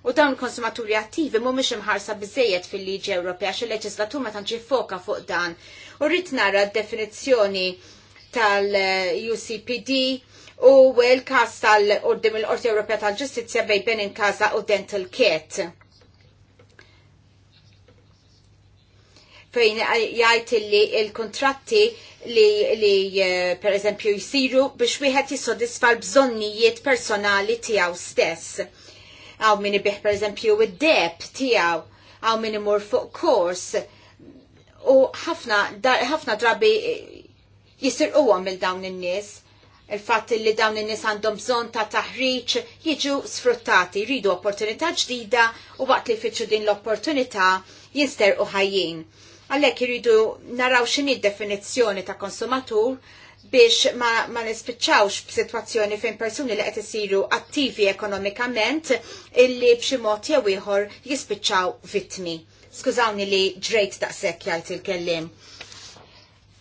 C: U dawn konsumaturi attivi mu miex imħarsa bizzejiet fil-liġi Ewropea xe leġislatur ma tanġi foka fuq dan. U rrit nara d-definizjoni tal-UCPD u l-kas tal-Ordim il-Orti Ewropea tal-Ġustizja bej benin kaza u dental kit. fejn jgħajt illi il-kontratti li, li eh, per eżempju jisiru biex wieħed jissodisfa l-bżonnijiet personali tiegħu stess. Għaw min ibih per eżempju id-deb tiegħu, għaw min imur fuq kors. U ħafna drabi eh, jisir għom il-dawn in-nies. Il-fatt li dawn in-nies għandhom bżonn ta' taħriġ jiġu sfruttati, jridu opportunità ġdida u waqt li fitxu din l-opportunità u ħajjin Għalhekk jiridu naraw xini definizjoni definizzjoni ta' konsumatur biex ma, ma nispiċċawx b'sitwazzjoni fejn persuni li qed isiru attivi ekonomikament illi b'xi mod jew ieħor jispiċċaw vittmi. Skużawni li ġrejt daqshekk jgħid il-kellim.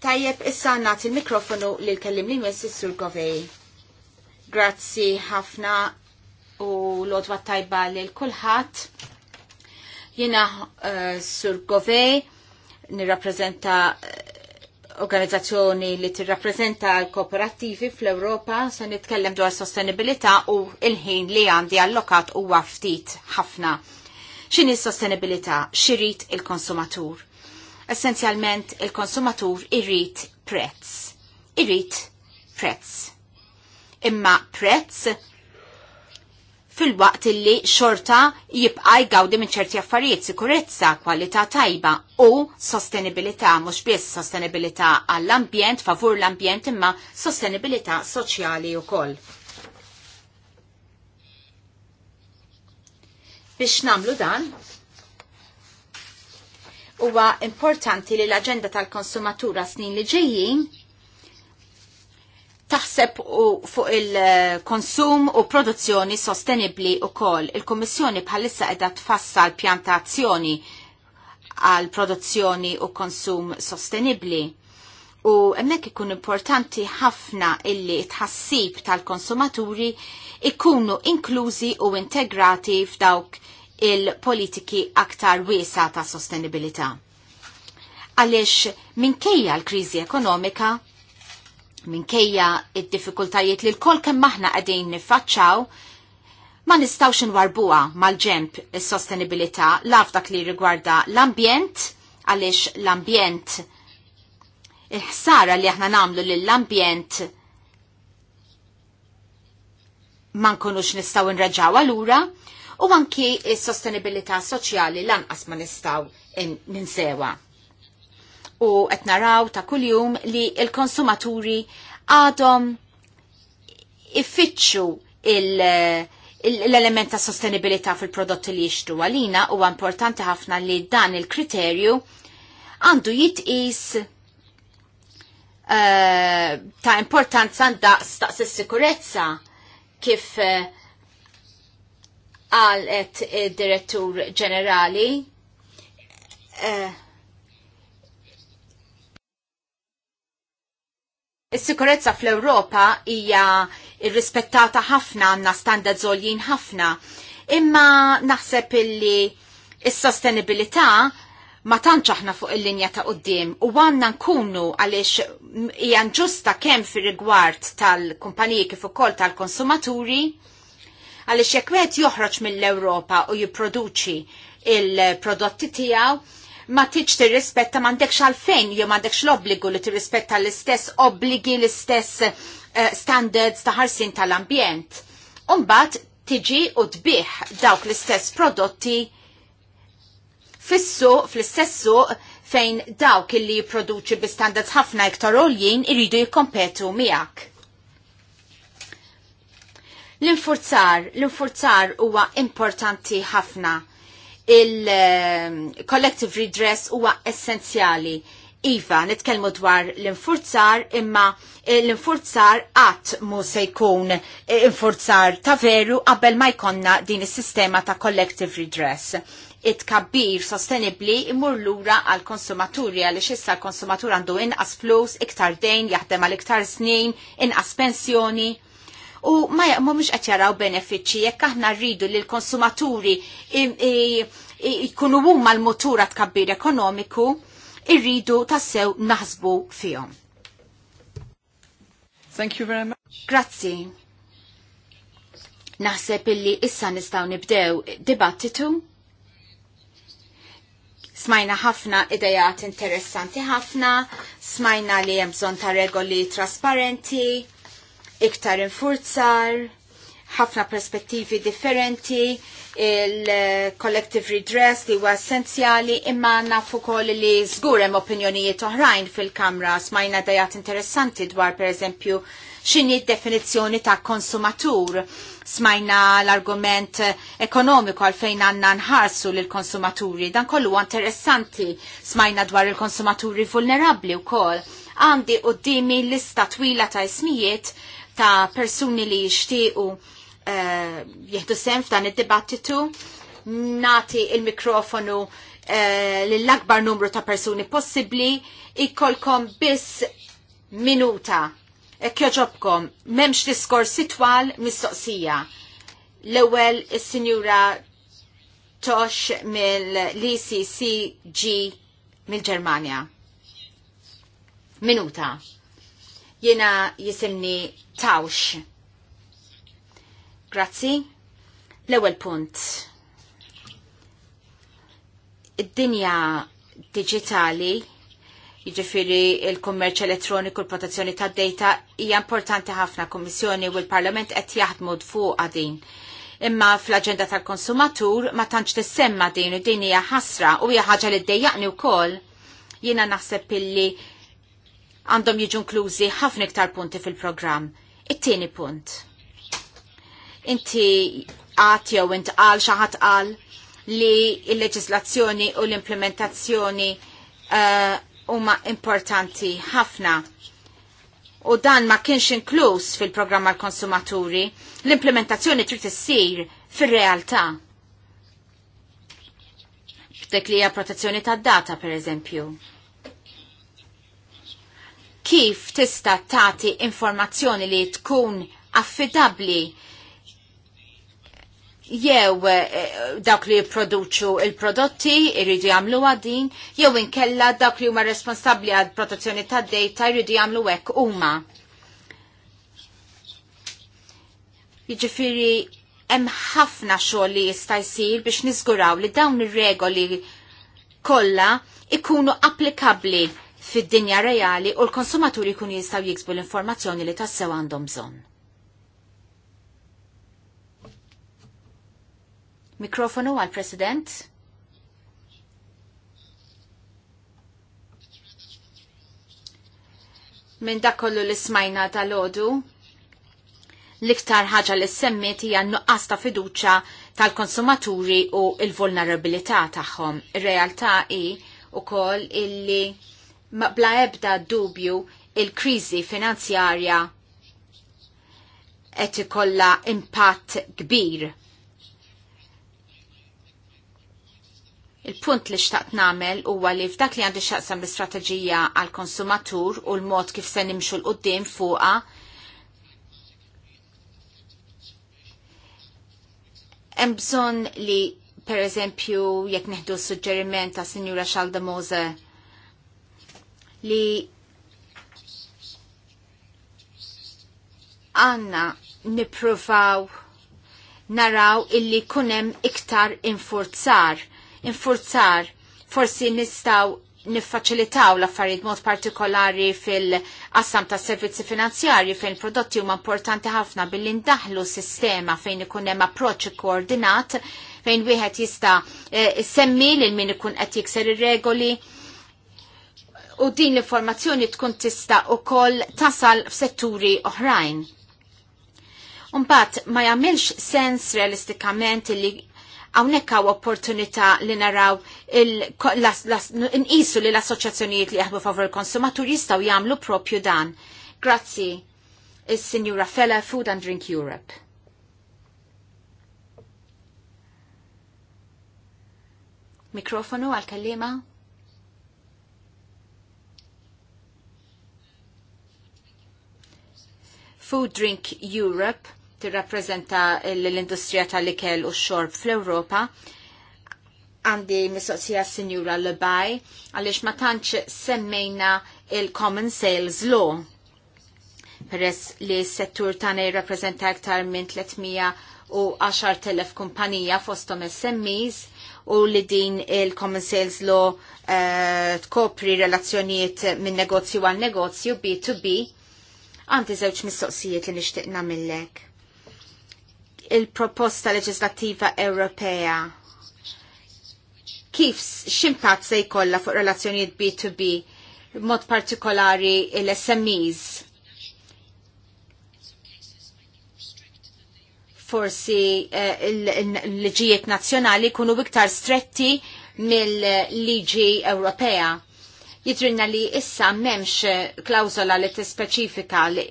C: Tajjeb issa nagħti il-mikrofonu l kellim li jmiss sur Govej. Grazzi ħafna u lodwa tajba lil kulħadd. Jiena uh, Sur Govej nirrappreżenta eh, organizzazzjoni li tirrappreżenta l-kooperattivi fl-Ewropa se nitkellem dwar sostenibilità u il-ħin li għandi allokat huwa ftit ħafna. X'inhi s-sostenibilità? X'irid il-konsumatur? Essenzjalment il-konsumatur irrid prezz. Irrid prezz. Imma prezz fil-waqt illi xorta jibqa' jgawdi minn ċerti affarijiet sikurezza, kwalità tajba u sostenibilità, mhux biss sostenibilità għall-ambjent, favur l-ambjent imma sostenibilità soċjali wkoll. Biex namlu dan, huwa importanti li l-aġenda tal-konsumatura snin li ġejjin taħseb fuq il-konsum u produzzjoni sostenibli u kol. Il-Kommissjoni bħalissa edha l pjantazzjoni għal produzzjoni u konsum sostenibli. U emmek ikun importanti ħafna illi tħassib tal-konsumaturi ikunu inklużi u integrati f'dawk il-politiki aktar wiesa ta' sostenibilità. Għaliex minkejja l-kriżi ekonomika, minkejja id-diffikultajiet li l-kol kemm maħna qegħdin niffaċċaw, ma nistawx nwarbuha mal-ġemp is-sostenibilità laf dak li rigwarda l-ambjent għaliex l-ambjent il-ħsara li aħna namlu lill-ambjent ma nkunux nistgħu nraġaw allura u anki s-sostenibilità soċjali lanqas ma nistgħu ninsewa u qed naraw ta' kuljum li l-konsumaturi għadhom iffittxu il- l-element ta' sostenibilità fil-prodotti li jixtru għalina u importanti ħafna li dan il-kriterju għandu jitqis uh, ta' importanza daqs daqs is-sikurezza kif eh, għalet uh, direttur ġenerali uh, Is-sikurezza fl-Ewropa hija rrispettata ħafna għandna standards għoljin ħafna. Imma naħseb illi is-sostenibilità ma tantx aħna fuq il-linja ta' qudiem u għandna nkunu għaliex hija ġusta kemm fir rigward tal-kumpaniji kif ukoll tal-konsumaturi għaliex jekk wieħed joħroġ mill-Ewropa u jipproduċi il-prodotti tiegħu ma tiġ tirrispetta m'għandekx għalfejn jew m'għandekx l-obbligu li tirrispetta l-istess obbligi l-istess eh, standards ta' ħarsin tal-ambjent. Umbat tiġi u tbiħ dawk l-istess prodotti fissu fl-istess fejn dawk illi jipproduċi bi standards ħafna iktar oljien iridu jikkompetu miegħek. L-infurzar, l-infurzar huwa importanti ħafna il-collective redress huwa essenzjali. Iva, nitkelmu dwar l-infurzar, imma eh, l-infurzar għat mu se jkun eh, infurzar ta' veru qabel ma jkonna din is sistema ta' collective redress. It-kabbir sostenibli imur lura għal konsumaturi għal xissa l-konsumatur għandu inqas flus, iktar dejn, jaħdem għal iktar snin, inqas pensjoni u ma mhumiex qed jaraw benefiċċji jekk aħna rridu li l-konsumaturi jkunu huma l-motura tkabbir ekonomiku, irridu tassew naħsbu fihom. Thank you very much. Grazzi. Naħseb illi issa nistaw nibdew dibattitu. Smajna ħafna idejat interessanti ħafna, smajna li hemm bżonn ta' regoli trasparenti, iktar infurzar, ħafna perspettivi differenti, il-collective redress li huwa essenzjali imma nafu kol li żgur hemm opinjonijiet oħrajn fil-kamra smajna dajat interessanti dwar pereżempju x'inhi d-definizzjoni ta' konsumatur. Smajna l-argument ekonomiku għalfejn għanna nħarsu l-konsumaturi. Dan kollu interessanti smajna dwar il-konsumaturi vulnerabli u kol. Għandi u lista twila ta' ismijiet ta' persuni li jixtiequ eh, jieħdu sem f'dan id-dibattitu. Nati il-mikrofonu l eh, lill-akbar numru ta' persuni possibbli ikkolkom biss minuta. Kjoġobkom, memx diskors sitwal mistoqsija. L-ewel is-sinjura Tosh mill-ECCG mill-Germania. Minuta. Jena jisimni tawx. Grazzi. L-ewel punt. Id-dinja digitali jġifiri il-kummerċ elettroniku l protezzjoni ta' data hija importanti ħafna Kommissjoni u l-Parlament qed jaħdmu fuq din. Imma fl-aġenda tal-konsumatur ma tantx tissemma din u din hija ħasra u hija ħaġa li ddejjaqni wkoll. Jiena naħseb illi għandhom jiġu inklużi ħafna iktar punti fil-programm. It-tieni punt. Inti għat jew int għal xaħat għal qal li l-leġislazzjoni u l-implementazzjoni uh, huma uh, importanti ħafna u dan ma kienx inkluż fil-programm għal konsumaturi l-implementazzjoni trid issir fir-realtà. Dek li hija protezzjoni tad-data pereżempju kif tista tagħti informazzjoni li tkun affidabli jew eh, dawk li jipproduċu il-prodotti irridu jamlu din, jew inkella dawk li huma responsabbli għad protezzjoni tad-dejta jridu jagħmlu hekk huma. Jiġifieri hemm ħafna xogħol li jista' jsir biex niżguraw li dawn ir-regoli kollha ikunu applikabbli fid-dinja reali u l-konsumaturi kun jistaw jiksbu l-informazzjoni li tassew għandhom bżonn. Mikrofonu għal-President. Minn dak kollu li smajna tal-ħodu, l-iktar ħaġa li s hija nuqqas ta' fiduċa tal-konsumaturi u il-vulnerabilità tagħhom. Ir-realtà hi koll illi bla ebda dubju il-krizi finanzjarja qed ikollha impatt kbir. Il-punt li xtaqt namel huwa li f'dak li għandi xaqsam l-istrateġija għal konsumatur u l-mod kif se nimxu l-qoddim fuqa hemm bżonn li per eżempju jekk neħdu suġġeriment ta' Sinjura Xalda Mose li għanna niprofaw naraw illi kunem iktar infurzar. Infurzar forsi nistaw niffaċilitaw l-affarijiet mod partikolari fil-qassam ta' servizzi finanzjarji fejn prodotti huma importanti ħafna billi ndaħlu sistema fejn ikun hemm approċċ koordinat fejn wieħed jista' eh, semmi lil min ikun qed jikser ir-regoli u din l-informazzjoni tkun tista' ukoll tasal f'setturi oħrajn. Umbat, ma jagħmilx sens realistikament li hawnhekk hawn opportunità li naraw nqisu li l-assoċjazzjonijiet li jahbu favor il-konsumatur jistgħu jagħmlu propju dan. Grazzi, is-Sinjura Fella Food and Drink Europe. Mikrofonu għal-kellima? Food Drink Europe tirrappreżenta l-industrija tal-ikel u x-xorb fl-Ewropa. Għandi mistoqsija Sinjura Lebaj għaliex ma tantx semmejna il-Common Sales Law. Peress li s-settur tagħna jirrappreżenta iktar minn 10.000 kumpanija fosthom SMEs u li din il-Common Sales Law uh, tkopri relazzjonijiet minn negozju għal negozju B2B Għandi żewġ mistoqsijiet li nixtieq nagħmilek. Il-proposta leġislattiva Ewropea kif ximpat se jkollha fuq relazzjonijiet B2B mod partikolari l-SMEs? Forsi eh, l-liġijiet nazzjonali kunu iktar stretti mill-liġi Ewropea jidrinna li issa memx klawzola li t li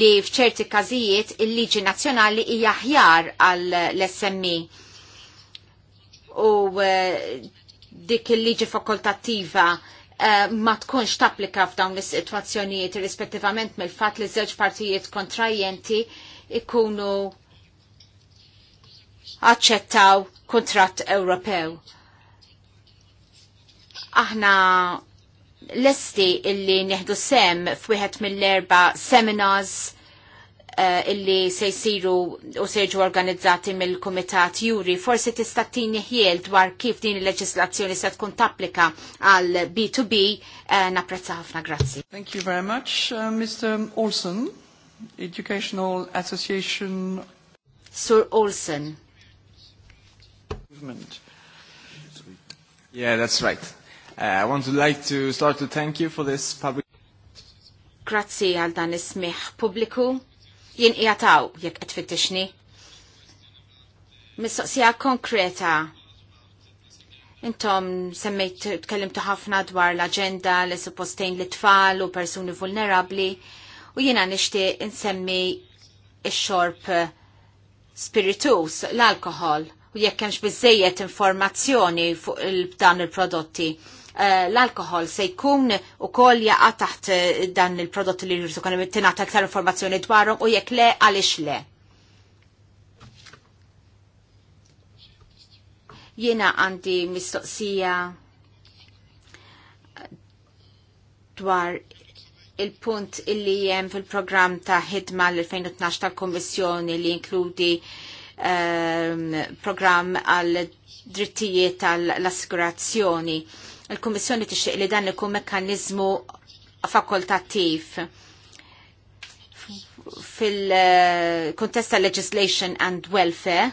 C: li fċerti kazijiet il-liġi nazjonali hija ħjar għall-SMI. E. U eh, dik il-liġi fakultattiva eh, ma tkunx tapplika f'dawn is-sitwazzjonijiet rispettivament mill-fatt li żewġ partijiet kontrajenti ikunu aċċettaw kontrat Ewropew. Aħna lesti illi neħdu sem f'wieħed mill-erba seminars uh, illi se jsiru u se jiġu organizzati mill-Kumitat Juri, forsi tista' tini ħiel dwar kif din il-leġislazzjoni se tkun tapplika għal B2B uh, eh, napprezza ħafna grazzi. Thank you very much, uh, Mr. Olson, Educational Association. Sir Olson. Yeah, that's right. Uh, I want to like to start to thank you for this public... Grazzi għal dan ismiħ publiku. Jien jgħataw, jek għetfittixni. Mistoqsija konkreta. Intom semmejt tkellimtu ħafna dwar l-agenda li suppostejn l-tfal u persuni vulnerabli u jiena nixtieq insemmi ix-xorb spiritus, l-alkohol, u jekk hemmx biżejjed informazzjoni fuq dan il-prodotti. Eh, l-alkohol se jkun u koll jaqa taħt eh, dan il-prodott li jirritu kon tinata aktar informazzjoni dwarhom u jekk le għaliex le. Jiena għandi mistoqsija dwar il-punt illi jem fil-program ta' ħidma l-2012 tal komissjoni li inkludi um, ehm, program għal drittijiet tal-assigurazzjoni. Uh, Il-Kummissjoni tixtieq li dan ikun mekkanizmu fakultattiv fil-kontesta legislation and welfare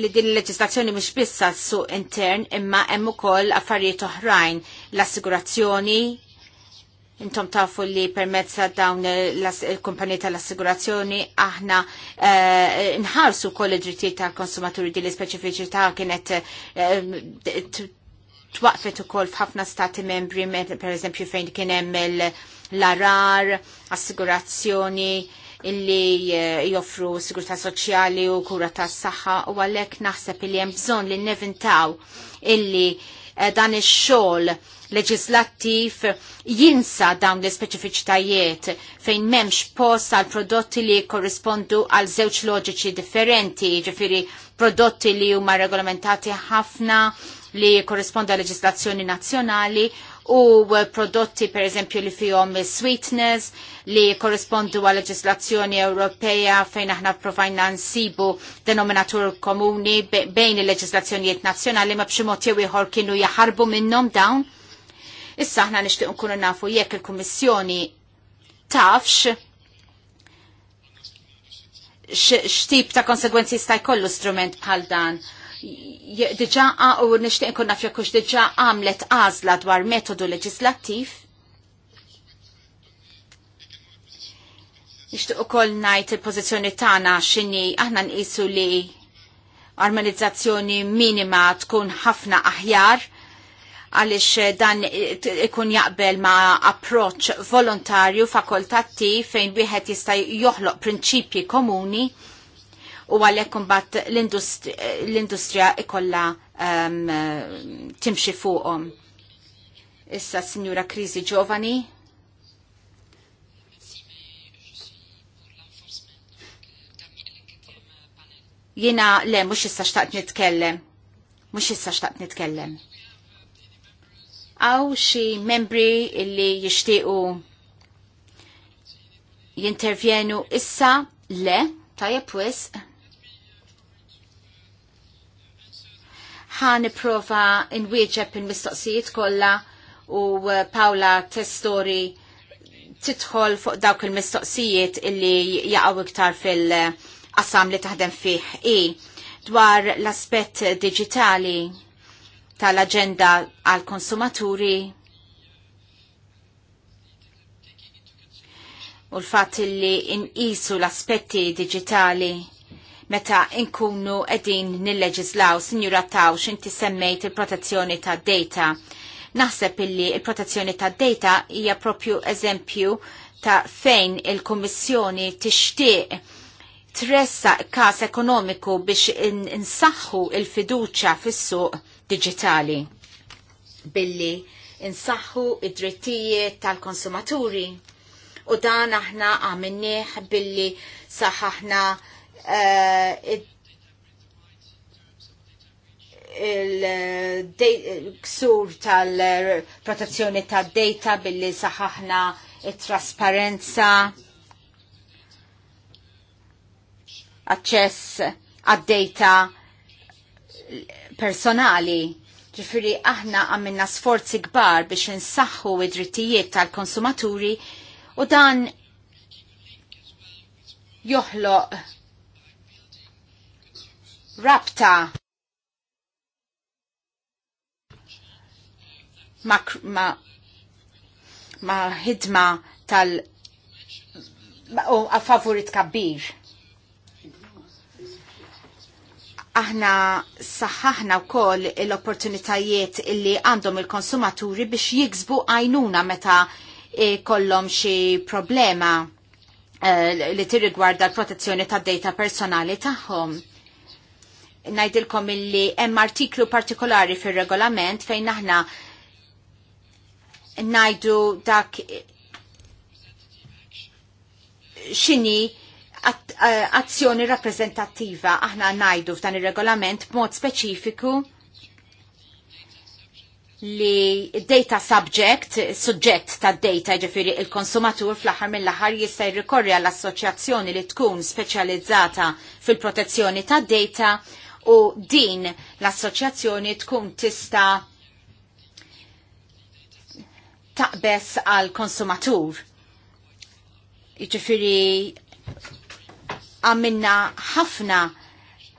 C: li din il-leġislazzjoni mhux biss su intern imma hemm ukoll affarijiet oħrajn l-assigurazzjoni, Intom tafu li permezza dawn il-kumpanija tal-assigurazzjoni aħna eh, nħarsu koll id-drittijiet tal-konsumaturi di li speċifiċità kienet eh, twaqfet ukoll f'ħafna stati membri, per eżempju fejn kien hemm l-arar, assigurazzjoni illi eh, joffru sigurtà soċjali u kura tas saħħa u għalhekk naħseb li hemm bżonn li neventaw illi Eh, dan ix-xogħol leġislattiv jinsa dawn l-ispeċifiċitajiet fejn memx post għal prodotti li korrispondu għal żewġ loġiċi differenti, ġifiri prodotti li huma regolamentati ħafna li korrispondu għal leġislazzjoni nazzjonali u prodotti per eżempju li fihom sweetness li korrispondu għal leġislazzjoni Ewropea fejn aħna provajna nsibu denominatur komuni bejn il-leġislazzjonijiet nazzjonali ma b'xi mod jew ieħor kienu jaħarbu minnhom dawn. Issa aħna nixtieq nkunu nafu jekk il-Kummissjoni tafx x'tip ta' konsegwenzi jista' jkollu strument bħal dan diġa u nishtiq nkun naf jekkux diġa għamlet għażla dwar metodu leġislattiv. Nixtieq ukoll ngħid il-pożizzjoni tagħna x'inhi aħna nqisu li armonizzazzjoni minima tkun ħafna aħjar għalix dan ikun jaqbel ma' approċ volontarju fakultattiv fejn wieħed jista' joħloq prinċipji komuni u għalhekk kumbat l-industrija ikolla um, timxi fuqhom. Issa Sinjura Kriżi Giovani. Jiena le, mhux issa xtaqt nitkellem. Mhux issa xtaqt nitkellem. Għaw xi membri illi jixtiequ jintervjenu issa le tajab wisq. ħan iprofa nwieġeb il-mistoqsijiet kollha u uh, Paula Testori titħol fuq dawk il-mistoqsijiet illi jaqgħu iktar fil-qassam li taħdem fih i dwar l-aspett digitali tal-agenda għal konsumaturi u l-fat li inqisu l-aspetti digitali meta inkunu edin nil-leġislaw, sinjura taw inti semmejt il-protezzjoni ta' data. Naħseb illi il-protezzjoni ta' data hija propju eżempju ta' fejn il-Kommissjoni tixtieq tressa kas ekonomiku biex insaħħu il-fiduċa fis-suq digitali billi insaħħu id-drittijiet tal-konsumaturi. U dan aħna għamenniħ billi saħħaħna Eh, il-ksur tal-protezzjoni tad-data billi saħaħna it-trasparenza aċċess għad-data personali ġifiri aħna għamilna sforzi kbar biex nsaħħu id-drittijiet tal-konsumaturi u dan joħloq rabta ma, ma, ma hidma tal u favorit kabbir. Aħna saħħaħna u koll l-opportunitajiet illi għandhom il-konsumaturi biex jiksbu għajnuna meta e, kollom xi problema e, li tirrigwarda l-protezzjoni tad data personali tagħhom najdilkom illi hemm artiklu partikolari fir-regolament fejn aħna najdu dak xini azzjoni rappreżentattiva aħna najdu f'dan ir regolament b'mod speċifiku li data subject, suġġett ta' data ġifiri il-konsumatur fl-aħħar mill-aħħar jista' jirrikorri għall-assoċjazzjoni li tkun speċjalizzata fil-protezzjoni ta' data u din l-assoċjazzjoni tkun tista' taqbess għal konsumatur. Iġifiri għamilna ħafna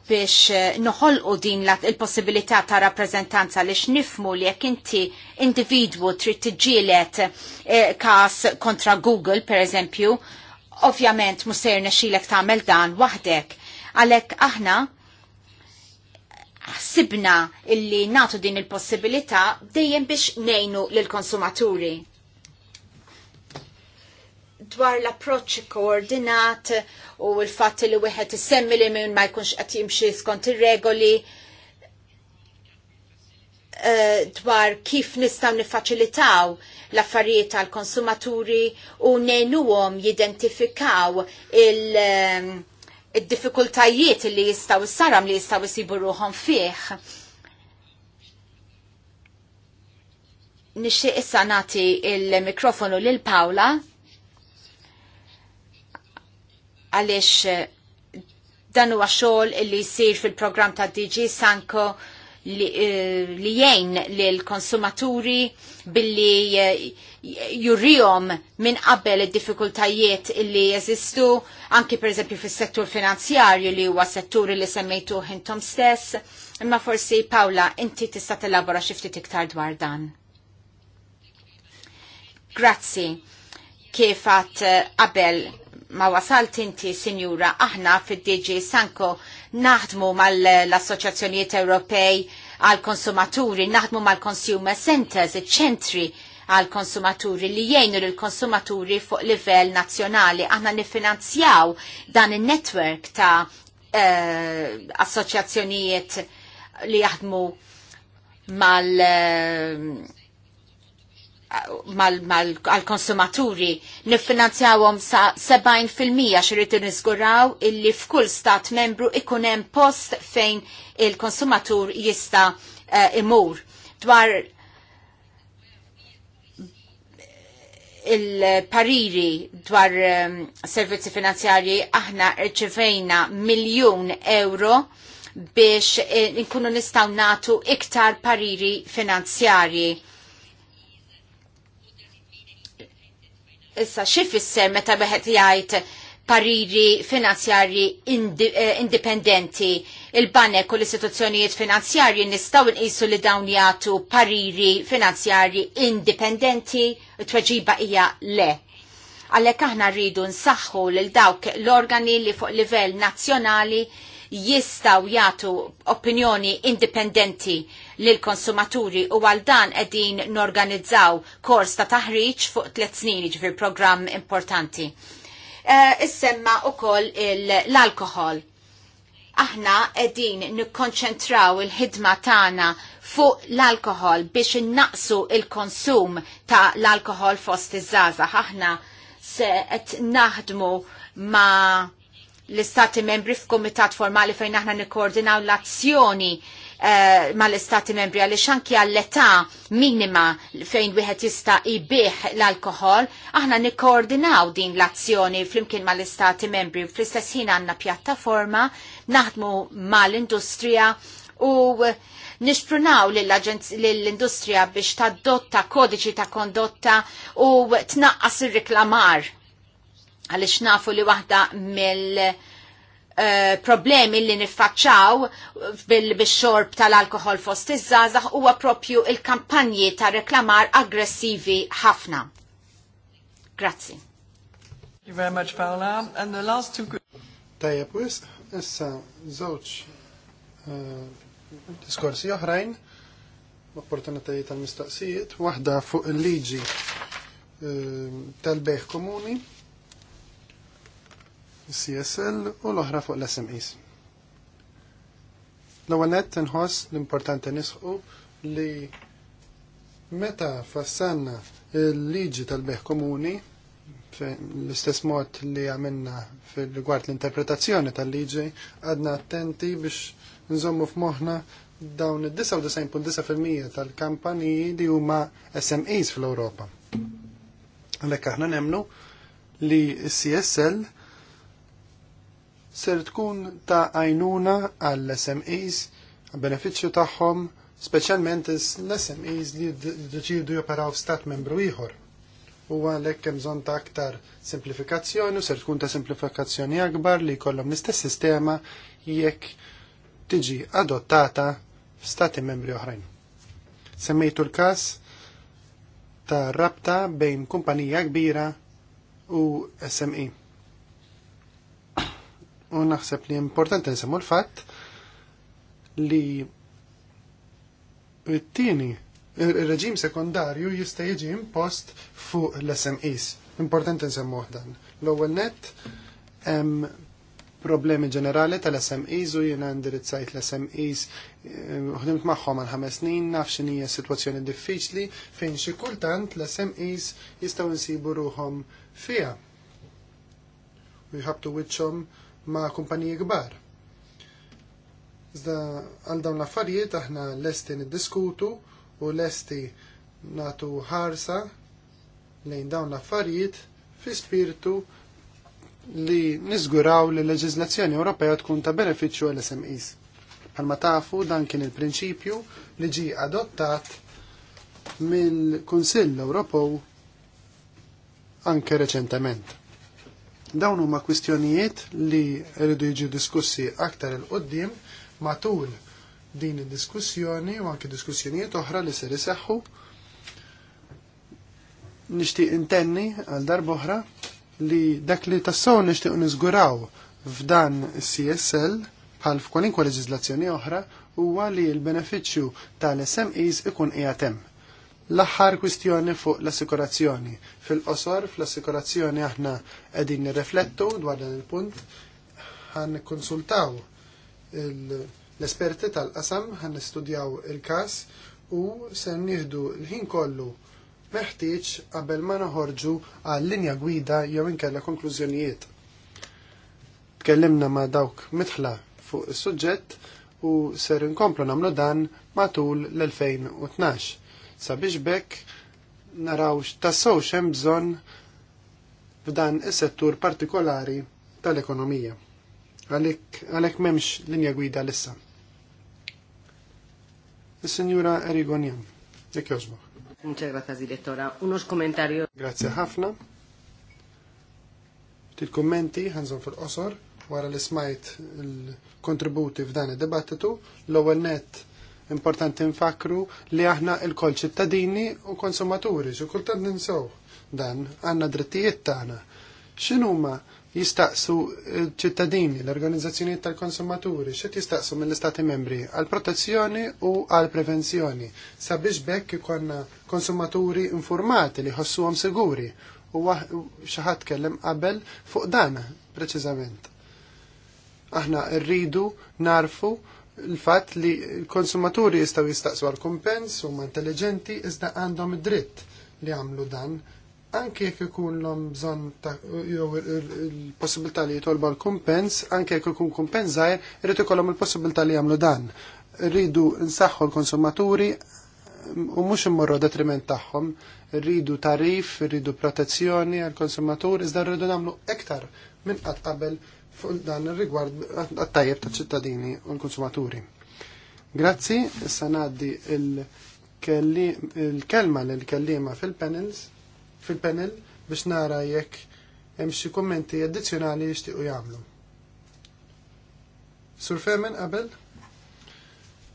C: biex eh, noħolqu din il-possibilità ta' rappresentanza li xnifmu li jekk inti individwu trid tiġielet eh, kas kontra Google, per eżempju, ovvjament musser nexilek tagħmel dan wahdek. Għalhekk aħna ħsibna illi natu din il-possibilità dejjem biex nejnu l-konsumaturi. Dwar l-approċ koordinat u l fat li wieħed isemmi li minn ma jkunx qed jimxi skont ir-regoli eh, dwar kif nistaw nifaċilitaw l-affarijiet tal-konsumaturi u nejnuhom jidentifikaw il- eh, id-diffikultajiet li jistaw saram li jistaw jisibu ruħom fih. Nixi issa nati il-mikrofonu lil Pawla għalix dan huwa xogħol li jsir fil-programm ta' DG Sanko Eh, li jgħin li l-konsumaturi billi eh, jurrijom minn qabel id-diffikultajiet li jeżistu anki per eżempju fis-settur finanzjarju li huwa setturi li semmejtu hintom stess. Imma forsi Paula, inti tista' tilabora xi ftit iktar dwar dan. Grazzi. kifat għat eh, qabel ma wasalt inti, sinjura, aħna fid-DG Sanko naħdmu mal-Assoċjazzjonijiet Ewropej għal-konsumaturi, naħdmu mal-Consumer Centers, iċ-ċentri għal-konsumaturi li jgħinu l-konsumaturi fuq livell nazzjonali. Aħna nifinanzjaw dan il-network ta' eh, assoċjazzjonijiet li jaħdmu mal- eh, mal-konsumaturi nifinanzjawom sa 70% xirrid nisguraw illi f'kull stat membru ikun hemm post fejn il-konsumatur jista' uh, imur dwar il-pariri dwar um, servizzi finanzjarji aħna rċivejna miljun euro biex eh, nkunu nistaw natu iktar pariri finanzjarji Issa xif isser meta beħet jgħid pariri finanzjarji eh, indipendenti il-banek u l-istituzzjonijiet finanzjarji nistaw nqisu li dawn jagħtu pariri finanzjarji indipendenti u tweġiba hija le. Għalhekk aħna rridu nsaħħu lil dawk l-organi li fuq livell nazzjonali jistaw jagħtu opinjoni indipendenti lill-konsumaturi u għal dan qegħdin norganizzaw kors ta' taħriġ fuq tliet snin ġifir programm importanti. Uh, Issemma u koll l-alkohol aħna edin nikkonċentraw il-ħidma tagħna fuq l-alkohol biex innaqsu il-konsum ta' l-alkohol fost iż żaża Aħna se qed naħdmu ma' l-istati membri f'kumitat formali fejn aħna nikkoordinaw l-azzjoni ma eh, mal-istati membri għalli xanki għall-età minima fejn wieħed jista' jibih l-alkohol, aħna nikkoordinaw din l-azzjoni flimkien mal-istati membri fl-istess ħin għandna pjattaforma naħdmu mal-industrija u nixprunaw l-industrija biex tadotta kodiċi ta' kondotta u tnaqqas ir-reklamar għalix nafu li waħda mill- Eh, problemi li nifacċaw bil-xorb tal-alkohol fost iż-żazax huwa propju il-kampanji ta' reklamar aggressivi ħafna. Grazzi. Thank
A: you very much, Paola. And the last two... Tajab, wis, issa, zoċ, eh, diskorsi oħrajn, opportunitajiet tal-mistaqsijiet, waħda fuq il-liġi eh, tal-beħ komuni, CSL u l-oħra fuq l-SMEs. L-ewwel nett inħoss l-importanti nisħu li meta fassanna l-liġi tal-beħ komuni l-istess mod li għamilna fil-rigward l-interpretazzjoni tal-liġi għadna attenti biex nżommu f'moħħna dawn id-99.9% tal-kampaniji li huma SMEs fl-Ewropa. Għalhekk aħna nemnu li s-CSL ser tkun ta' għajnuna għall-SMEs, beneficju tagħhom, speċjalment l-SMEs li deċidu joperaw stat membru ieħor. U għalek hemm ta' aktar simplifikazzjoni u ser tkun ta' simplifikazzjoni akbar li jkollhom l-istess sistema jekk tiġi adottata f'stati membri oħrajn. Semmejtu l-każ ta' rabta bejn kumpanija kbira u SME u naħseb li importanti nsemmu l-fatt li it-tieni il-reġim sekundarju jista' jiġi impost fuq l-SMEs. Importanti nsemmu dan. L-ewwel net hemm problemi ġenerali tal-SMEs u jiena indirizzajt l-SMEs eh, ħdimt magħhom għal ħames snin naf x'inhi situazzjoni diffiċli fejn xi kultant l-SMEs jistgħu nsibu ruhom fiha. U jħabtu wiċċhom ma' kumpaniji kbar. Iżda għal dawn l-affarijiet aħna lesti niddiskutu u lesti natu ħarsa lejn dawn l-affarijiet fi spiritu li nizguraw li l-leġizlazzjoni Ewropea tkun ta' benefiċċju għal SMEs. Għalma tafu dan kien il-prinċipju li ġi adottat mill-Kunsill Ewropew anke reċentement. Dawn huma kwistjonijiet li rridu jiġu diskussi aktar il-qoddim matul din id-diskussjoni u anke diskussjonijiet oħra li ser iseħħu. Nixtieq intenni għal darba oħra li dak li tassaw nixtieq niżguraw f'dan CSL bħal f'kwalinkwa leġiżlazzjoni oħra huwa li l-benefiċċju tal-SMEs ikun qiegħed hemm. L-aħħar kwistjoni fuq l-assikurazzjoni. Fil-qosor, fl-assikurazzjoni aħna qegħdin nirreflettu dwar dan il-punt, ħan konsultaw l-esperti tal-qasam, ħan nistudjaw il-każ u se nieħdu l-ħin kollu meħtieġ qabel ma noħorġu għal linja gwida jew inkella konklużjonijiet. Tkellimna ma' dawk mitħla fuq is-suġġett u ser inkomplu nagħmlu dan matul l-2012 sabiex bekk naraw tassow xem bżon f'dan is-settur partikolari tal-ekonomija. Għalek memx linja gwida lissa. Il-Sinjura Erigonjan, jek jożbok. Grazzi Unos comentarios. Grazie ħafna. Til kommenti ħanżon fil-qosor wara li smajt il-kontributi f'dan id-dibattitu. L-ewwel net Importanti nfakru li aħna il-kol ċittadini u konsumaturi, xo kultant ninsow dan, għanna drittijiet tagħna. X'inhuma jistaqsu ċittadini, l organizzazzjoni tal-konsumaturi, xet jistaqsu mill-istati membri għal protezzjoni u għal prevenzjoni, sabiex bekk ikonna konsumaturi informati li ħossuhom siguri u xaħat kellem qabel fuq dan preċizament. Aħna rridu narfu il-fatt li l-konsumaturi jistaw jistaqsu għal-kumpens u ma intelligenti iżda għandhom id-dritt li għamlu dan anke jekk ikun l-om bżon il-possibilità li jitolba l-kumpens, anke jekk ikun kompens zaħir, rritu ikollhom il-possibilità li jagħmlu dan. Rridu nsaħħu l-konsumaturi mm, u mhux immorru detriment tagħhom, rridu tarif, rridu protezzjoni għall konsumaturi iżda rridu nagħmlu iktar minn qatt qabel fuq dan ir-rigward għat-tajjeb ta' ċittadini u l-konsumaturi. Grazzi, issa ngħaddi il-kelma l kellima fil-panels fil-panel biex nara jekk hemm xi kummenti addizzjonali u jagħmlu. Sur Femen qabel?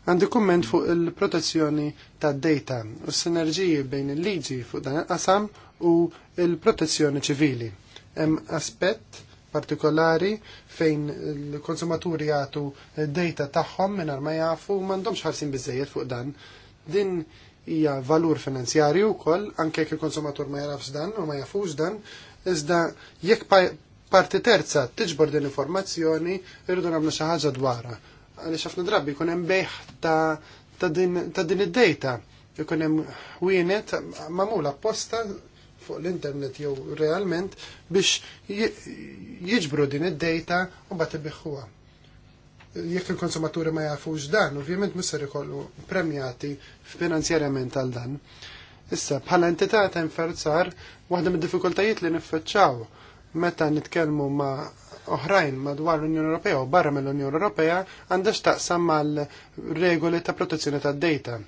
A: Għandi kumment fuq il-protezzjoni tad data u s-sinerġiji bejn il-liġi fuq dan il-qasam u il-protezzjoni ċivili. Hemm aspett partikolari fejn l konsumaturi jagħtu data tagħhom mingħajr ma jafu m'għandhomx ħarsin biżejjed fuq dan. Din hija valur finanzjarju wkoll anke jekk il-konsumatur ma jarafx dan u ma jafux dan, iżda jekk parti terza tiġbor din informazzjoni irridu nagħmlu xi ħaġa dwarha. Għaliex ħafna drabi jkun hemm bejħ ta' ta' din id-data. Ikun hemm wienet mamula apposta fuq l-internet jew realment biex jiġbru din id-data u bat ibiħuha. Jekk il-konsumaturi ma jafux dan, ovvjament musser ikollu premjati finanzjarjament għal dan. Issa, bħala entità ta' infarzar, waħda mid-diffikultajiet li niffaċċaw meta nitkellmu ma' oħrajn madwar l-Unjoni Ewropea u barra mill-Unjoni Ewropea għandax taqsam mal regoli ta' protezzjoni tad data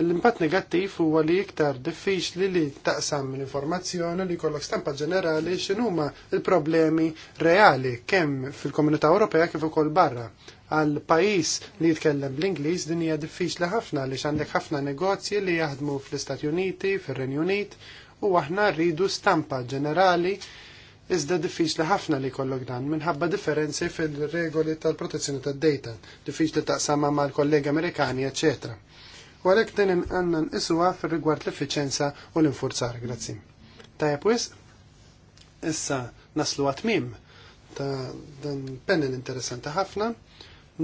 A: L-impatt negattiv huwa li iktar diffiċli li taqsam l-informazzjoni li kollok stampa ġenerali x'inhuma l-problemi reali kemm fil-Komunità Ewropea kif ukoll barra. Għal pajjiż li jitkellem bl-Ingliż din hija diffiċli ħafna li għandek ħafna negozji li jaħdmu fl-Istati Uniti, fir-Renju Unit u aħna rridu stampa ġenerali iżda diffiċli ħafna li kollok dan minħabba differenzi fil-regoli tal-protezzjoni tad-data, diffiċli taqsamha mal-kollegi Amerikani, eċċetera u għalhekk din għandna nqisuha rigward l-effiċenza u l-infurzar. Grazzi. Tajjeb wisq? Issa naslu għatmim ta' dan panel interessanti ħafna.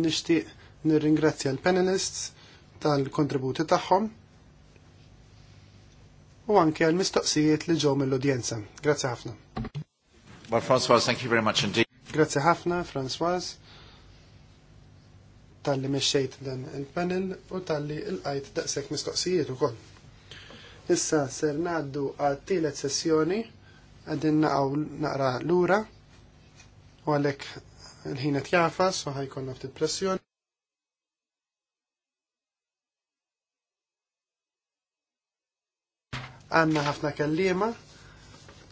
A: Nixtieq nirringrazzja l-panelists tal-kontributi tagħhom u anke għal mistoqsijiet li ġew mill-udjenza. Grazzi ħafna.
B: Well, François, thank you very much indeed.
A: Grazzi ħafna, François tal-li meċċejt dan il-panel u tal-li il-qajt daqshekk mistoqsijiet ukoll. Issa ser ngħaddu għal tielet sessjoni għadin naqgħu naqra lura u għalhekk il-ħin qed jafas u naft il pressjoni. Għanna ħafna kellima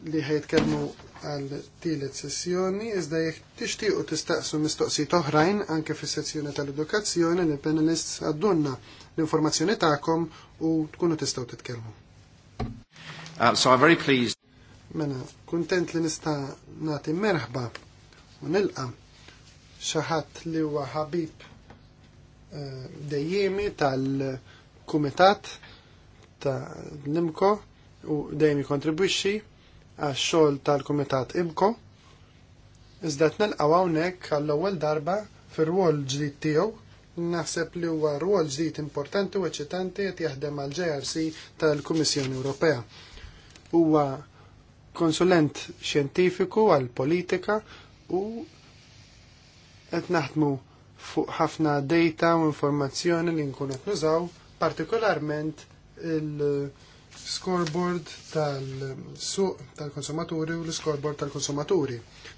A: li ħajtkellmu għal tielet sessjoni, iżda jekk tixtiequ tistaqsu mistoqsijiet oħrajn anke fis-sezzjoni tal-edukazzjoni li panelists għadunna l-informazzjoni tagħkom u tkunu tistgħu titkellmu. Uh, so I'm very pleased. Mena, kuntent li nista' nagħti merħba u nilqa xi ħadd li huwa ħabib uh, dejjemi tal-kumitat ta' nimko u dejjem kontribwixxi għax-xogħol tal-Kumitat Imko. Iżda tnelqgħu hawnhekk għall-ewwel darba fir-rwol ġdid tiegħu naħseb li huwa rwol ġdid importanti u eċitanti qed jaħdem għal JRC tal-Kummissjoni Ewropea. Huwa konsulent xjentifiku għal politika u qed naħdmu fuq ħafna data u informazzjoni li nkun qed nużaw partikolarment il- scoreboard tal-suq tal-konsumaturi u l-scoreboard tal-konsumaturi.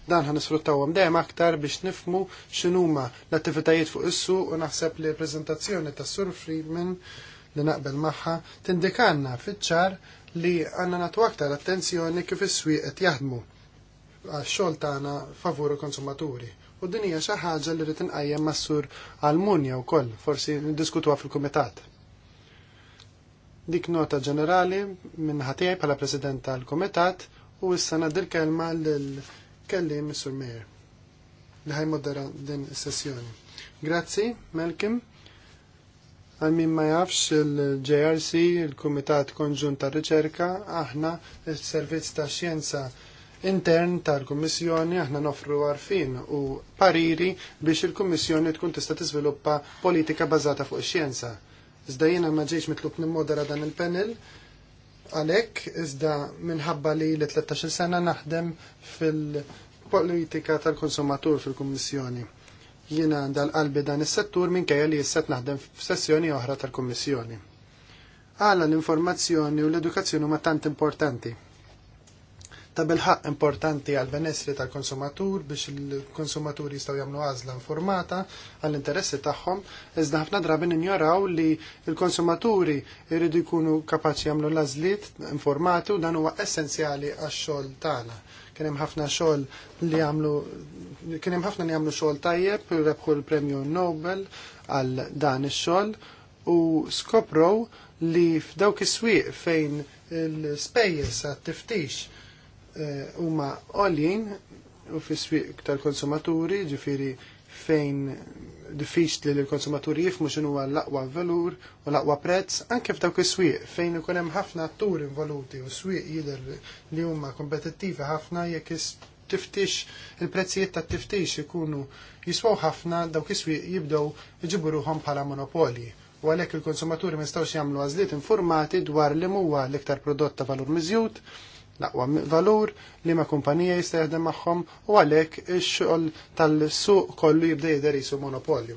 A: Dan ħan nisfruttawhom dejjem aktar biex nifmu x'inhuma l-attivitajiet fuq is-suq u naħseb li l-preżentazzjoni tas-Sur Friedman li naqbel magħha tindikanna fiċ-ċar li għandna nagħtu aktar attenzjoni kif is-swieq qed jaħdmu għax-xogħol tagħna favur konsumaturi. U din hija xi ħaġa li rrid inqajjem mas-Sur Almunja wkoll, forsi niddiskutuha fil-kumitat. Dik nota ġenerali minn ħatijaj bħala President tal-Komitat u issa il kelma l-kellim Sur Meir li ħaj moddera din sessjoni. Grazzi, Malcolm. Għal min ma jafx il-JRC, il-Kumitat Konġun ta' Riċerka, aħna il-Servizz ta' Xjenza intern tal-Kummissjoni aħna nofru għarfin u pariri biex il-Kummissjoni tkun tista' tiżviluppa politika bażata fuq ix-xjenza Iżda jiena ma ġejx mitlub nimmodera dan il-panel, għalhekk iżda minħabba li l-13 sena naħdem fil-politika tal-konsumatur fil-Kummissjoni. Jiena dal-qalbi dan is-settur minkejja li jisset naħdem f'sessjoni oħra tal-Kummissjoni. Għala l-informazzjoni u l-edukazzjoni ma tant importanti ta' bilħaq importanti għal benessri tal-konsumatur biex il-konsumatur jistaw jagħmlu għażla informata għall interessi tagħhom, iżda ħafna drabi ninjoraw li il-konsumaturi jridu jkunu kapaċi jagħmlu l-għażliet informati u dan huwa essenzjali għax-xogħol tagħna. Kien hemm ħafna xogħol li jagħmlu kien hemm ħafna li jagħmlu xogħol tajjeb u rebħu l-Premju Nobel għal dan ix-xogħol u skoprow li f'dawk is-swieq fejn l-spejjeż għat-tiftix Eh, huma għolin u fis-swieq tal-konsumaturi, ġifiri fejn diffiċli li l-konsumaturi jifmu xinu għal l-aqwa velur u l-aqwa prezz, anke f'dawk is-swieq fejn ikun hemm ħafna atturi involuti u swieq jidher li huma kompetittivi ħafna jekk tiftix il-prezzijiet ta' tiftix ikunu jiswaw ħafna dawk is-swieq jibdew iġibu ruhom bħala monopoli. U għalhekk il-konsumaturi ma jistgħux jagħmlu għażliet informati dwar li huwa l-iktar prodott ta' valur miżjud l-aqwa valur li ma' kumpanija jistgħu magħhom u għalhekk il xogħol tal-suq kollu jibda jider jisu monopolju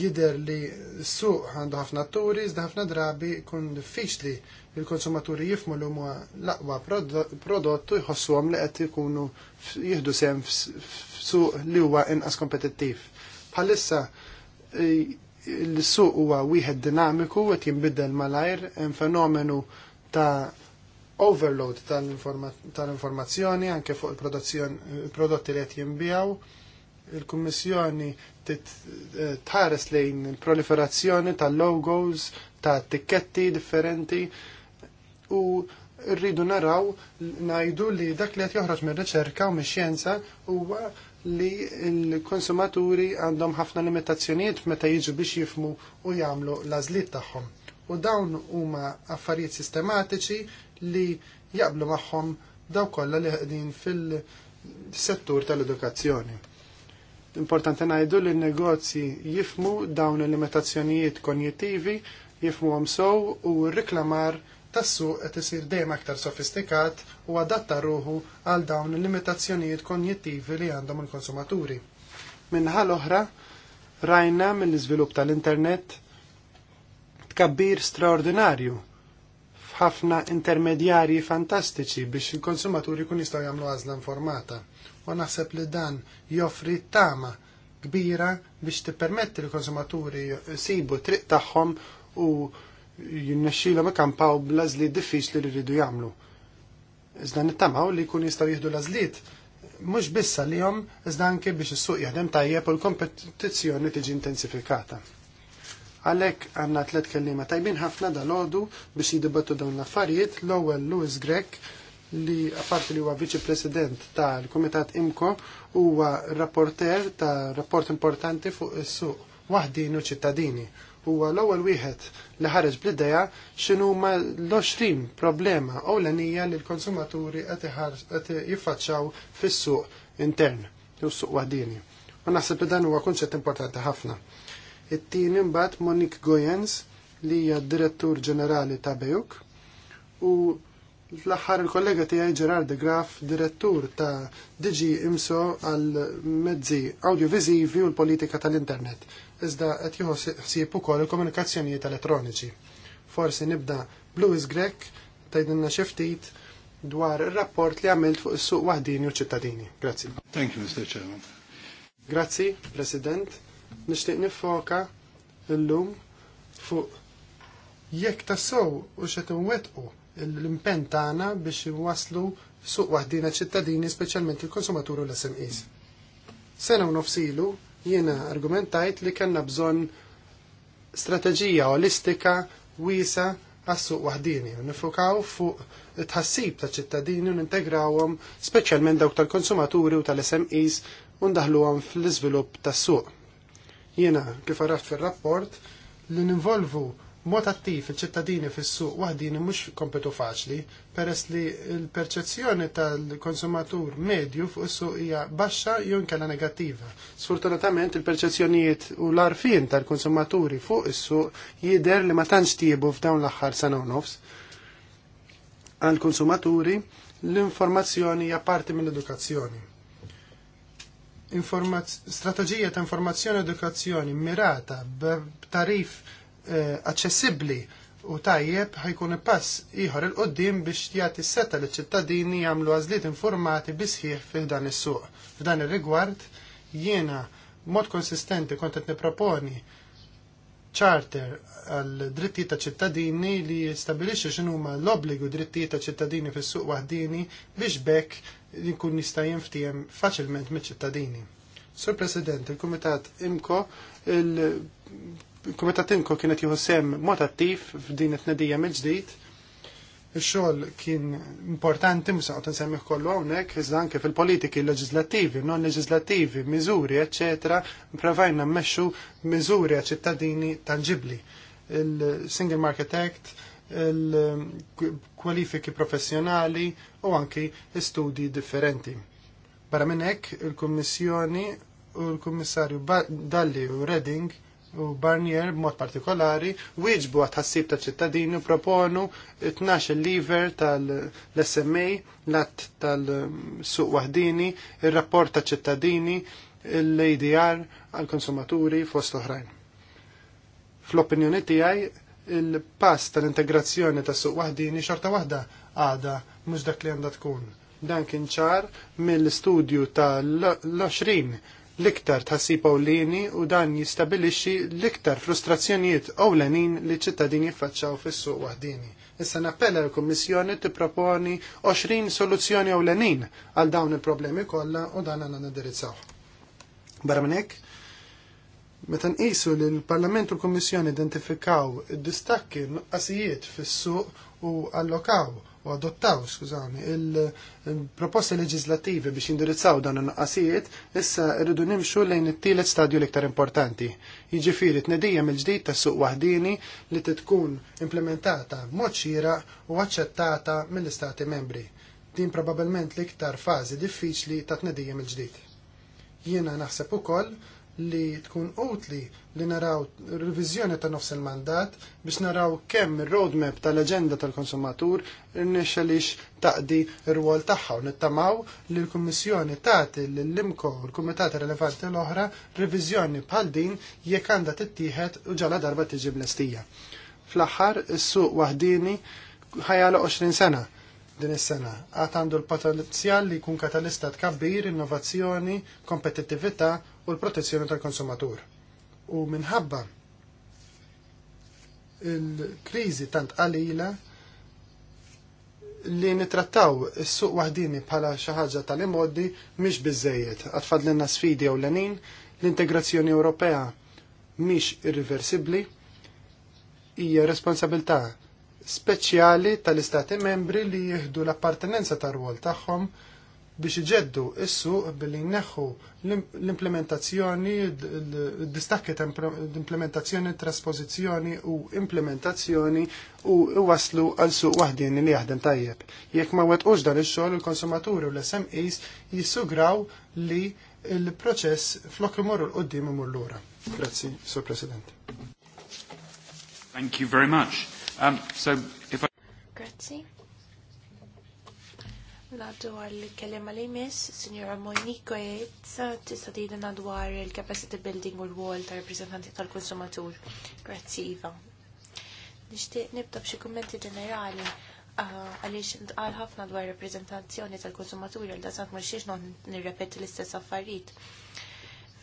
A: jider li s-suq għandu ħafna turi, iżda ħafna drabi kun diffiċli li l-konsumaturi jifmu li huma l-aqwa prodottu jħossu għom li qed ikunu jihdu sem f'suq li huwa inqas kompetittiv. Bħalissa l-suq huwa wieħed dinamiku qed jinbidel malajr hemm fenomenu ta' overload tal-informazzjoni anke fuq il-prodotti li qed jinbijaw. Il-Kummissjoni eh, tħares lejn il-proliferazzjoni tal-logos, ta' tikketti differenti u rridu naraw najdu li dak li qed joħroġ mir-riċerka u mix-xjenza huwa li l-konsumaturi għandhom ħafna limitazzjonijiet meta jiġu biex jifmu u jagħmlu l-għażliet tagħhom u dawn huma affarijiet sistematiċi li jaqblu magħhom daw kollha li ħedin fil-settur tal-edukazzjoni. Importanti ngħidu li n-negozji jifmu dawn il-limitazzjonijiet konjettivi, jifmu għom sow u riklamar tassu qed isir dejjem aktar sofistikat u adatta ruħu għal dawn il-limitazzjonijiet konjettivi li għandhom il-konsumaturi. Minħal oħra, rajna mill-iżvilupp tal-internet tkabbir straordinarju f'ħafna intermedjarji fantastiċi biex il-konsumaturi kun jistgħu jagħmlu għażla informata. U naħseb li dan joffri tama kbira biex tippermetti l-konsumaturi jsibu triq tagħhom u jinnexxilhom ikkampaw bl diffiċli li rridu jagħmlu. Iżda nittamaw li jkun jistgħu jieħdu l-għażliet mhux biss għalihom iżda anke biex is-suq jaħdem tajjeb u l-kompetizzjoni tiġi intensifikata. Għalek għanna tlet kellima tajbin ħafna dal-ħodu biex jidibattu dawn l-affarijiet. L-ewwel Louis Grek li apparti li huwa viċi president tal-Kumitat Imko huwa rapporter ta' rapport importanti fuq is-suq waħdin u ċittadini. Huwa l-ewwel wieħed li ħareġ bl-idea x'inhu ma l-20 problema ewlenija li l-konsumaturi qed jiffaċċaw fis-suq intern, u s-suq waħdini. U naħseb li dan huwa kunċett importanti ħafna. It-tieni mbagħad Monique Goyens li hija direttur ġenerali ta' Bejuk u l-aħħar il-kollega tiegħi Gerard de Graf, direttur ta' DG Imso għal mezzi audiovisivi u l-politika tal-internet. Iżda qed jieħu ħsieb ukoll il-komunikazzjonijiet elettroniċi. Forsi nibda Blues Grek tgħidilna xi ftit dwar ir-rapport li għamilt fuq is-suq waħdini u ċittadini. Grazzi. Thank you, Mr. Chairman. Grazzi, President nixtieq nifoka l-lum fuq jekk tassow u xed inwettqu l-impenn tagħna biex waslu suq waħdina ċittadini speċjalment il-konsumatur u l-SMEs. Sena u nofsilu jiena argumentajt li kellna bżonn strateġija olistika wiesa għas-suq waħdini u nifokaw fuq tħassib ta' ċittadini u nintegrawhom speċjalment dawk tal-konsumaturi u tal-SMEs u ndaħluhom fl-iżvilupp tas-suq Jiena kif għaraft fil-rapport li ninvolvu mod attiv il-ċittadini fis-suq waħdini mhux kompetu faċli, peress li l-perċezzjoni tal-konsumatur medju fuq is-suq hija baxxa jew inkella negattiva. Sfortunatament il-perċezzjonijiet u l-arfin tal-konsumaturi fuq is-suq jidher li ma tantx tiebu f'dawn l-aħħar sena u nofs. Għal-konsumaturi l-informazzjoni hija parti mill-edukazzjoni strategija ta' informazzjoni edukazzjoni mirata b'tarif eh, aċċessibbli u tajjeb ħajkun pass ieħor il-qoddim biex jagħti seta li ċittadini jagħmlu għażliet informati bi sħiħ f'dan is-suq. F'dan ir-rigward jiena mod konsistenti kont qed niproponi charter għal drittijiet ta' ċittadini li jistabilixxi x'inhuma l-obbligu drittijiet ta' ċittadini fis-suq waħdini biex bekk jinkun nista' jinftijem faċilment miċ-ċittadini. Sur President, il-Kumitat Imko, il-Kumitat Imko kienet jieħu sem mod attiv f'din it-tnedija mill-ġdid. Ix-xogħol kien importanti msaq ta' semmiħ kollu hawnhekk iżda anke fil-politiki leġislattivi, non leġislattivi, miżuri, eċċetera, mprovajna mmexxu miżuri għaċ-ċittadini tanġibli. Il-Single Market Act, il-kwalifiki professjonali u anki studi differenti. Barra minn hekk il-Kummissjoni u l-Kummissarju Dalli u Redding u Barnier b'mod partikolari wieġbu għat-ħassib ta' ċittadini proponu 12 liver tal-SMA, l-att tal-suq wahdini, il-rapport ta' ċittadini, l-ADR għal-konsumaturi fost oħrajn. Fl-opinjoni tiegħi il-pass tal-integrazzjoni ta' suq waħdini xorta waħda għada mhux dak li għandha tkun. Dan kien ċar mill-studju l 20 l-iktar tħassib Pawlini u dan jistabilixxi l-iktar frustrazzjonijiet ewlenin li ċittadini jiffaċċaw fis-suq wahdini. Issa nappella l-Kummissjoni tipproponi 20 soluzzjoni ewlenin għal dawn il-problemi kollha u dan għandna nindirizzaw. Barra minn hekk, Meta nqisu li l-Parlament u l-Kummissjoni identifikaw id-distakki nuqqasijiet fis-suq u allokaw u adottaw, skużani, il-proposti leġislativi biex indirizzaw dan il-nuqqasijiet, issa rridu nimxu lejn it-tielet stadju l-iktar importanti. Jiġifieri tnedija mill-ġdid tas suq waħdini li tkun implementata b'mod xieraq u aċċettata mill-Istati membri. Din probabbilment l-iktar fażi diffiċli ta' tnedija mill-ġdid. Jiena naħseb ukoll li tkun utli li naraw revizjoni ta' nofs il-mandat biex naraw kemm il roadmap tal-aġenda tal-konsumatur irnexxelix taqdi r-rwol tagħha u nittamaw li l-Kummissjoni tagħti lill-imko u l-kumitati relevanti l-oħra revizjoni bħal din jekk għandha tittieħed u ġala darba tiġi blestija. Fl-aħħar is-suq waħdini ħajala 20 sena din is-sena. Għad għandu l-potenzjal li jkun katalista tkabbir, innovazzjoni, kompetittività u l-protezzjoni tal-konsumatur. U minħabba il-krizi tant qalila li nitrattaw is-suq wahdini bħala xi ħaġa tal-imoddi mhix biżejjed. Għatfadlilna sfidi u l-integrazzjoni Ewropea mhix irriversibbli, hija responsabilità speċjali tal-Istati membri li jieħdu l-appartenenza tar-rwol tagħhom biex iġeddu issu billi neħu l-implementazzjoni, d distakke ta' implementazzjoni, trasposizjoni u implementazzjoni u waslu għal suq wahdin li jaħdem tajjeb. Jekk ma wetqux dan ix-xogħol il-konsumaturi u l-SMEs jissugraw li il-proċess flok imorru l-qoddim imur l-ura. Grazzi, Sur President.
B: Thank you very much. Um, so if I... Grazie. Naddu għal kellem għal jmiss, Signora Mojniko jgħid, tista' tgħidilna dwar il-capacity building u l-wall ta' rappreżentanti tal-konsumatur. Grazzi Iva. Nixtieq nibda b'xi kummenti ġenerali ah, għaliex intqal ħafna dwar rappreżentazzjoni tal-konsumaturi għal ma mhux noqgħod nirrepeti l-istess affarijiet.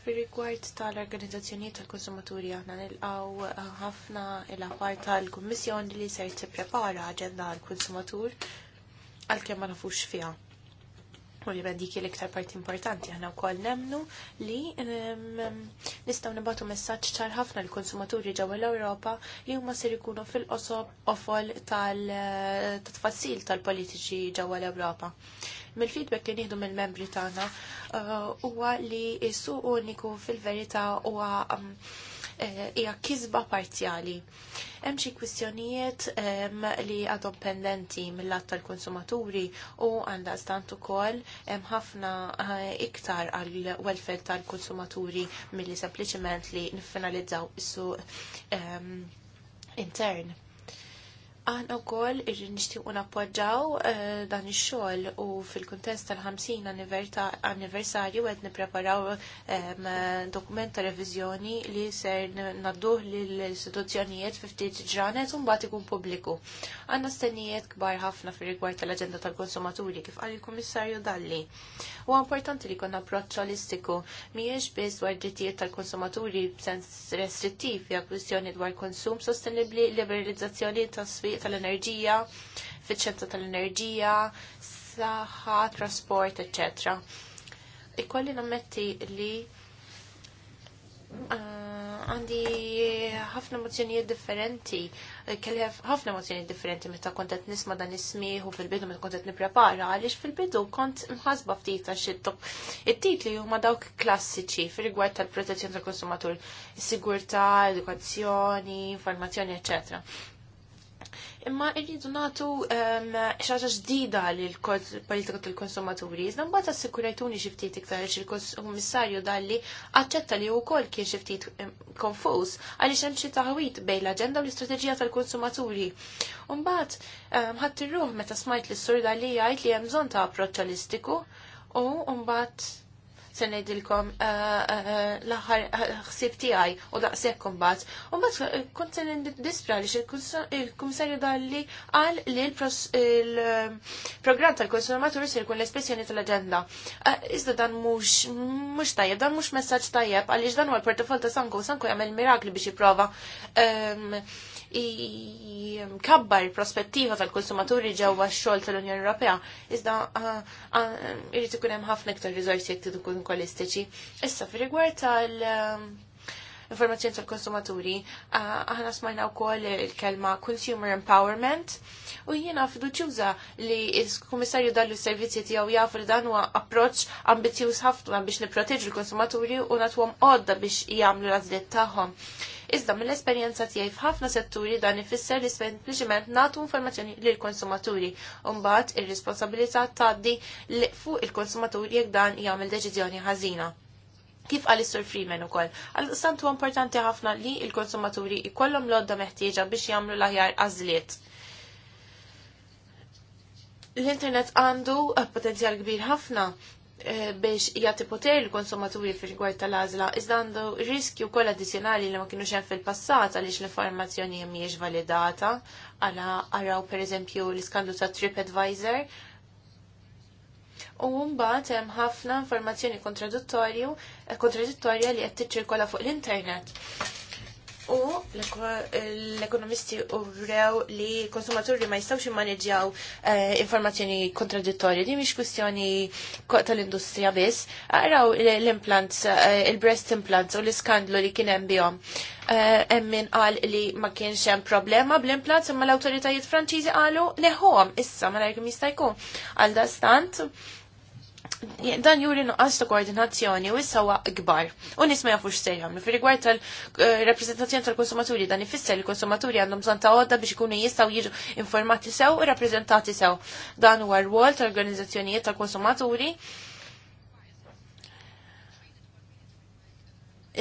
B: Fir-rigward tal-organizzazzjonijiet tal-konsumaturi aħna nilqgħu ah, ħafna il-appar tal-Kummissjoni li ser tipprepara aġenda għall-konsumatur għalkemm ma nafux fiha. li dik l-iktar parti importanti aħna wkoll nemnu li nistgħu nibatu messaġġ ċar ħafna l-konsumaturi ġawa l-Ewropa li huma ser ikunu fil-qosob ofol tal-tfassil eh, tal-politiċi ġewwa l-Ewropa. mil feedback li nieħdu mill-membri tagħna eh, huwa li s-suq uniku fil-verità huwa Eh, hija kisba parzjali. Hemm xi kwistjonijiet li għadhom pendenti mill-att tal-konsumaturi u għandha stant ukoll hemm ħafna eh, iktar għal welfare tal-konsumaturi milli sempliċement li niffinalizzaw is-suq intern Aħna wkoll irri nixtiequ nappoġġaw eh, dan ix-xogħol u fil-kuntest tal-50 anniversarju qed nippreparaw ehm, dokument ta' revizjoni li ser nadduh lill-istituzzjonijiet fi ftit ġranet u mbagħad ikun pubbliku. Għanna stennijiet kbar ħafna fir-rigward tal-aġenda tal-konsumaturi kif qal il-Kummissarju Dalli. Huwa importanti li konna approċċ holistiku mhijiex biss dwar drittijiet tal-konsumaturi b'sens restrittiv hija kwistjoni dwar konsum sostenibbli, liberalizzazzjoni tas it-triq tal-enerġija, fiċ-ċentru tal-enerġija, saħħa, trasport, etc. Ikolli nammetti li ah, għandi ħafna emozjonijiet differenti, kelli ħafna emozjonijiet differenti meta kont qed nisma' dan ismieħ u fil-bidu meta kont qed nipprepara għaliex fil-bidu kont mħasba ftit għax it-titli huma dawk klassiċi fir-rigward tal-protezzjoni tal-konsumatur, is-sigurtà, edukazzjoni, informazzjoni, eċetera imma irridu nagħtu xaġa ġdida l politika tal-konsumaturi. Iżda mbagħad assikurajtuni xi ftit iktar għaliex il-kummissarju dalli aċċetta li wkoll kien xi ftit konfuż għaliex hemm xi taħwit bejn l-aġenda u l-istrateġija tal-konsumaturi. U Mbagħad ħadd irruħ meta smajt l-sur dalli jgħid li hemm bżonn ta' approċċ u mbagħad se ngħidilkom eh, eh, l-aħħar eh, ħsieb u daqshekk kumbat. U bat kont se niddisfra li il-Kummissarju Dalli qal li l-programm tal-konsumatur sir kun l-espressjoni tal-aġenda. Iżda dan mhux tajjeb, dan mhux messaġġ tajjeb għaliex dan huwa l ta' Sanko, Sanko jagħmel mirakli biex jipprova ehm, kabbar il-prospettiva tal-konsumaturi ġewwa x-xogħol tal-Unjoni Ewropea, iżda irid ikun hemm ħafna iktar riżorsi jekk ikun kolistiċi. Issa fir-rigward tal- um, informazzjoni tal-konsumaturi, aħna smajna wkoll il-kelma consumer empowerment u jiena fiduċjuża li il-Kummissarju dallu s-servizzi tiegħu jafu li dan huwa approċċ ambizzjuż ħafna biex nipproteġu l-konsumaturi u nagħtuhom għodda biex jagħmlu l-għażliet tagħhom. Iżda mill-esperjenza tiegħi f'ħafna setturi dan ifisser li sempliċiment nagħtu informazzjoni lil konsumaturi u mbagħad ir-responsabilità tgħaddi fuq il-konsumaturi jekk dan jagħmel deċiżjoni ħażina. Kif għal sur Freeman ukoll. għal huwa importanti ħafna li l-konsumaturi jkollhom odda meħtieġa biex jagħmlu l-aħjar għażliet l-internet għandu eh, potenzjal kbir ħafna Eh, biex jgħati poter l-konsumaturi fil-rigward tal-għażla, iżda għandu riskju wkoll addizzjonali li ma kienu hemm fil-passat għaliex l-informazzjoni mhijiex validata, għala per pereżempju l-iskandlu ta' TripAdvisor. U mbagħad hemm ħafna informazzjoni kontradittorju eh, kontradittorja li qed tiċċirkola fuq l-internet u l-ekonomisti urew li konsumaturi ma jistawx immaneġjaw eh, informazzjoni kontradittorji. Di miex kustjoni tal-industrija biss. Għaraw l-implants, eh, il-breast implants u l-iskandlu li kien hemm bihom. Eh, hemm min qal li ma kienx hemm problema bl-implants imma l-awtoritajiet Franċiżi qalu neħuhom issa ma jkun jista' jkun. Għal da stant dan juri nuqqas ta' koordinazzjoni u issa huwa kbar. U nisma' ma jafux se jagħmlu. Fir-rigward tal-rappreżentazzjoni eh, tal-konsumaturi dan ifisser li konsumaturi għandhom bżonn ta' għodda biex ikunu jistgħu jiġu informati sew u rappreżentati sew. Dan huwa r-wol tal-organizzazzjonijiet tal-konsumaturi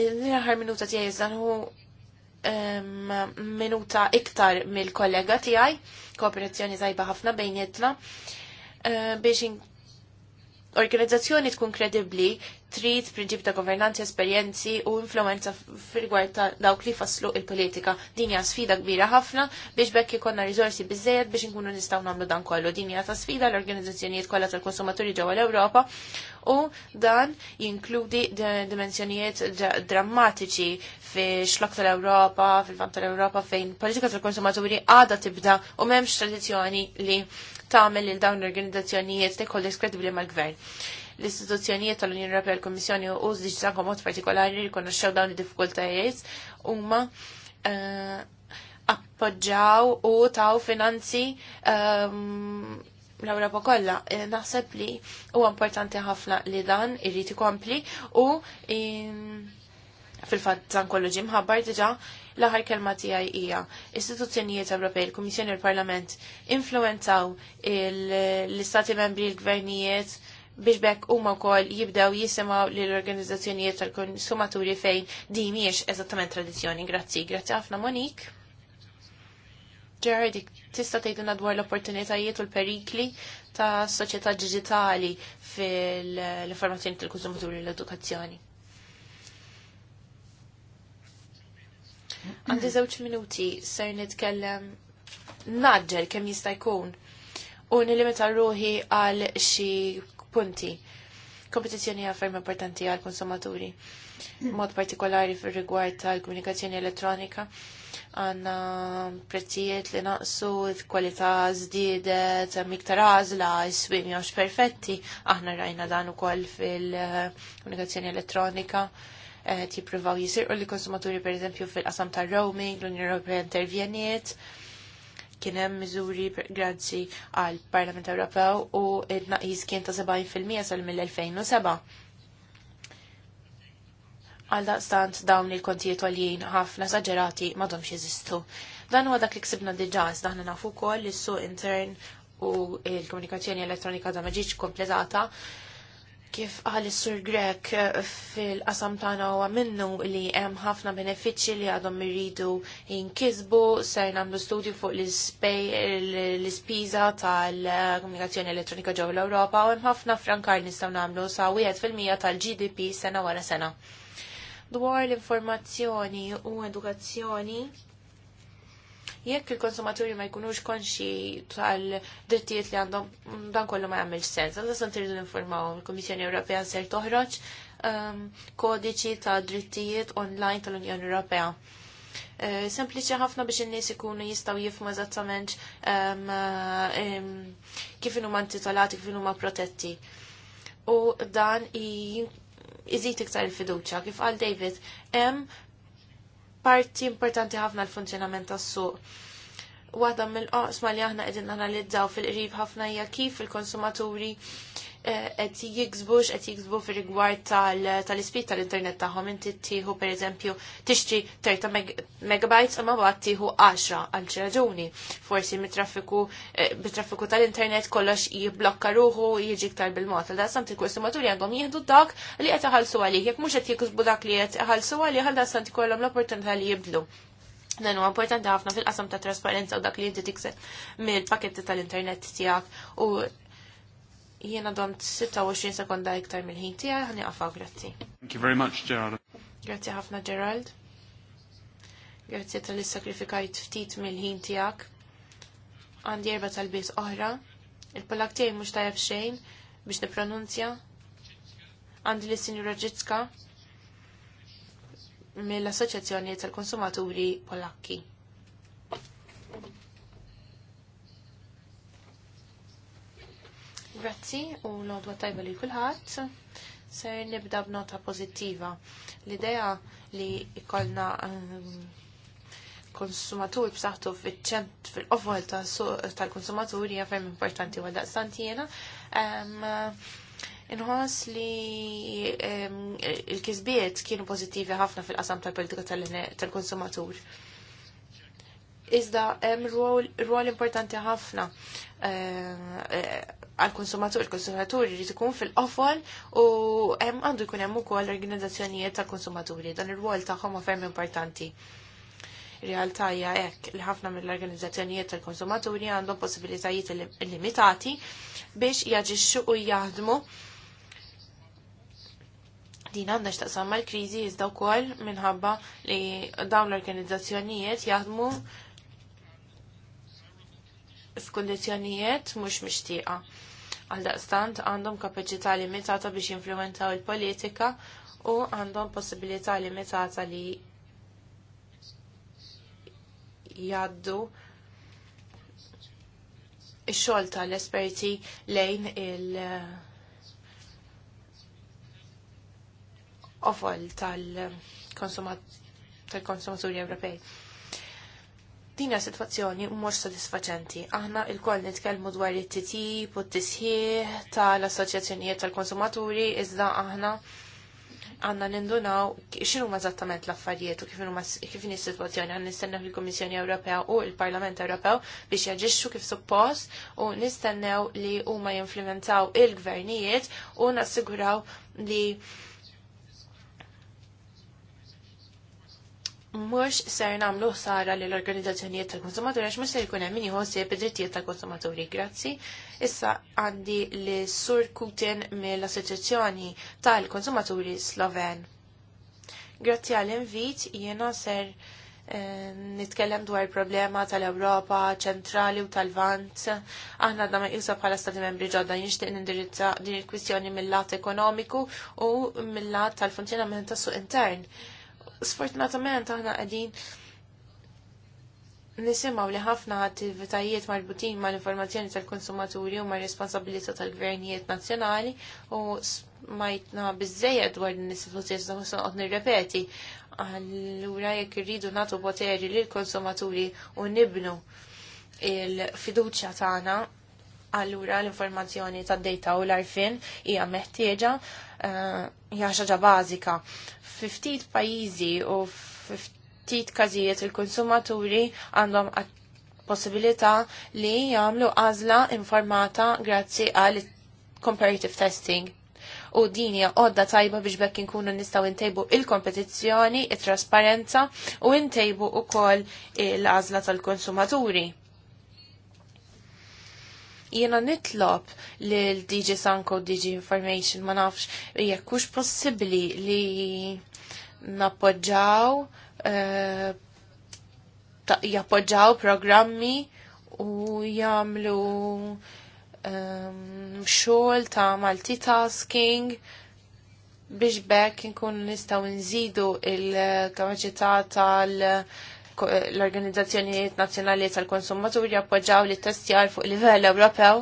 B: l-ħar minuta tijaj dan hu minuta iktar mill-kollega tijaj, kooperazzjoni tajba ħafna bejnietna, eh, biex organizzazzjoni tkun kredibbli trid prinċip ta' governanza, esperjenzi u influenza fil gwart ta' dawk li faslu il-politika. Din hija sfida kbira ħafna biex bekk ikonna riżorsi biżejjed biex inkunu nistgħu nagħmlu dan kollu. Din hija ta' sfida l-organizzazzjonijiet kollha tal-konsumaturi ġewwa l-Ewropa u dan jinkludi dimensjonijiet drammatiċi fi xlok tal-Ewropa, fil-vant tal-Ewropa fejn politika tal-konsumaturi għada tibda u m'hemmx tradizzjoni li tagħmel il dawn l-organizzazzjonijiet stakeholders kredibbli mal-gvern. L-istituzzjonijiet tal-Unjoni Ewropea l-Kummissjoni u żdiġżankom mod partikolari rikonoxxew dawn id-diffikultajiet huma eh, appoġġaw u taw finanzi ehm, l-Ewropa kollha. Eh, naħseb li huwa importanti ħafna li dan irrid ikompli u fil-fatt dan kollu ġim ħabbar diġà l-aħħar kelma tiegħi hija istituzzjonijiet Ewropej, il-Kummissjoni u l-Parlament influwenzaw l-Istati membri l-Gvernijiet biex bekk huma wkoll jibdew jisimgħu l organizzazzjonijiet tal-konsumaturi fejn di miex eżattament tradizzjoni. Grazzi, grazzi ħafna Monik. Ġerdi, tista' tgħidilna dwar l-opportunitajiet u l-perikli ta' soċjetà diġitali fil-informazzjoni tal-konsumaturi l-edukazzjoni. Għandi żewġ minuti ser nitkellem naġġel kemm jista' jkun u nilimita ruħi għal xi punti. Kompetizzjoni għaffer importanti għal konsumaturi. Mod partikolari fil rigward tal-komunikazzjoni elettronika għanna prezzijiet li naqsu, kwalità zdidet, miktar għazla, s-swim perfetti, aħna rajna dan u koll fil-komunikazzjoni elettronika tipprivaw jisirqu li konsumaturi per eżempju fil-qasam tar roaming l-Unjoni Ewropea intervjeniet kien hemm miżuri grazzi għal Parlament Ewropew u id-naqis kien ta' 70% sal mill-2007. Għal daqstant dawn il-kontijiet għaljien ħafna saġerati domx jeżistu. Dan huwa dak li ksibna diġà daħna nafu wkoll l suq intern u l komunikazzjoni elettronika da maġiċ kompletata Kif għal sur Grek eh, fil-qasam tagħna huwa minnu li hemm ħafna benefiċċji li għadhom irridu jinkisbu, ser nagħmlu studju fuq l-ispiża tal-komunikazzjoni elettronika ġew l-Ewropa u hemm ħafna frankar nistgħu nagħmlu sa wieħed fil-mija tal-GDP sena wara sena. Dwar l-informazzjoni u edukazzjoni Jekk il-konsumaturi ma jkunux konxi tal-drittijiet li għandhom dan kollu ma jgħamil sens, għandha san tridu l-informaw, il-Kummissjoni Ewropea ser toħroġ ehm, kodiċi ta' drittijiet online tal-Unjoni Ewropea. Eh, sempliċi ħafna biex in-nies ikunu jistgħu jifhmu eżattament ehm, ehm, kif huma intitolati, kif huma protetti. U dan iżid iktar il-fiduċja. Kif għal David, hemm parti importanti ħafna l-funzjonament tas-suq. Waħda mill qosma li aħna qegħdin analizzaw fil-qrib ħafna hija kif il-konsumaturi qed jiksbux qed jiksbu fir-rigward tal ispit tal-internet tagħhom inti tieħu pereżempju tixtri 30 megabytes imma waqt tieħu 10 għal xi raġuni. Forsi mit-traffiku bit-traffiku eh, tal-internet kollox jibblokka ruħu jiġi iktar bil-mod. Għal santi il għandhom jieħdu dak li qed iħallsu għalih. Jekk mhux qed jiksbu dak li qed iħallsu għalih għal santi ikollhom l-opportunità li jibdlu. Dan huwa importanti ħafna fil-qasam ta' trasparenza u dak li inti tikseb mill-paketti tal-internet tiegħek u Jiena domt 26 sekonda iktar mill-ħin tijaj, għani għafaw grazzi.
C: Thank you very much, Gerald.
B: Grazzi ħafna Gerald. Grazzi tal-li sakrifikajt ftit mill-ħin tiegħek. Għandi erba tal-bis oħra. Il-Polak tijaj mhux tajjeb xejn biex nippronunzja. Għandi li Sinjura Ġitzka mill-Assoċjazzjoni tal-Konsumaturi Polakki. Grazzi u l-għodwa tajba li kulħadd. Ser nibda b'nota pożittiva. L-idea li jkollna um, konsumatur b'saħħtu fiċ-ċent fil-qofol tal-konsumatur hija ferm importanti għal daqstant jiena. Um, inħoss li um, il-kisbiet kienu pozittivi ħafna fil-qasam tal-politika tal-konsumatur. Iżda hemm rwol importanti ħafna għal-konsumatur, il-konsumatur jrid ikun fil-qofol u għandu jkun hemm ukoll organizzazzjonijiet tal-konsumaturi, dan ir-rwol tagħhom ferm importanti. Realtà hija hekk li ħafna mill-organizzazzjonijiet tal-konsumaturi għandhom possibilitajiet limitati biex jaġixxu u jaħdmu din għandha x'taqsam mal-kriżi iżda wkoll minħabba li dawn l-organizzazzjonijiet jaħdmu f'kondizjonijiet mhux mixtieqa. Għaldaqstant għandhom kapaċità limitata biex jinfluwentaw il-politika u għandhom possibilità limitata li jaddu ix-xogħol tal-esperti lejn il- ofol tal-konsumaturi tal Ewropej din situazzjoni mhux sodisfaċenti. Aħna l koll nitkellmu dwar it-titib u t-tisħiħ tal-assoċjazzjonijiet tal-konsumaturi iżda aħna għanna nindunaw xinu ma zattament l-affarijiet u kif in situazzjoni għan nistennew il komissjoni Ewropea u l-Parlament Ewropew biex jaġixxu kif suppost u nistennew li huma jinfluenzaw il-gvernijiet u nassiguraw li mux ser namlu ħsara li l-organizzazzjonijiet tal-konsumaturi għax mux ser jkun hemm min jħossib id-drittijiet tal-konsumaturi. Grazzi. Issa għandi li Sur Kutin mill-Assoċjazzjoni tal-Konsumaturi Sloven. Grazzi għall-invit jiena ser eh, nitkellem dwar problema tal-Europa ċentrali u tal-Vant. Aħna għadna ma bħala stati membri ġodda jinxtiq nindirizza din il-kwistjoni mill-lat ekonomiku u mill-lat tal-funzjonament tas-suq intern sfortunatament aħna qegħdin nisimaw li ħafna attivitajiet marbutin ma' l-informazzjoni tal-konsumaturi u ma' responsabilita tal-gvernijiet nazzjonali u smajtna bizzeja dwar l istituzzjoni s ħusna qed nirrepeti. Allura jekk irridu nagħtu poteri l konsumaturi u nibnu il-fiduċja tagħna allura l-informazzjoni ta' data u l-arfin hija meħtieġa eh, hija xaġa bażika. Fiftit pajjiżi u ftit każijiet il-konsumaturi għandhom possibilità li jagħmlu għażla informata grazzi għal comparative testing u din hija għodda tajba biex bekk inkunu nistgħu ntejbu il-kompetizzjoni, it-trasparenza u ntejbu ukoll l-għażla tal-konsumaturi. Jiena nitlob li l-DG Sanko, DG Information, ma nafx, jekkux possibli li nappoġġaw, uh, jappoġġaw programmi u jamlu um, ehm, xogħol ta' multitasking biex bekk nkun nistgħu nżidu il-kapaċità tal- Eh, l-organizzazzjonijiet nazzjonali tal-konsumaturi appoġġaw li testjar fuq livell Ewropew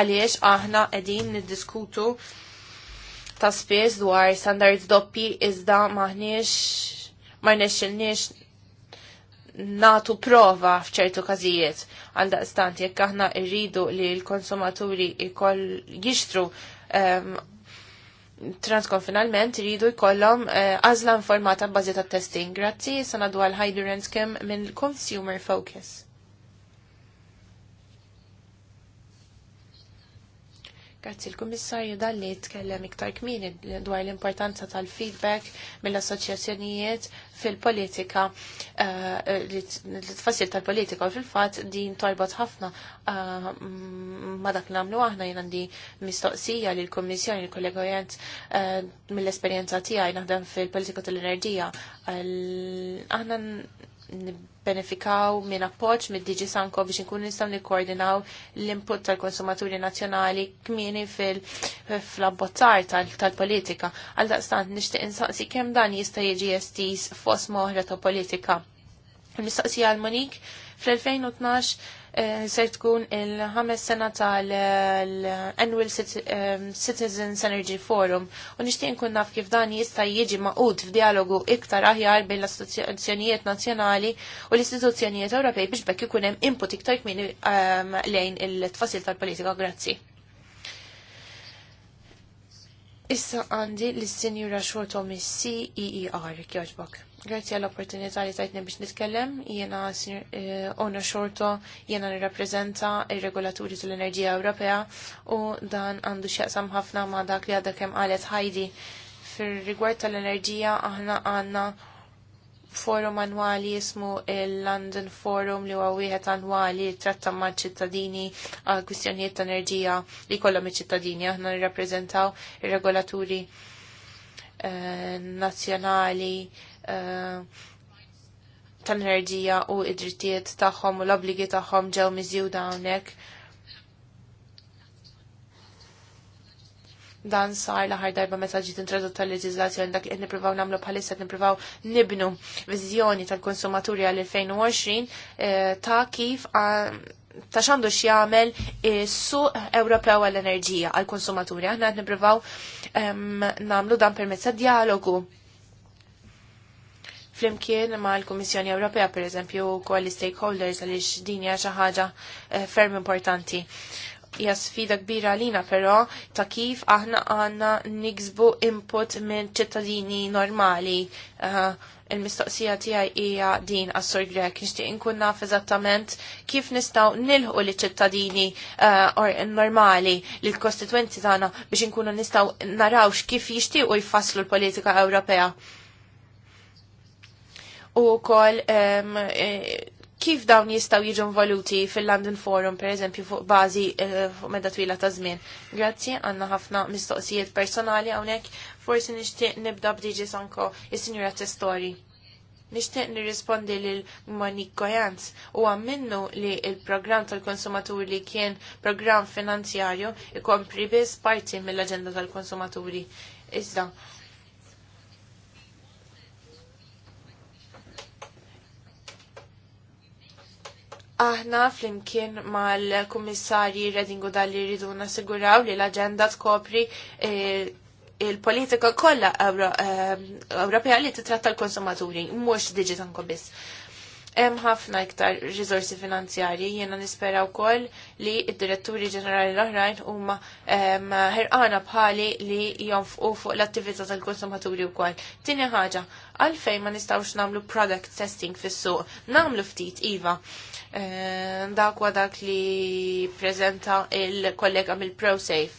B: għaliex aħna qegħdin niddiskutu ta' spiss dwar standards doppi iżda maħniex ma rnexxilniex natu prova f'ċertu każijiet għal daqstant jekk aħna rridu li l-konsumaturi jkoll jixtru transkonfinalment iridu jkollhom eh, għażla informata bbażi testing. Grazzi, sanadu għal Hydurance kemm minn Consumer Focus. Grazzi l-Kummissarju dalli tkellem iktar kmini dwar l-importanza tal-feedback mill-assoċjazzjonijiet fil-politika eh, li tfassil tal-politika u fil-fatt din torbot ħafna eh, ma dak namlu aħna jien għandi mistoqsija li l-Kummissjoni l-kollega eh, mill-esperjenza tiegħi naħdem fil-politika tal-enerġija aħna benefikaw minn appoġġ mid diġi Sanko biex inkun nistgħu nikkoordinaw l-input tal-konsumaturi nazzjonali kmieni fil-abbozzar tal-politika. Għal daqstant nixtieq insaqsi kemm dan jista' jiġi estis fost moħra ta' politika. Nistaqsi għal Monik Fl-2012 eh, se tkun il-ħames sena tal-Annual eh, Citizens Energy Forum u nixtieq nkun naf kif dan jista' jiġi maqud f'dialogu iktar aħjar bejn l-istituzzjonijiet nazzjonali u l-istituzzjonijiet Ewropej biex bekk ikun hemm input iktar kmin ehm, lejn il-tfasil tal-politika. Grazzi. Issa għandi l-Sinjura Xorto Missi EER, kjoġbok. Grazzi għall-opportunità li tajtni biex nitkellem. Jiena eh, Ona Xorto, jiena nirrappreżenta ir-regolaturi tal-Enerġija Ewropea u dan għandu x'jaqsam ħafna ma' dak li għadha kemm qalet Ħajdi. Fir-rigward tal-enerġija aħna għandna forum annwali jismu il-London Forum li huwa wieħed annwali tratta ma' ċittadini għal kwistjonijiet ta' enerġija li kollha iċ-ċittadini aħna nirrappreżentaw ir-regolaturi eh, nazzjonali Eh, tal-enerġija u id-drittijiet tagħhom u l-obligi tagħhom ġew miżjuda hawnhekk. Dan sar l-aħħar darba meta ġiet introdotta l-leġiżlazzjoni dak li qed nippruvaw nagħmlu bħalissa qed nippruvaw nibnu viżjoni tal-konsumaturi għal 2020 eh, ta' kif ta' xandu x'jagħmel is-suq Ewropew għall-enerġija għall-konsumaturi. Aħna qed nippruvaw ehm, nagħmlu dan permezz ta' dialogu flimkien ma' l-Kummissjoni Ewropea per eżempju kol l-stakeholders għaliex din hija xi ħaġa eh, ferm importanti. Hija sfida kbira għalina però ta' kif aħna għandna niksbu input minn ċittadini normali. Il-mistoqsija tiegħi hija din għas-Sur Grek nixtieq inkun naf eżattament kif nistgħu nilħu li ċittadini eh, normali l kostitwenti tagħna biex inkunu nistgħu narawx kif jixtiequ jfasslu l-politika Ewropea u wkoll e, kif dawn jistaw jiġu involuti fil-London Forum, per eżempju, fuq bazi e, fuq medda twila ta' żmien. Grazzi, għanna ħafna mistoqsijiet personali hawnhekk, forsi nixtieq nibda b'Diġi Sanko, is-Sinjura Testori. Nixtieq nirrispondi lil Monik Gojanz u għamminnu li il-programm tal-konsumaturi li kien programm finanzjarju ikompri biss parti mill-aġenda tal-konsumaturi. Iżda, Aħna flimkien mal-kummissarji Redingu dalli rridu nasiguraw li l-agenda tkopri eh, il-politika kollha eh, Ewropea li titratta l-konsumaturi, mhux digitanko biss. Hemm ħafna iktar riżorsi finanzjarji jiena nispera wkoll li d-diretturi ġenerali l-oħrajn huma ħerqana bħali li jonfqu fuq l-attività tal-konsumaturi wkoll. Tieni ħaġa, għalfejn ma nistgħux nagħmlu product testing fis-suq, nagħmlu ftit iva. Eh, dak dak li prezenta il-kollega mill-ProSafe.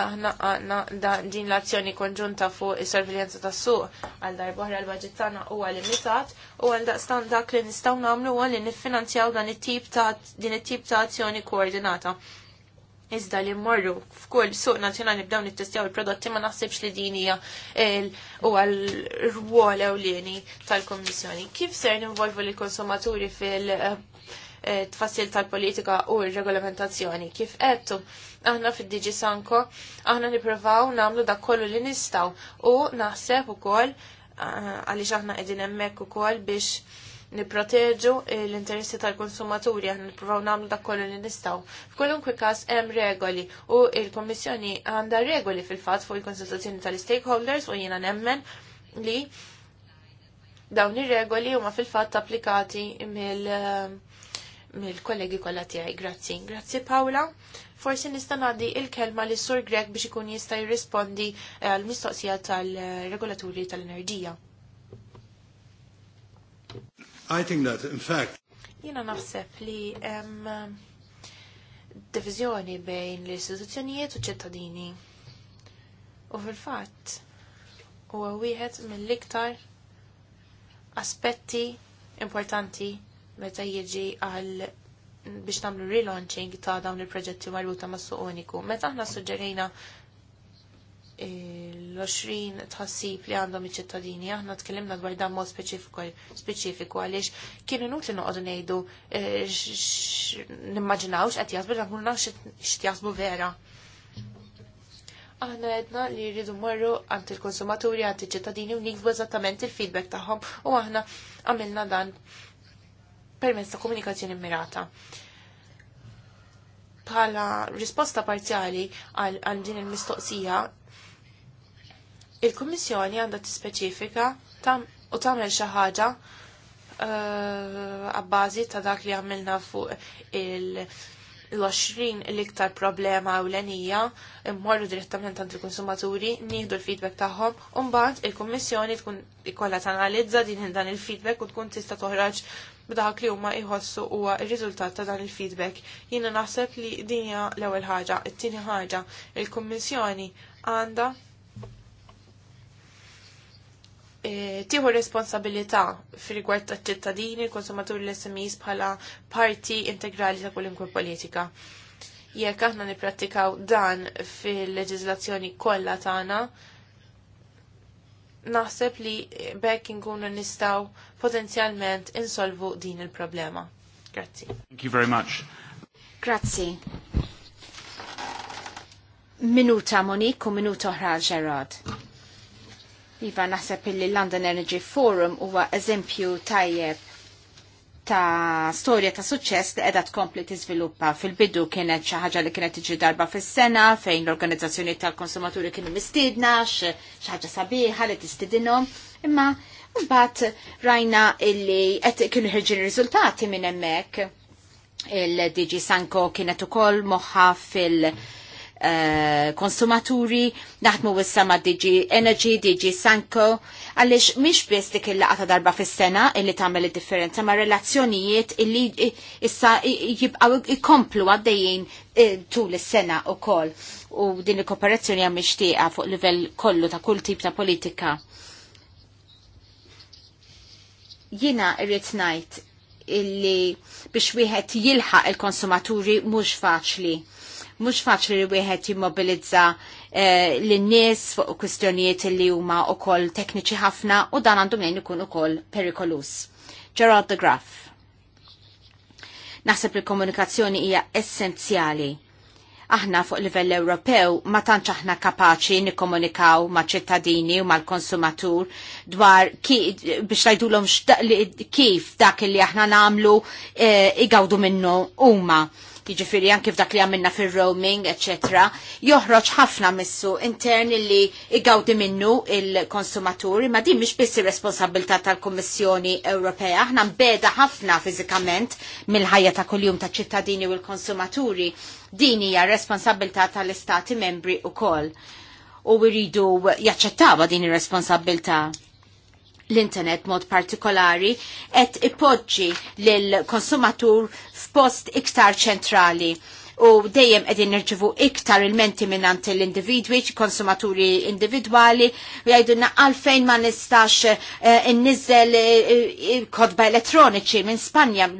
B: Aħna għanna din l-azzjoni konġunta fuq is-sorveljanza tas suq għal darbohra l tana tagħna huwa limitat u għal daqstan dak li nistgħu namlu għal li niffinanzjaw dan din it-tip ta' azzjoni koordinata. Iżda li mmorru f'kull suq nazzjonali bdew testjaw il-prodotti ma naħsibx li din hija u għal rwol ewlieni tal komissjoni Kif ser ninvolvu l-konsumaturi fil- Eh, tfassil tal-politika u r-regolamentazzjoni. Kif għedtu aħna fid-Digi Sanko, aħna niprovaw namlu dak kollu li nistaw u naħseb ukoll eh, għaliex aħna qegħdin hemmhekk ukoll biex niproteġu l-interessi tal-konsumaturi, għan niprofaw namlu dak kollu li nistaw. F'kolunkwe kas hemm regoli u il komissjoni għandha regoli fil-fatt fuq il-konsultazzjoni tal-stakeholders u jiena nemmen li dawn ir-regoli huma fil-fatt applikati mill- mill-kollegi kollha tiegħi. Grazzi. Grazzi Paula. Forsi nista' ngħaddi il-kelma lis sur Grek biex ikun jista' jirrispondi eh, għall mistoqsija tal-regolaturi tal-enerġija.
C: I think that in fact
B: Jiena naħseb li hemm um, diviżjoni bejn l-istituzzjonijiet u ċittadini. U fil-fatt huwa wieħed mill-iktar aspetti importanti meta jiġi għal biex tamlu relaunching ta' dawn il-proġetti marbuta ma' suq uniku. Meta aħna suġġerina l-20 tħassib li għandhom iċ-ċittadini, aħna tkellimna dwar dan mod speċifiku għaliex kienu nut li noqogħdu ngħidu eh, nimmaġinawx qed jasbu dan kun nafx vera. Aħna għedna li rridu morru għand il-konsumaturi għant il ċittadini u nikbu eżattament il-feedback tagħhom u aħna għamilna dan permezz ta' komunikazzjoni mirata. Bħala risposta parzjali għal din il-mistoqsija, il-Kummissjoni għandha tispeċifika u tagħmel xi ħaġa eh, għabbażi ta' dak li għamilna fuq il- l-20 l-iktar problema u l-enija, immorru direttament għand il-konsumaturi, nieħdu l-feedback tagħhom, un mbagħad il-Kummissjoni tkun ikolla tanalizza din dan il-feedback u tkun tista' toħraġ b'dak li huma jħossu huwa r-riżultat ta' dan il-feedback. Jiena naħseb li din hija l-ewwel ħaġa, it-tieni ħaġa, il-Kummissjoni għandha E, tieħu responsabilità fir-rigward tal-ċittadini, konsumaturi l-SMEs bħala parti integrali ta' kull politika. Jekk aħna nipprattikaw dan fil-leġiżlazzjoni kollha tagħna, naħseb li bekk inkunu nistaw potenzjalment insolvu din il-problema. Grazzi.
C: Thank you very much. Grazzi. Minuta Monik u minuta oħra Gerard. Iva naħseb illi London Energy Forum huwa eżempju tajjeb ta' storja ta' suċċess li qiegħda tkompli tiżviluppa. Fil-bidu kienet xi ħaġa li kienet tiġi darba fis-sena fejn l-organizzazzjoni tal-konsumaturi kienu mistiedna xi ħaġa sabiħa li tistidinhom, imma mbagħad rajna illi qed kienu ħirġin riżultati minn hemmhekk. Il-DG Sanko kienet ukoll moħħa fil- Eh, konsumaturi, naħdmu wissa ma' DG Energy, DG Sanko, għalix miex biss dik il-laqata darba fis-sena illi tagħmel id-differenza ma' relazzjonijiet illi issa jibqgħu ikomplu għaddejjin eh, tul is-sena wkoll u din il-kooperazzjoni hija mixtieqa fuq livell kollu ta' kull tip ta' politika. Jiena irrid ngħid illi biex wieħed jilħaq il-konsumaturi mhux faċli mhux faċli li wieħed jimmobilizza l eh, lin-nies fuq kwistjonijiet li huma wkoll tekniċi ħafna u dan għandhom lejn ikun ukoll perikolus. Gerald de Graff. Naħseb li komunikazzjoni hija essenzjali aħna fuq livell Ewropew ma tantx aħna kapaċi nikkomunikaw ma' ċittadini u mal-konsumatur dwar biex tajdulhom kif dak li aħna nagħmlu eh, igawdu minnu huma jiġifieri anke f'dak li għamilna fir-roaming, eċetera, joħroġ ħafna missu intern li igawdi minnu il-konsumaturi, ma din mhix biss ir-responsabilità tal-Kummissjoni Ewropea, aħna mbeda ħafna fiżikament mill-ħajja ta' kuljum ta' ċittadini u l-konsumaturi. Din hija responsabilità tal-Istati membri wkoll. u rridu jaċċettawa din ir-responsabilità l-internet mod partikolari et ipoġġi l-konsumatur f'post iktar ċentrali u dejjem qegħdin nirċivu iktar il-menti minnant l-individwi, konsumaturi individwali, u jgħidulna għalfejn ma nistax eh, innizzel eh, eh, kodba elettroniċi minn Spanja,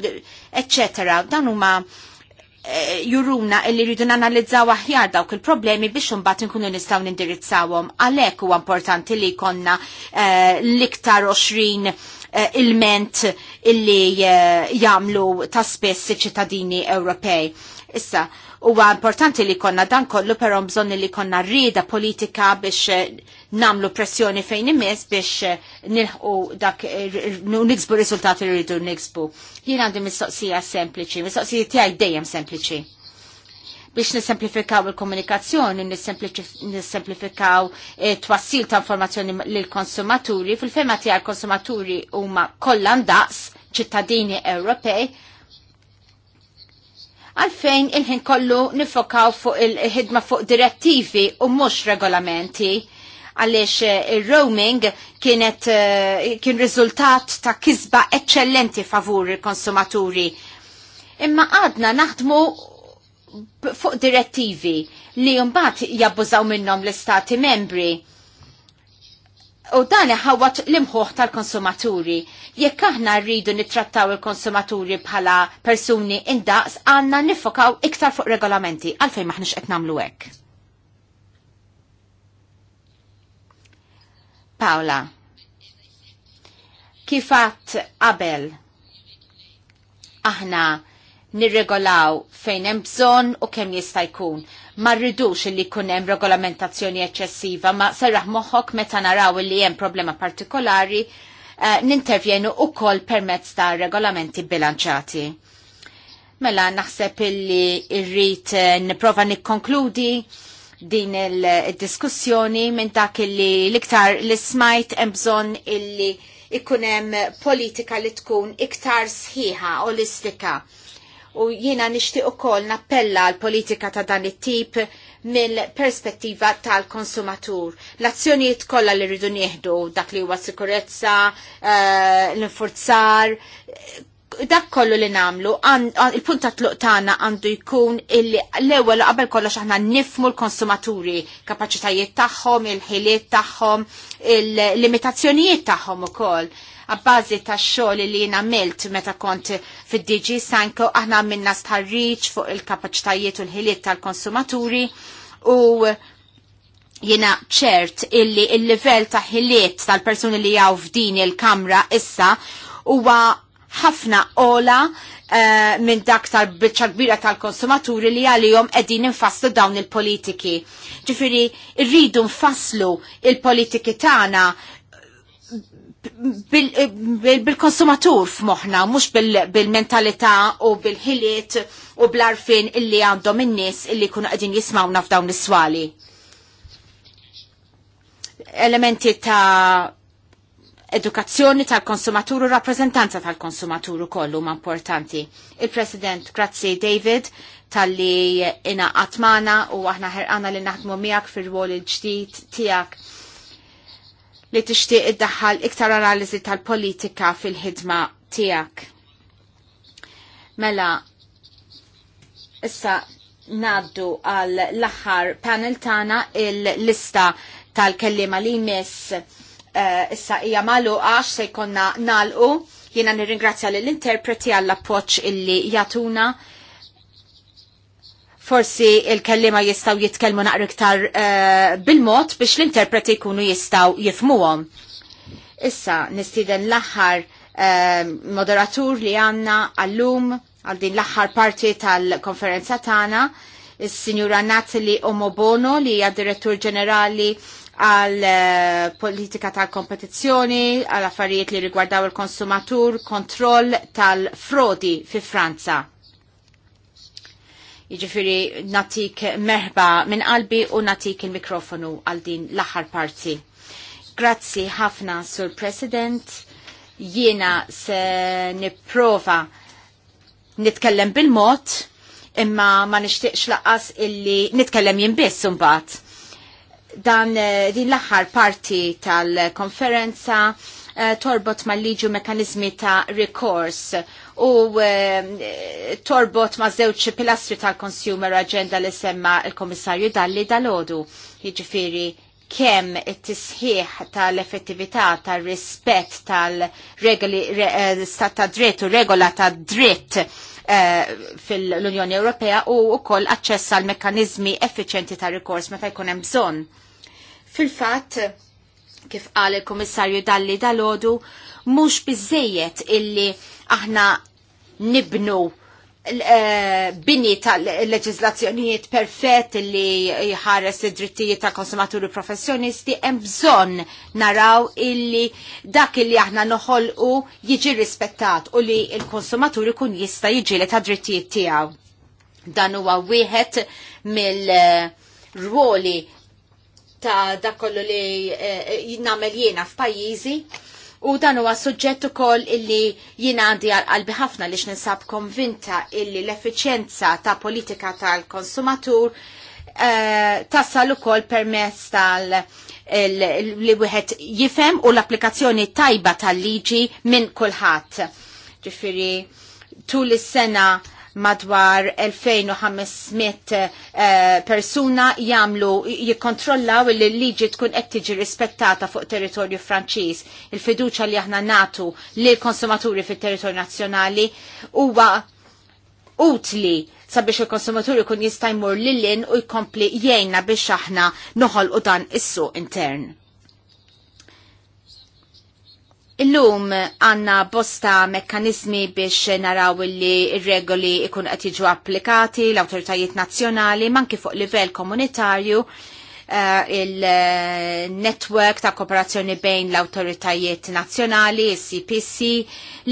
C: eccetera. Dan huma juruna illi rridu nanalizzaw aħjar dawk il-problemi biex imbagħad inkunu nistgħu nindirizzawhom. Għalhekk huwa importanti li jkollna l-iktar 20 Eh, il-ment illi eh, jamlu ta' spess ċittadini Ewropej. Issa, huwa importanti li konna dan kollu però bżonni li konna rrieda politika biex eh, namlu pressjoni fejn imis biex nilħu dak niksbu riżultati li rridu niksbu. Jien għandi mistoqsija sempliċi, mistoqsija tiegħi dejjem sempliċi biex nisemplifikaw il-komunikazzjoni, nisemplifikaw eh, twassil ta' informazzjoni l-konsumaturi, fil-fema tija l-konsumaturi huma kollan daqs ċittadini Ewropej, għalfejn il-ħin kollu nifokaw fuq il-ħidma fuq direttivi u mux regolamenti għaliex eh, il-roaming kienet eh, kien riżultat ta' kisba eccellenti favur il-konsumaturi. Imma għadna naħdmu fuq direttivi li jumbat jabbużaw minnom l-istati membri. U dan ħawat l-imħuħ tal-konsumaturi. Jekk aħna rridu nittrattaw il-konsumaturi bħala persuni indaqs, għanna nifokaw iktar fuq regolamenti. Għalfej maħnix qed namlu hekk. Paola, kifat qabel aħna nirregolaw fejn hemm bżonn u kemm jista' jkun. Ma rridux li jkun hemm regolamentazzjoni eċċessiva, ma serraħ moħħok meta naraw li hemm problema partikolari uh, nintervjenu ukoll permezz ta' regolamenti bilanċati. Mela naħseb illi rrid eh, nipprova nikkonkludi din il-diskussjoni minn dak illi l-iktar li smajt hemm bżonn illi ikunem politika li tkun iktar sħiħa, olistika u jiena nixtieq ukoll nappella l politika ta' dan it-tip mill-perspettiva tal-konsumatur. L-azzjonijiet kollha li rridu nieħdu dak li huwa sikurezza, eh, l-infurzar, dak kollu li namlu, il-punt ta' tluq tagħna għandu jkun illi l-ewwel qabel kollox aħna nifmu l-konsumaturi, kapaċitajiet tagħhom, il-ħiliet tagħhom, il-limitazzjonijiet tagħhom ukoll għabbażi ta' xogħol li jina għamilt meta kont fid-DG Sanko aħna minna starriċ fuq il-kapaċitajiet u l-ħiliet tal-konsumaturi u jiena ċert illi il-livell ta' ħiliet tal-persuni li jaw f'din il-kamra issa huwa ħafna ola uh, minn dak tal-bicċa kbira tal-konsumaturi li għalihom qegħdin infasslu dawn il-politiki. Ġifiri, rridu nfasslu il-politiki tagħna bil-konsumatur f'moħna, mux bil-mentalità u bil-ħiliet u bl-arfin illi għandhom in-nies illi kunu qegħdin jismawna f'dawn is-swali. Elementi ta' edukazzjoni tal-konsumatur u rappresentanza tal-konsumatur kollu ma' importanti. Il-President, grazzi David, tal-li inaqatmana u aħna ħerqana li naħdmu miegħek fir-rwol il-ġdid tiegħek li tixtieq iddaħħal iktar analiżi tal-politika fil-ħidma tiegħek. Mela, issa naddu għal l-aħħar panel tagħna il-lista tal-kellima li jmiss uh, issa hija magħluqa se jkollna nagħlqu. Jiena nirringrazzja lill interpreti għall appoġġ illi jatuna Forsi il-kellima jistaw jitkellmu naqra iktar uh, bil-mod biex l-interpreti jkunu jistaw jifmuhom. Issa nistiden l-aħħar uh, moderatur li għanna għallum għal din l-aħħar parti tal-konferenza tagħna il sinjura Natalie Omobono li hija Direttur Ġenerali għal eh, politika tal kompetizzjoni, għal affarijiet li rigwardaw il-konsumatur, kontroll tal-frodi fi Franza. Jiġifieri natik meħba minn qalbi u natik il-mikrofonu għal din l-aħħar parti. Grazzi ħafna sur President. Jiena se nipprova nitkellem bil-mod imma ma nixtieqx laqas illi nitkellem jien biss imbagħad. Dan eh, din l-aħħar parti tal-konferenza eh, torbot mal-liġu mekanizmi ta' rikors u ehm, torbot ma' żewġ pilastri tal-Consumer Agenda li semma il-Komissarju Dalli dal-ħodu. Jiġifieri kemm it-tisħiħ tal-effettività tal-rispett tal-regoli eh, ta' dritt u regola ta' dritt eh, fil-Unjoni Ewropea u wkoll aċċess għal mekkaniżmi effiċenti ta' rikors meta jkun hemm bżonn. Fil-fatt, kif qal il-Kummissarju Dalli dalodu, mhux biżejjed illi aħna nibnu eh, bini tal-leġizlazzjonijiet perfett li jħares id-drittijiet tal konsumaturi professjonisti, hemm bżonn naraw illi dak li aħna noħolqu jiġi rispettat u li l-konsumatur kun jista' jiġieli ta' drittijiet tiegħu. Dan huwa wieħed mill-ruoli ta' dak kollu li jinnamel eh, jiena f'pajjiżi U dan huwa suġġett ukoll illi jiena għandi għalbi ħafna li ninsab konvinta illi l-effiċjenza ta' politika tal-konsumatur uh, tassal ukoll permezz tal li wieħed jifhem u l-applikazzjoni tajba tal-liġi minn kulħadd. Ġifieri tul is-sena madwar 2500 eh, persuna jamlu jikontrollaw li l-liġi tkun qed tiġi rispettata fuq territorju Franċiż. Il-fiduċa li aħna natu lil konsumaturi fit-territorju nazzjonali huwa utli sabiex il-konsumaturi kun jista' jmur lin u jkompli jgħinna biex aħna noħolqu dan is-suq intern. Illum għanna bosta mekkanizmi biex naraw li regoli ikun qed jiġu applikati l-autoritajiet nazzjonali manki fuq livell komunitarju uh, il-network ta' kooperazzjoni bejn l-autoritajiet nazzjonali, il-CPC,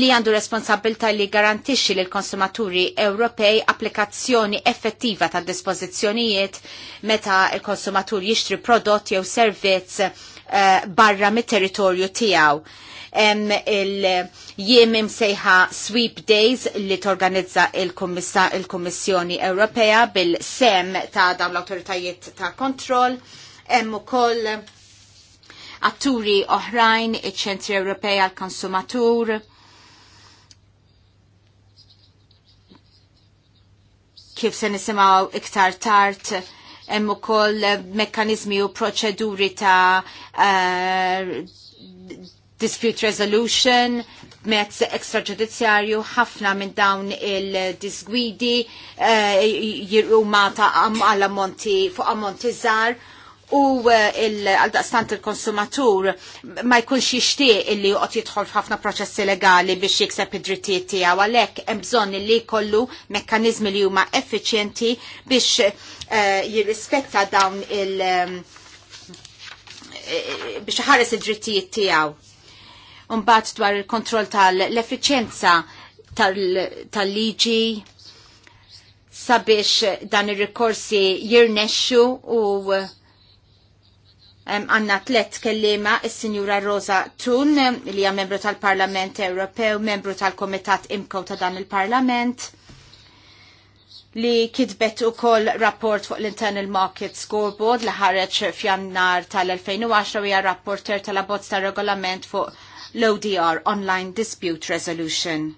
C: li għandu responsabilta li li l konsumaturi Ewropej applikazzjoni effettiva ta' dispożizzjonijiet meta l konsumatur jixtri prodotti jew servizz uh, barra mit-territorju tiegħu il-jiem imsejħa Sweep Days li torganizza il-Kommissjoni il Ewropea bil-sem ta' dawn l-autoritajiet ta' kontroll. Hemm ukoll atturi oħrajn, iċ-Ċentri Ewropea għall konsumatur kif se nisimgħu iktar tard hemm ukoll mekkaniżmi u proċeduri ta' uh, dispute resolution, mezz ekstraġudizzjarju, ħafna minn dawn il-disgwidi uh, eh, jiruma ta' għal-ammonti fuq ammonti zar u eh, għal-daqstant il-konsumatur ma jkunx jixtieq illi għot jidħol f'ħafna proċessi legali biex jikseb id-drittijiet tiegħu għalhekk hemm bżonn illi jkollu mekkaniżmi li huma effiċjenti biex eh, jirrispetta dawn il- biex ħares id-drittijiet tiegħu Umbat dwar il-kontroll tal-efficienza tal-liġi sabiex dan il-rikorsi jirnexxu u għanna tlet kellima il-Sinjura Rosa Tun li hija membru tal-Parlament Ewropew, membru tal-Komitat Imkow ta' dan il-Parlament li kidbet u koll rapport fuq l-Internal Market Scoreboard li ħareġ f'jannar tal-2010 hija rapporter tal-abbozz tal-regolament fuq l-ODR Online Dispute Resolution.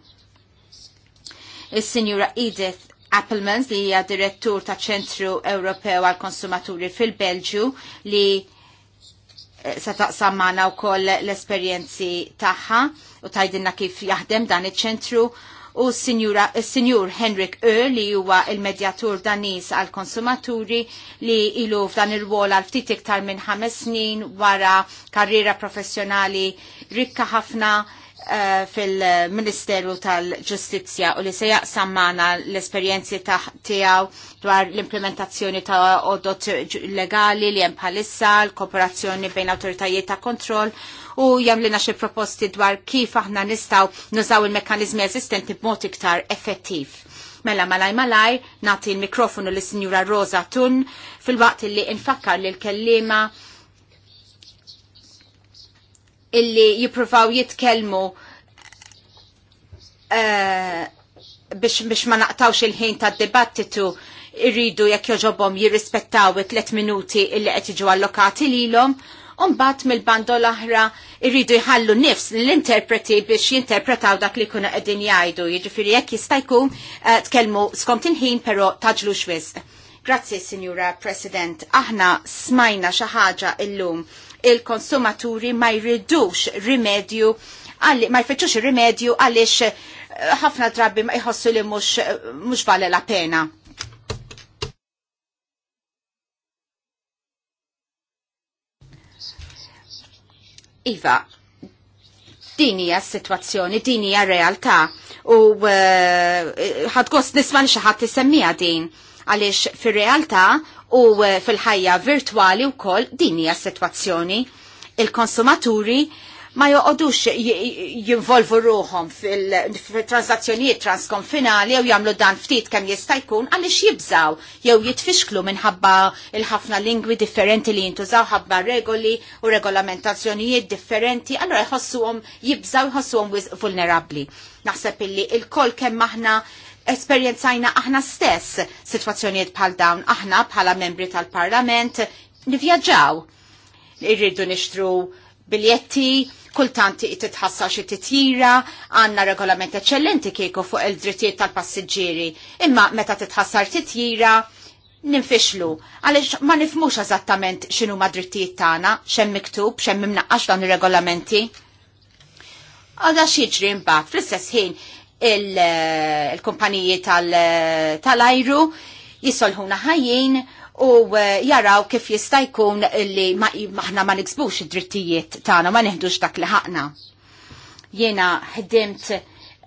C: Is-Sinjura Edith Applemans li hija direttur ta' ċentru Ewropew għal konsumaturi fil belġju li eh, se taqsam magħna wkoll l-esperjenzi tagħha u tajdinna kif jaħdem dan iċ-ċentru u s-Sinjur Henrik Ö li huwa il-medjatur danis għal konsumaturi li ilu f'dan ir-wol għal ftit iktar minn ħames snin wara karriera professjonali rikka ħafna Eh, fil-Ministeru tal-Ġustizzja u li se jaqsam mana l-esperjenzi tiegħu dwar l-implementazzjoni ta' odot legali li hemm bħalissa, l-kooperazzjoni bejn awtoritajiet ta' kontroll u li xi proposti dwar kif aħna nistgħu nużaw il-mekkaniżmi eżistenti b'mod iktar effettiv. Mela malaj malaj nagħti l-mikrofonu lis sinjura Rosa Tun fil-waqt li infakkar li l-kellima illi jipruvaw jitkelmu uh, eh, biex, biex ma naqtawx il-ħin ta' dibattitu irridu jekk joġobhom jirrispettaw it-tlet minuti illi qed jiġu allokati lilhom. Umbat mill-bando l-oħra irridu jħallu nifs l-interpreti biex jinterpretaw dak li kuna qegħdin jgħidu. Jiġifieri jekk jista' jkun uh, tkellmu skont il-ħin però taġlu xwiz. Grazzi, Signora President. Aħna smajna xi ħaġa illum il-konsumaturi ma jridux rimedju għalli, ma jfeċux rimedju għalix eh, ħafna drabi ma jħossu li mux eh, vale la pena. Iva, din hija s-sitwazzjoni, din hija realtà u eh, ħadgost uh, nisma' li xi ħadd din għaliex fir-realtà u eh, fil-ħajja virtuali u kol dinja situazzjoni Il-konsumaturi ma joqodux jinvolvu ruħom fil-transazzjonijiet transkonfinali u jamlu dan ftit kem jista' jkun għaliex jibżaw jew jitfixklu minħabba il-ħafna lingwi differenti li jintużaw ħabba regoli u regolamentazzjonijiet differenti, allora jħossuhom jibżaw jħossuhom vulnerabbli. Naħseb illi il-kol kemm aħna esperjenzajna aħna stess situazzjoniet bħal dawn aħna bħala membri tal-parlament nivjaġġaw. Irridu nixtru biljetti, kultanti titħassa xi titjira, għandna regolament eċċellenti kieku fuq il-drittijiet tal-passiġġieri, imma meta titħassar titjira ninfixlu, għaliex ma nifmux eżattament xinu ma drittijiet tagħna, xemm miktub, xemm imnaqqax dawn ir-regolamenti. Għada xieġri mbagħad fl-istess ħin Eh, il-kumpaniji eh, tal-ajru jisolħuna ħajjin u eh, jaraw kif jista' jkun li maħna ma niksbux id-drittijiet tagħna ma neħdux dak li ħaqna. Jiena ħdimt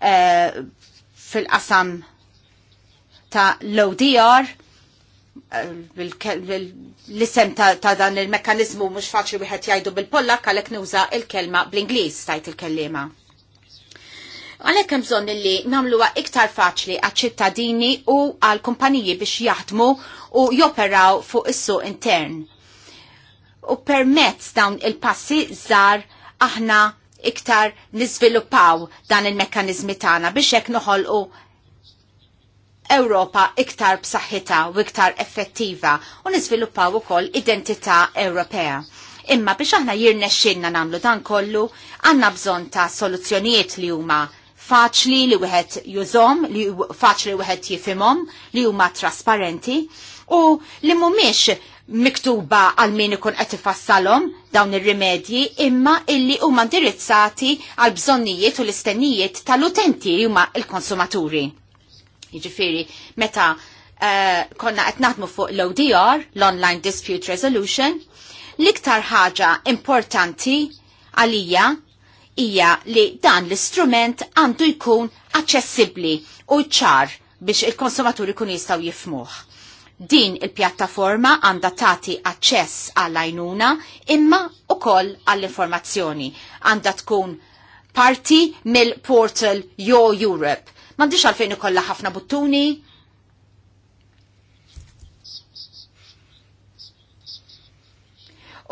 C: fil-qasam ta' l-ODR, l-isem ta' dan il-mekkanizmu mhux faċli wieħed jgħidu bil-Pollak għalhekk nuża il-kelma bl-Ingliż tajt il-kellima. Għalhekk hemm bżonn li nagħmluha iktar faċli għaċ-ċittadini u għal kumpaniji biex jaħdmu u joperaw fuq is-suq intern. U permezz dawn il-passi żgħar aħna iktar niżviluppaw dan il-mekkaniżmi tagħna biex hekk noħolqu Ewropa iktar b'saħħitha u iktar effettiva u niżviluppaw ukoll identità Ewropea. Imma biex aħna jirnexxinna nagħmlu dan kollu, għandna bżonn ta' soluzzjonijiet li huma faċli li wieħed jużom, li faċli wieħed jifimhom, li huma trasparenti u li mhumiex miktuba għal min ikun qed ifassalhom dawn ir-rimedji imma illi huma indirizzati għal bżonnijiet u l-istennijiet tal-utenti li huma l-konsumaturi. Jiġifieri meta uh, konna qed naħdmu fuq l-ODR, l-Online Dispute Resolution, l-iktar ħaġa importanti għalija hija li dan l-istrument għandu jkun aċċessibbli u ċar biex il-konsumaturi kun jistaw jifmuħ. Din il-pjattaforma għanda tati aċċess għall ajnuna imma u koll għall-informazzjoni. Għanda tkun parti mill-portal Your Europe. Mandiċ għalfejn ikolla ħafna buttuni,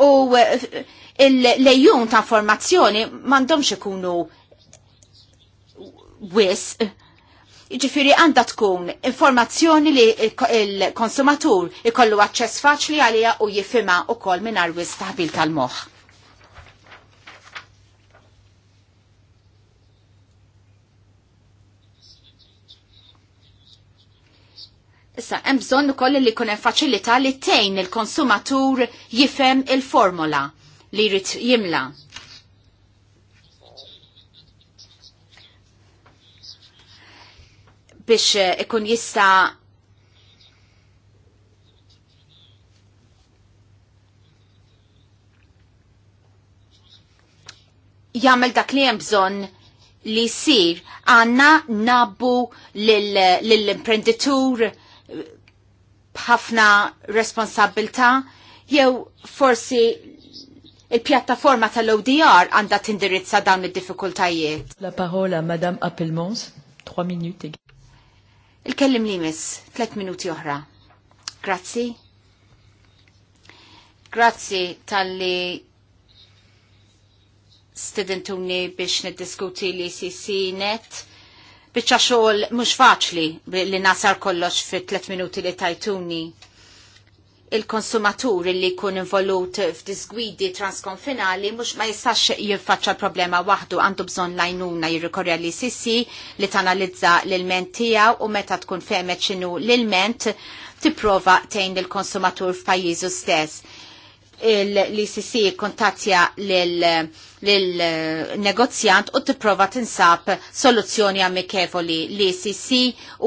C: u il-lejjun ta' formazzjoni mandomx ikunu wis. Ġifiri għanda tkun informazzjoni li il-konsumatur ikollu għacċess faċli għalija u jifima u kol minn arwis taħbil tal-moħ. Issa, hemm bżonn ukoll li kunem hemm faċilità li tejn il-konsumatur jifhem il-formola li rrit jimla. biex eh, ikun jista' jammel dak li hemm bżonn li jsir għanna nabbu lill-imprenditur b'ħafna responsabilta jew forsi il-pjattaforma tal-ODR għandha tindirizza dawn id-diffikultajiet. La parola Madame Appelmons, 3 minuti. Il-kellim li miss, 3 minuti oħra. Grazzi. Grazzi tal-li stidentuni biex niddiskuti li CC net. Bicċa xogħol mhux faċli li nasar kollox fi 3 minuti li tajtuni il konsumaturi li jkun involut f'disgwidi transkonfinali mhux ma jistax jiffaċċa problema waħdu għandu bżonn lajnuna jirrikorja li sissi li tanalizza l-ilment tiegħu u meta tkun femet x'inhu l-ilment tipprova tgħin il konsumatur f'pajjiżu stess. L-ICC kontatja l-negozjant u tipprova tinsab soluzzjoni amikevoli. L-ICC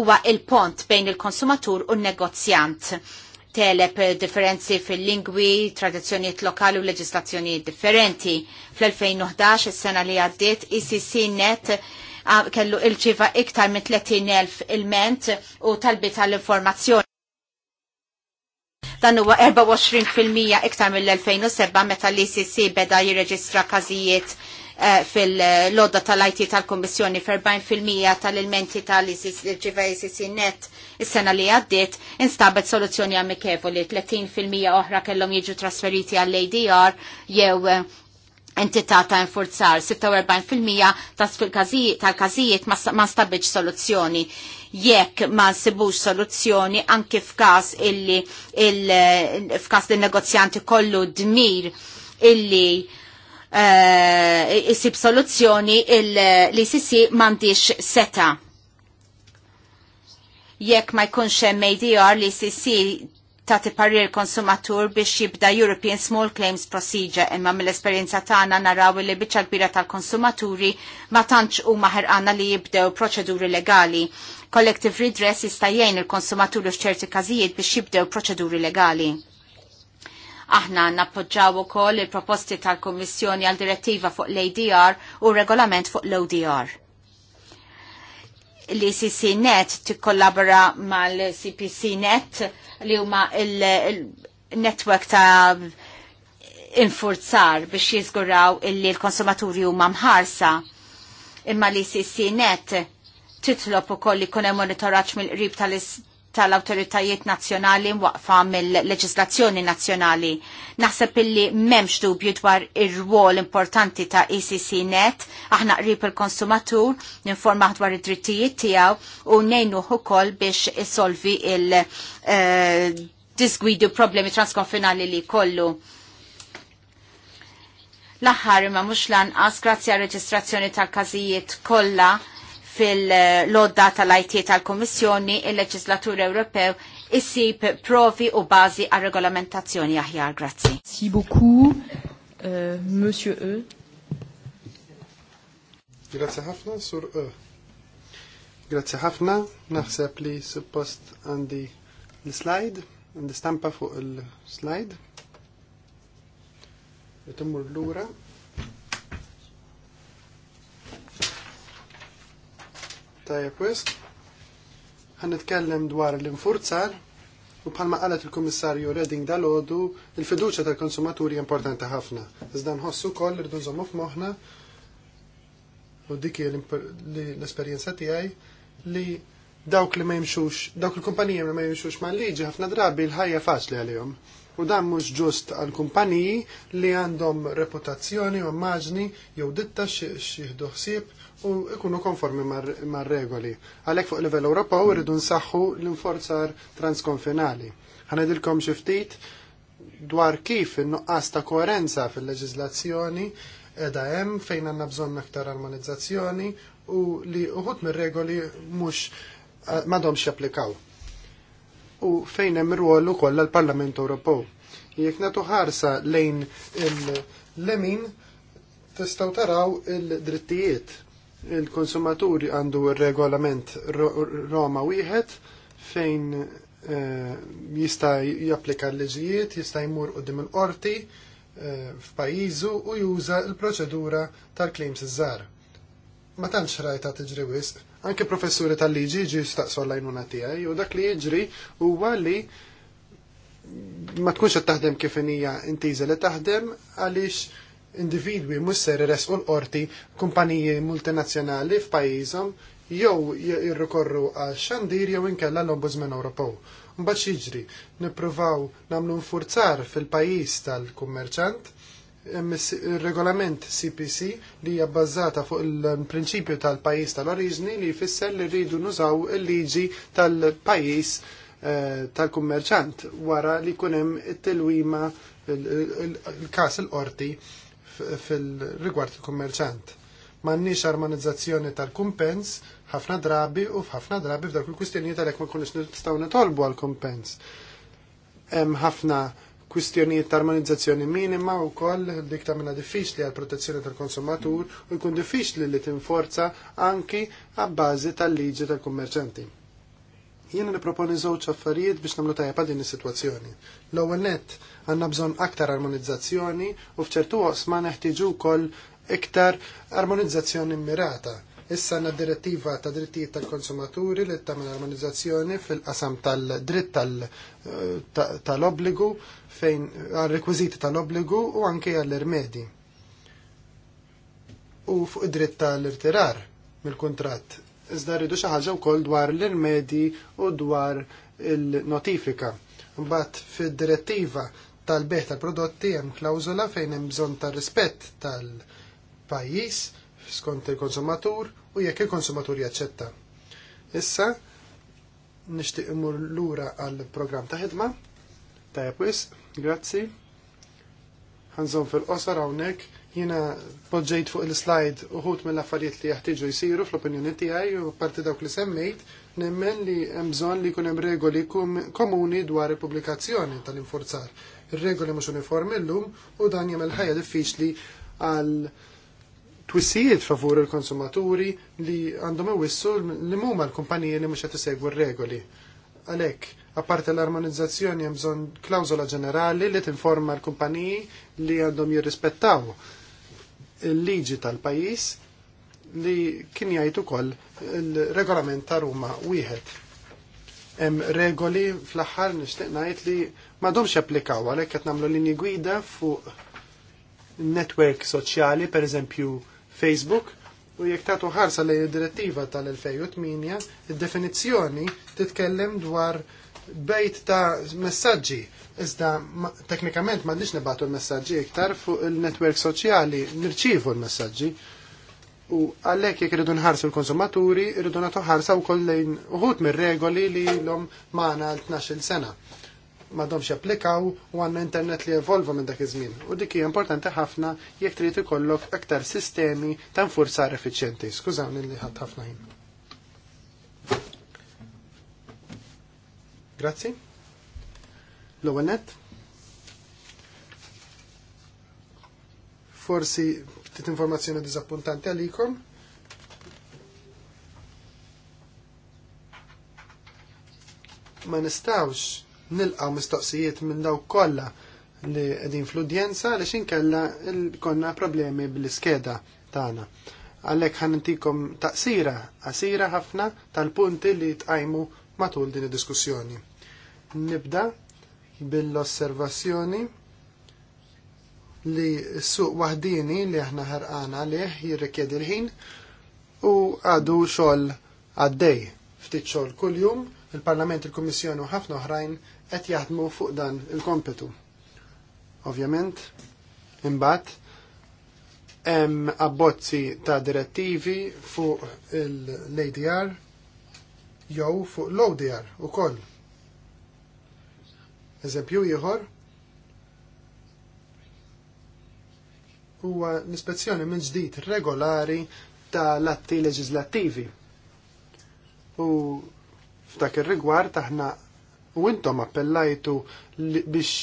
C: huwa il-pont bejn il-konsumatur u n-negozjant telep differenzi fil-lingwi, tradizzjonijiet lokali u leġislazzjonijiet differenti. Fl-2011, is-sena li għaddiet, ICC e net kellu ġiva iktar minn 30.000 il-ment u talbi tal-informazzjoni. Dan huwa 24% iktar mill-2007 meta l-ICC e beda jirreġistra każijiet Eh, fil-lodda tal-IT tal-Kommissjoni fil-40% tal-ilmenti tal-ISIS net is-sena li għaddiet instabet soluzzjoni amikevoli 30% oħra kellhom jiġu trasferiti għall-ADR jew eh, entità ta' infurzar 46% tal-każijiet ma stabiċ soluzzjoni jekk ma nsibux soluzzjoni anki f'każ illi f'każ li negozjanti kollu dmir illi Eh, isib soluzzjoni li sissi mandiċ seta. Jekk ma jkunx hemm ADR li sissi tati l e konsumatur biex jibda European Small Claims Procedure imma mill-esperienza tagħna naraw li biċċa kbira tal-konsumaturi ma tantx huma ħerqana li jibdew proċeduri legali. Collective redress jista' jgħin il-konsumaturi f'ċerti każijiet biex jibdew proċeduri legali. Aħna nappoġġaw ukoll il-proposti tal-Kummissjoni għal direttiva fuq l-ADR u regolament fuq l-ODR. L-ICC Net tikkollabora mal-CPC Net li huma il-network ta' infurzar biex jizguraw illi l-konsumaturi huma mħarsa imma l icc net titlob ukoll li jkun hemm monitoraġġ mill-qrib tal-is tal-autoritajiet nazzjonali waqfa mill-leġislazzjoni nazzjonali. Naħseb illi memx dubju dwar ir-rwol importanti ta' ECC net, aħna qrib il-konsumatur, ninforma dwar id-drittijiet tiegħu u nejnu ukoll biex isolvi il-disgwidu eh, problemi transkonfinali li kollu l-aħħar imma mhux lanqas grazzi għal reġistrazzjoni tal-każijiet kollha fil-lodda tal ajtie tal-Komissjoni il-Leġislatur Ewropew issib provi u bazi għal regolamentazzjoni aħjar. Grazzi. Si
B: beaucoup, uh, Monsieur E.
A: Grazie ħafna, Sur E. Grazie ħafna, naħseb li suppost għandi l-slide, għandi stampa fuq l-slide. Jtumur l ura Tajja kwest. Għan nitkellem dwar l-infurzar u bħalma qalet il-Kummissarju Redding dal-ħodu il-fiduċa tal-konsumaturi importanti ħafna. Iżda nħossu koll irdu nżommu f'moħħna u dikki l-esperjenza tiegħi li dawk li ma jimxux, dawk il-kumpaniji li ma jimxux mal-liġi ħafna drabi l-ħajja faċli għalihom. U dan mhux ġust għal kumpaniji li għandhom reputazzjoni u immaġni jew ditta xieħdu ħsieb u ikunu konformi mar regoli. Għalhekk fuq livell u rridu nsaħħu l-inforzar transkonfinali. Ħanedilkom xi ftit dwar kif in-nuqqas ta' koerenza fil-leġiżlazzjoni edha hemm fejn għandna bżonn aktar armonizzazzjoni u li uħud mir-regoli mhux eh, m'għadhomx japplikaw. U fejn hemm ir-rwol ukoll għall-Parlament Ewropew. Jekk nagħtu ħarsa lejn il-lemin tistgħu taraw il-drittijiet il-konsumaturi għandu regolament Roma wieħed fejn eh, jista japplika l-leġijiet, jista jmur qudiem il-qorti eh, f'pajjiżu u juża l-proċedura tal-claims iż-żar. Ma tantx rajta tiġri wisq, anke professuri tal-liġi ġi staqsu l-għajnuna tiegħi u dak li jiġri huwa li ma tkunx qed taħdem kif hija intiża li taħdem għaliex individwi mhux ser iresqu l-qorti kumpaniji multinazzjonali f'pajjiżhom jew jirrikorru għal xandir jew inkella l-Ombudsman Ewropew. Mbagħad xiġri nippruvaw nagħmlu nfurzar fil-pajjiż tal-kummerċant regolament CPC li hija bbażata fuq il-prinċipju tal-pajjiż tal-oriġni li jfisser li rridu nużaw il-liġi tal-pajjiż eh, tal-kummerċant wara li kunem it-tilwima il każ il-qorti fil-rigward il-kummerċant. M'għandniex armonizzazzjoni tal-kumpens ħafna drabi u f'ħafna drabi f'dak il kustjonijiet għalhekk ma kunnix nistaw netolbu għall-kumpens. Hemm ħafna kwistjonijiet ta' armonizzazzjoni minima u koll dik ta' diffiċli għal protezzjoni tal-konsumatur u jkun diffiċli li tinforza anki għabbażi tal-liġi tal-kummerċanti jiena niproponi żewġ affarijiet biex nagħmlu tajjeb pa' din is-sitwazzjoni. L-ewwel net għanna bżonn aktar armonizzazzjoni u f'ċertu osma neħtieġu wkoll iktar armonizzazzjoni mirata. Issa għanna direttiva ta' drittijiet tal-konsumaturi li tagħmel armonizzazzjoni fil-qasam tal-dritt eh, tal-obbligu fejn għal-rekwiżiti tal-obbligu u anke għall-irmedi. U fuq id-dritt tal-irtirar mill-kuntratt iżda rridu xi ħaġa wkoll dwar l-irmedi u dwar il-notifika. Mbagħad fid-direttiva tal-beħ tal-prodotti hemm klawżola fejn hemm bżonn tar rispett tal-pajjiż skont il-konsumatur u jekk il-konsumatur jaċċetta. Issa nixtieq imur lura għal programm ta' ħidma. Tajab wis, grazzi. Ħanżon fil-qosar hawnhekk jiena poġġejt fuq il-slide uħut mill-affarijiet li jaħtiġu jsiru fl-opinjoni tiegħi u parti dawk li semmejt nemmen li hemm bżonn li jkun hemm regoli komuni dwar il-pubblikazzjoni tal-infurzar ir-regoli mhux uniformi l-lum u dan jagħmel ħajja diffiċli għal twissijiet favur il-konsumaturi li għandhom iwissu li mumma l-kumpaniji li mhux qed isegwu r-regoli. Għalhekk, għaparte l-armonizzazzjoni hemm bżonn klawżola ġenerali li tinforma l-kumpaniji li għandhom jirrispettaw il-liġi tal-pajjiż li kien jgħid ukoll il-regolament ta' Ruma wieħed hemm regoli fl-aħħar nixtieq ngħid li m'għadhomx japplikaw għalhekk qed nagħmlu linji gwida fuq netwerk soċjali, pereżempju Facebook, u jekk tagħtu ħarsa lejn id-direttiva tal-2008, id-definizzjoni titkellem dwar bejt ta' messaġġi. Iżda teknikament m'għandix nibagħtu l-messaġġi iktar fuq il-netwerk soċjali nirċievu l-messaġġi U għallek jek rridu nħarsu l-konsumaturi, rridu natu ħarsa u kollin uħut mir regoli li l-om maħna l-12 sena. Madomx applikaw u għanna internet li evolva minn dak iż-żmien. U dik hija importanti ħafna jekk trid ikollok aktar sistemi ta' nfurzar effiċjenti. Skużawni li ħadd ħafna jim. Grazzi. L-ewwel net. Forsi ftit informazzjoni diżappuntanti għalikom. Ma nistawx nilqaw mistoqsijiet minn daw kollha li qegħdin fl-udjenza għaliex inkella konna problemi bl-iskeda tagħna. Għalhekk ħanintikom taqsira qasira ħafna tal-punti li tqajmu matul din id-diskussjoni. Nibda bil-osservazzjoni li suq wahdini li aħna ħarqana liħ jirrikjedi il ħin u għadu xol għaddej. Ftit xol kull-jum, il-Parlament, il komissjoni u ħafna oħrajn qed jaħdmu fuq dan il-kompetu. Ovvjament, imbagħad hemm abbozzi ta' direttivi fuq l-ADR jew fuq l-ODR ukoll. Eżempju ieħor huwa l-ispezzjoni minn ġdid regolari ta' latti atti leġislattivi. U f'dak ir-rigward aħna u intom appellajtu biex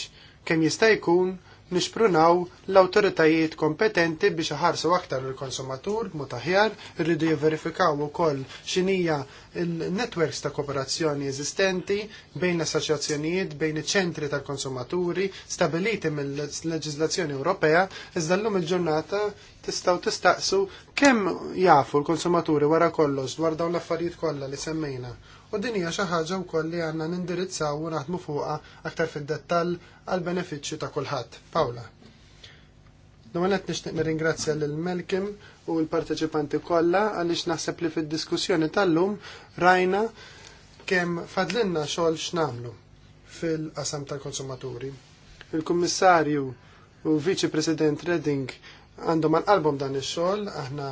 A: kemm jista' jkun nisprunaw l-autoritajiet kompetenti biex ħarsu aktar il-konsumatur b'mod aħjar, irridu jivverifikaw ukoll x'inija il-networks ta' kooperazzjoni eżistenti bejn assoċjazzjonijiet, bejn iċ-ċentri tal-konsumaturi stabiliti mill leġizlazzjoni Ewropea, iżda llum il-ġurnata tistgħu tistaqsu kemm jafu l-konsumaturi wara kollox dwar dawn l-affarijiet kollha li semmejna u din hija xi ħaġa wkoll li għandna nindirizzaw u naħdmu fuqha aktar fid-dettall għal benefiċċju ta' kulħadd. Pawla. l qed nixtieq nirringrazzja lil Melkim u l-parteċipanti kollha għaliex naħseb li fid-diskussjoni tal-lum rajna kemm fadlinna xogħol x'namlu fil-qasam tal-konsumaturi. Il-Kummissarju u Viċi President Redding għandhom għal album dan ix-xogħol, aħna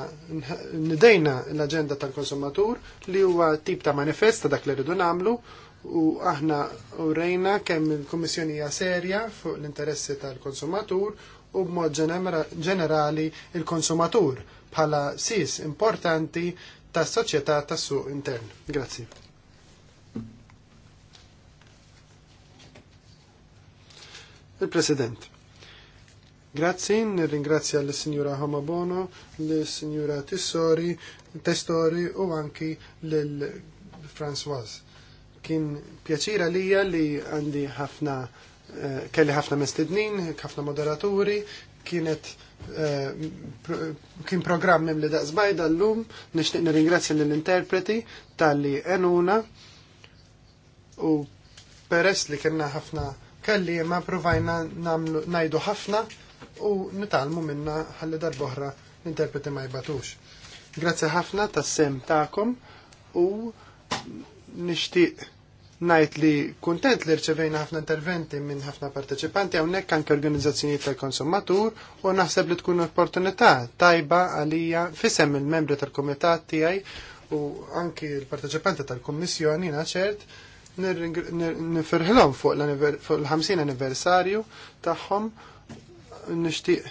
A: nidejna l-aġenda tal-konsumatur li huwa tip ta' manifest ta' dak li rridu nagħmlu u aħna urejna kemm il-Kummissjoni hija serja fuq l-interessi tal-konsumatur u b'mod ġenerali il-konsumatur bħala sis importanti tas soċjetà tas-suq intern. Grazzi. Il-President. Grazzi, nirringrazzja la signora Homabono, la sinjura Tissori, Testori u anki il françois Kien pjaċira lija li għandi ħafna, eh, kelli ħafna mestednin, ħafna moderaturi, kienet eh, pro, kien programm li daqsbajda l-lum, nishtiq nirringrazzja l-interpreti tal-li enuna u peress li kienna ħafna kelli ma provajna najdu ħafna u nitalmu minna ħalli darboħra l-interpreti ma jbatux. Grazzi ħafna tas-sem ta'kom u nixtieq najt li kontent li rċevejna ħafna interventi minn ħafna parteċipanti hawnhekk anke organizzazzjonijiet tal-konsumatur u naħseb li tkun opportunità tajba għalija fisem il-membri tal-kumitat tiegħi u anki l-parteċipanti tal-kummissjoni naċert nifirħilhom fuq l-50 anniversarju tagħhom nixtieq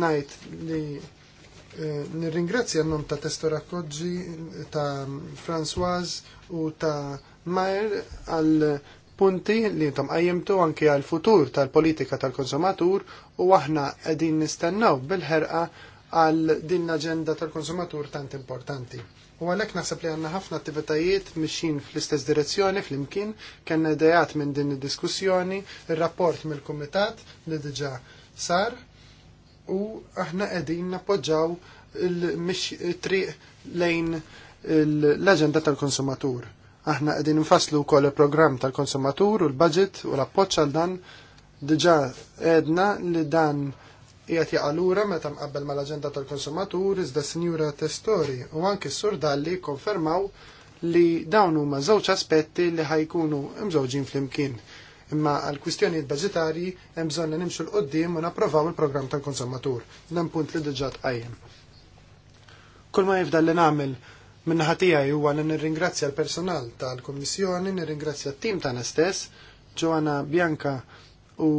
A: ngħid li eh, nirringrazzja n-nom ta' Testo Rakkoġġi, ta' Françoise u ta' Mayer għal punti li intom għajjimtu anki għal futur tal-politika tal-konsumatur u aħna għedin nistennaw bil-ħerqa għal din l-agenda tal-konsumatur tant importanti. U għalek naħseb li għanna ħafna attivitajiet mixin fl-istess direzzjoni fl-imkien, kena idejat minn din id-diskussjoni, il-rapport mill-komitat li diġa sar u aħna qegħdin nappoġġaw il-triq lejn l-aġenda tal-konsumatur. Aħna qegħdin nfasslu wkoll il-programm tal-konsumatur u l-budget u l-appoġġ għal dan diġà għedna li dan qiegħed jaqalura meta mqabbel mal-aġenda tal-konsumatur iżda Sinjura Testori u anke s-Sur Dalli konfermaw li dawn huma żewġ aspetti li ħajkunu mżewġin flimkien Imma għal kwistjonijiet budġetarji hemm bżonn nimxu l qoddim u napprovaw il-programm tal-konsumatur. Nem punt li diġà tqajjem. Kull ma jifdal li nagħmel minnaħa tiegħi huwa li nirringrazzja l-personal tal-Kummissjoni, nirringrazzja t-tim tagħna stess, Ġoana Bianca u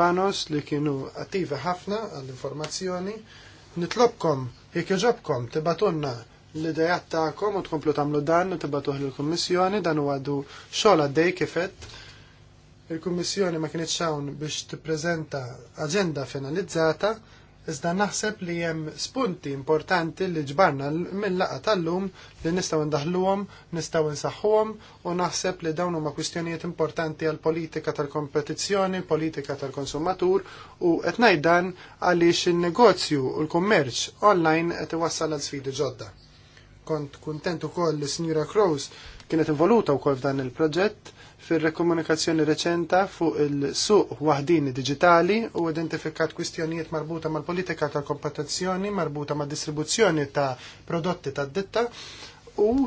A: Panos li kienu attivi ħafna għall-informazzjoni. Nitlobkom, jekk jġobkom, tibatunna l-idejat ta'kom u tkomplu tamlu dan u tibatuħ l kummissjoni dan u għadu xogħol għaddej kifet il-Kummissjoni ma kienet hawn biex tippreżenta aġenda finalizzata, iżda naħseb li hemm spunti importanti li ġbarna mill-laqa tal-lum li nistgħu ndaħluhom, nistgħu nsaħħuhom u naħseb li dawn huma kwistjonijiet importanti għal politika tal-kompetizzjoni, politika tal-konsumatur u qed ngħid dan għaliex in-negozju u l-kummerċ online qed iwassal għal sfidi ġodda kont kuntent ukoll li Sinjura Crows kienet involuta wkoll f'dan il-proġett fil rekomunikazzjoni reċenta fuq il-suq wahdin digitali u identifikat kwistjonijiet marbuta mal-politika ta' kompetizzjoni, marbuta ma' distribuzzjoni ta' prodotti ta' ditta u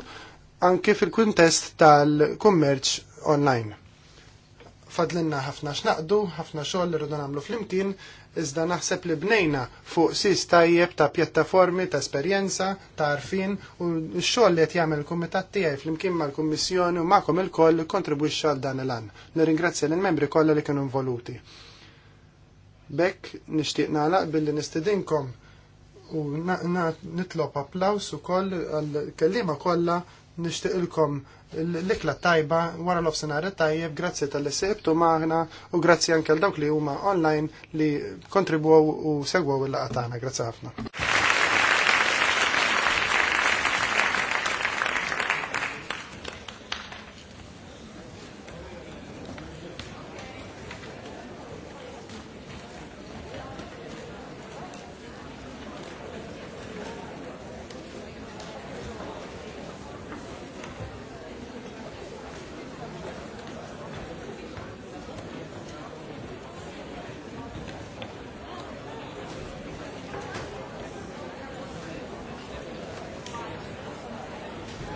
A: anke fil-kuntest tal-kummerċ online. Fadlinna ħafna x'naqdu, ħafna xogħol li rridu nagħmlu flimkien, iżda naħseb li bnejna fuq sis tajjeb ta' pjattaformi, ta' esperjenza, ta' arfin u x-xogħol li qed jagħmel il-kumitat tiegħi flimkien mal-Kummissjoni u magħkom il-koll kontribwixxa għal dan il-għan. Nirringrazzja lill-membri kollha li kienu involuti. Bekk nixtieq nagħlaq billi nistidinkom u nitlob applaus ukoll għall-kellima kollha nixtieq ilkom l-ikla tajba wara l-ofsenar tajjeb, grazzi tal-sebtu maħna u grazzi anke l-dawk li huma online li kontribuw u segwaw il-laqatana. Grazzi ħafna.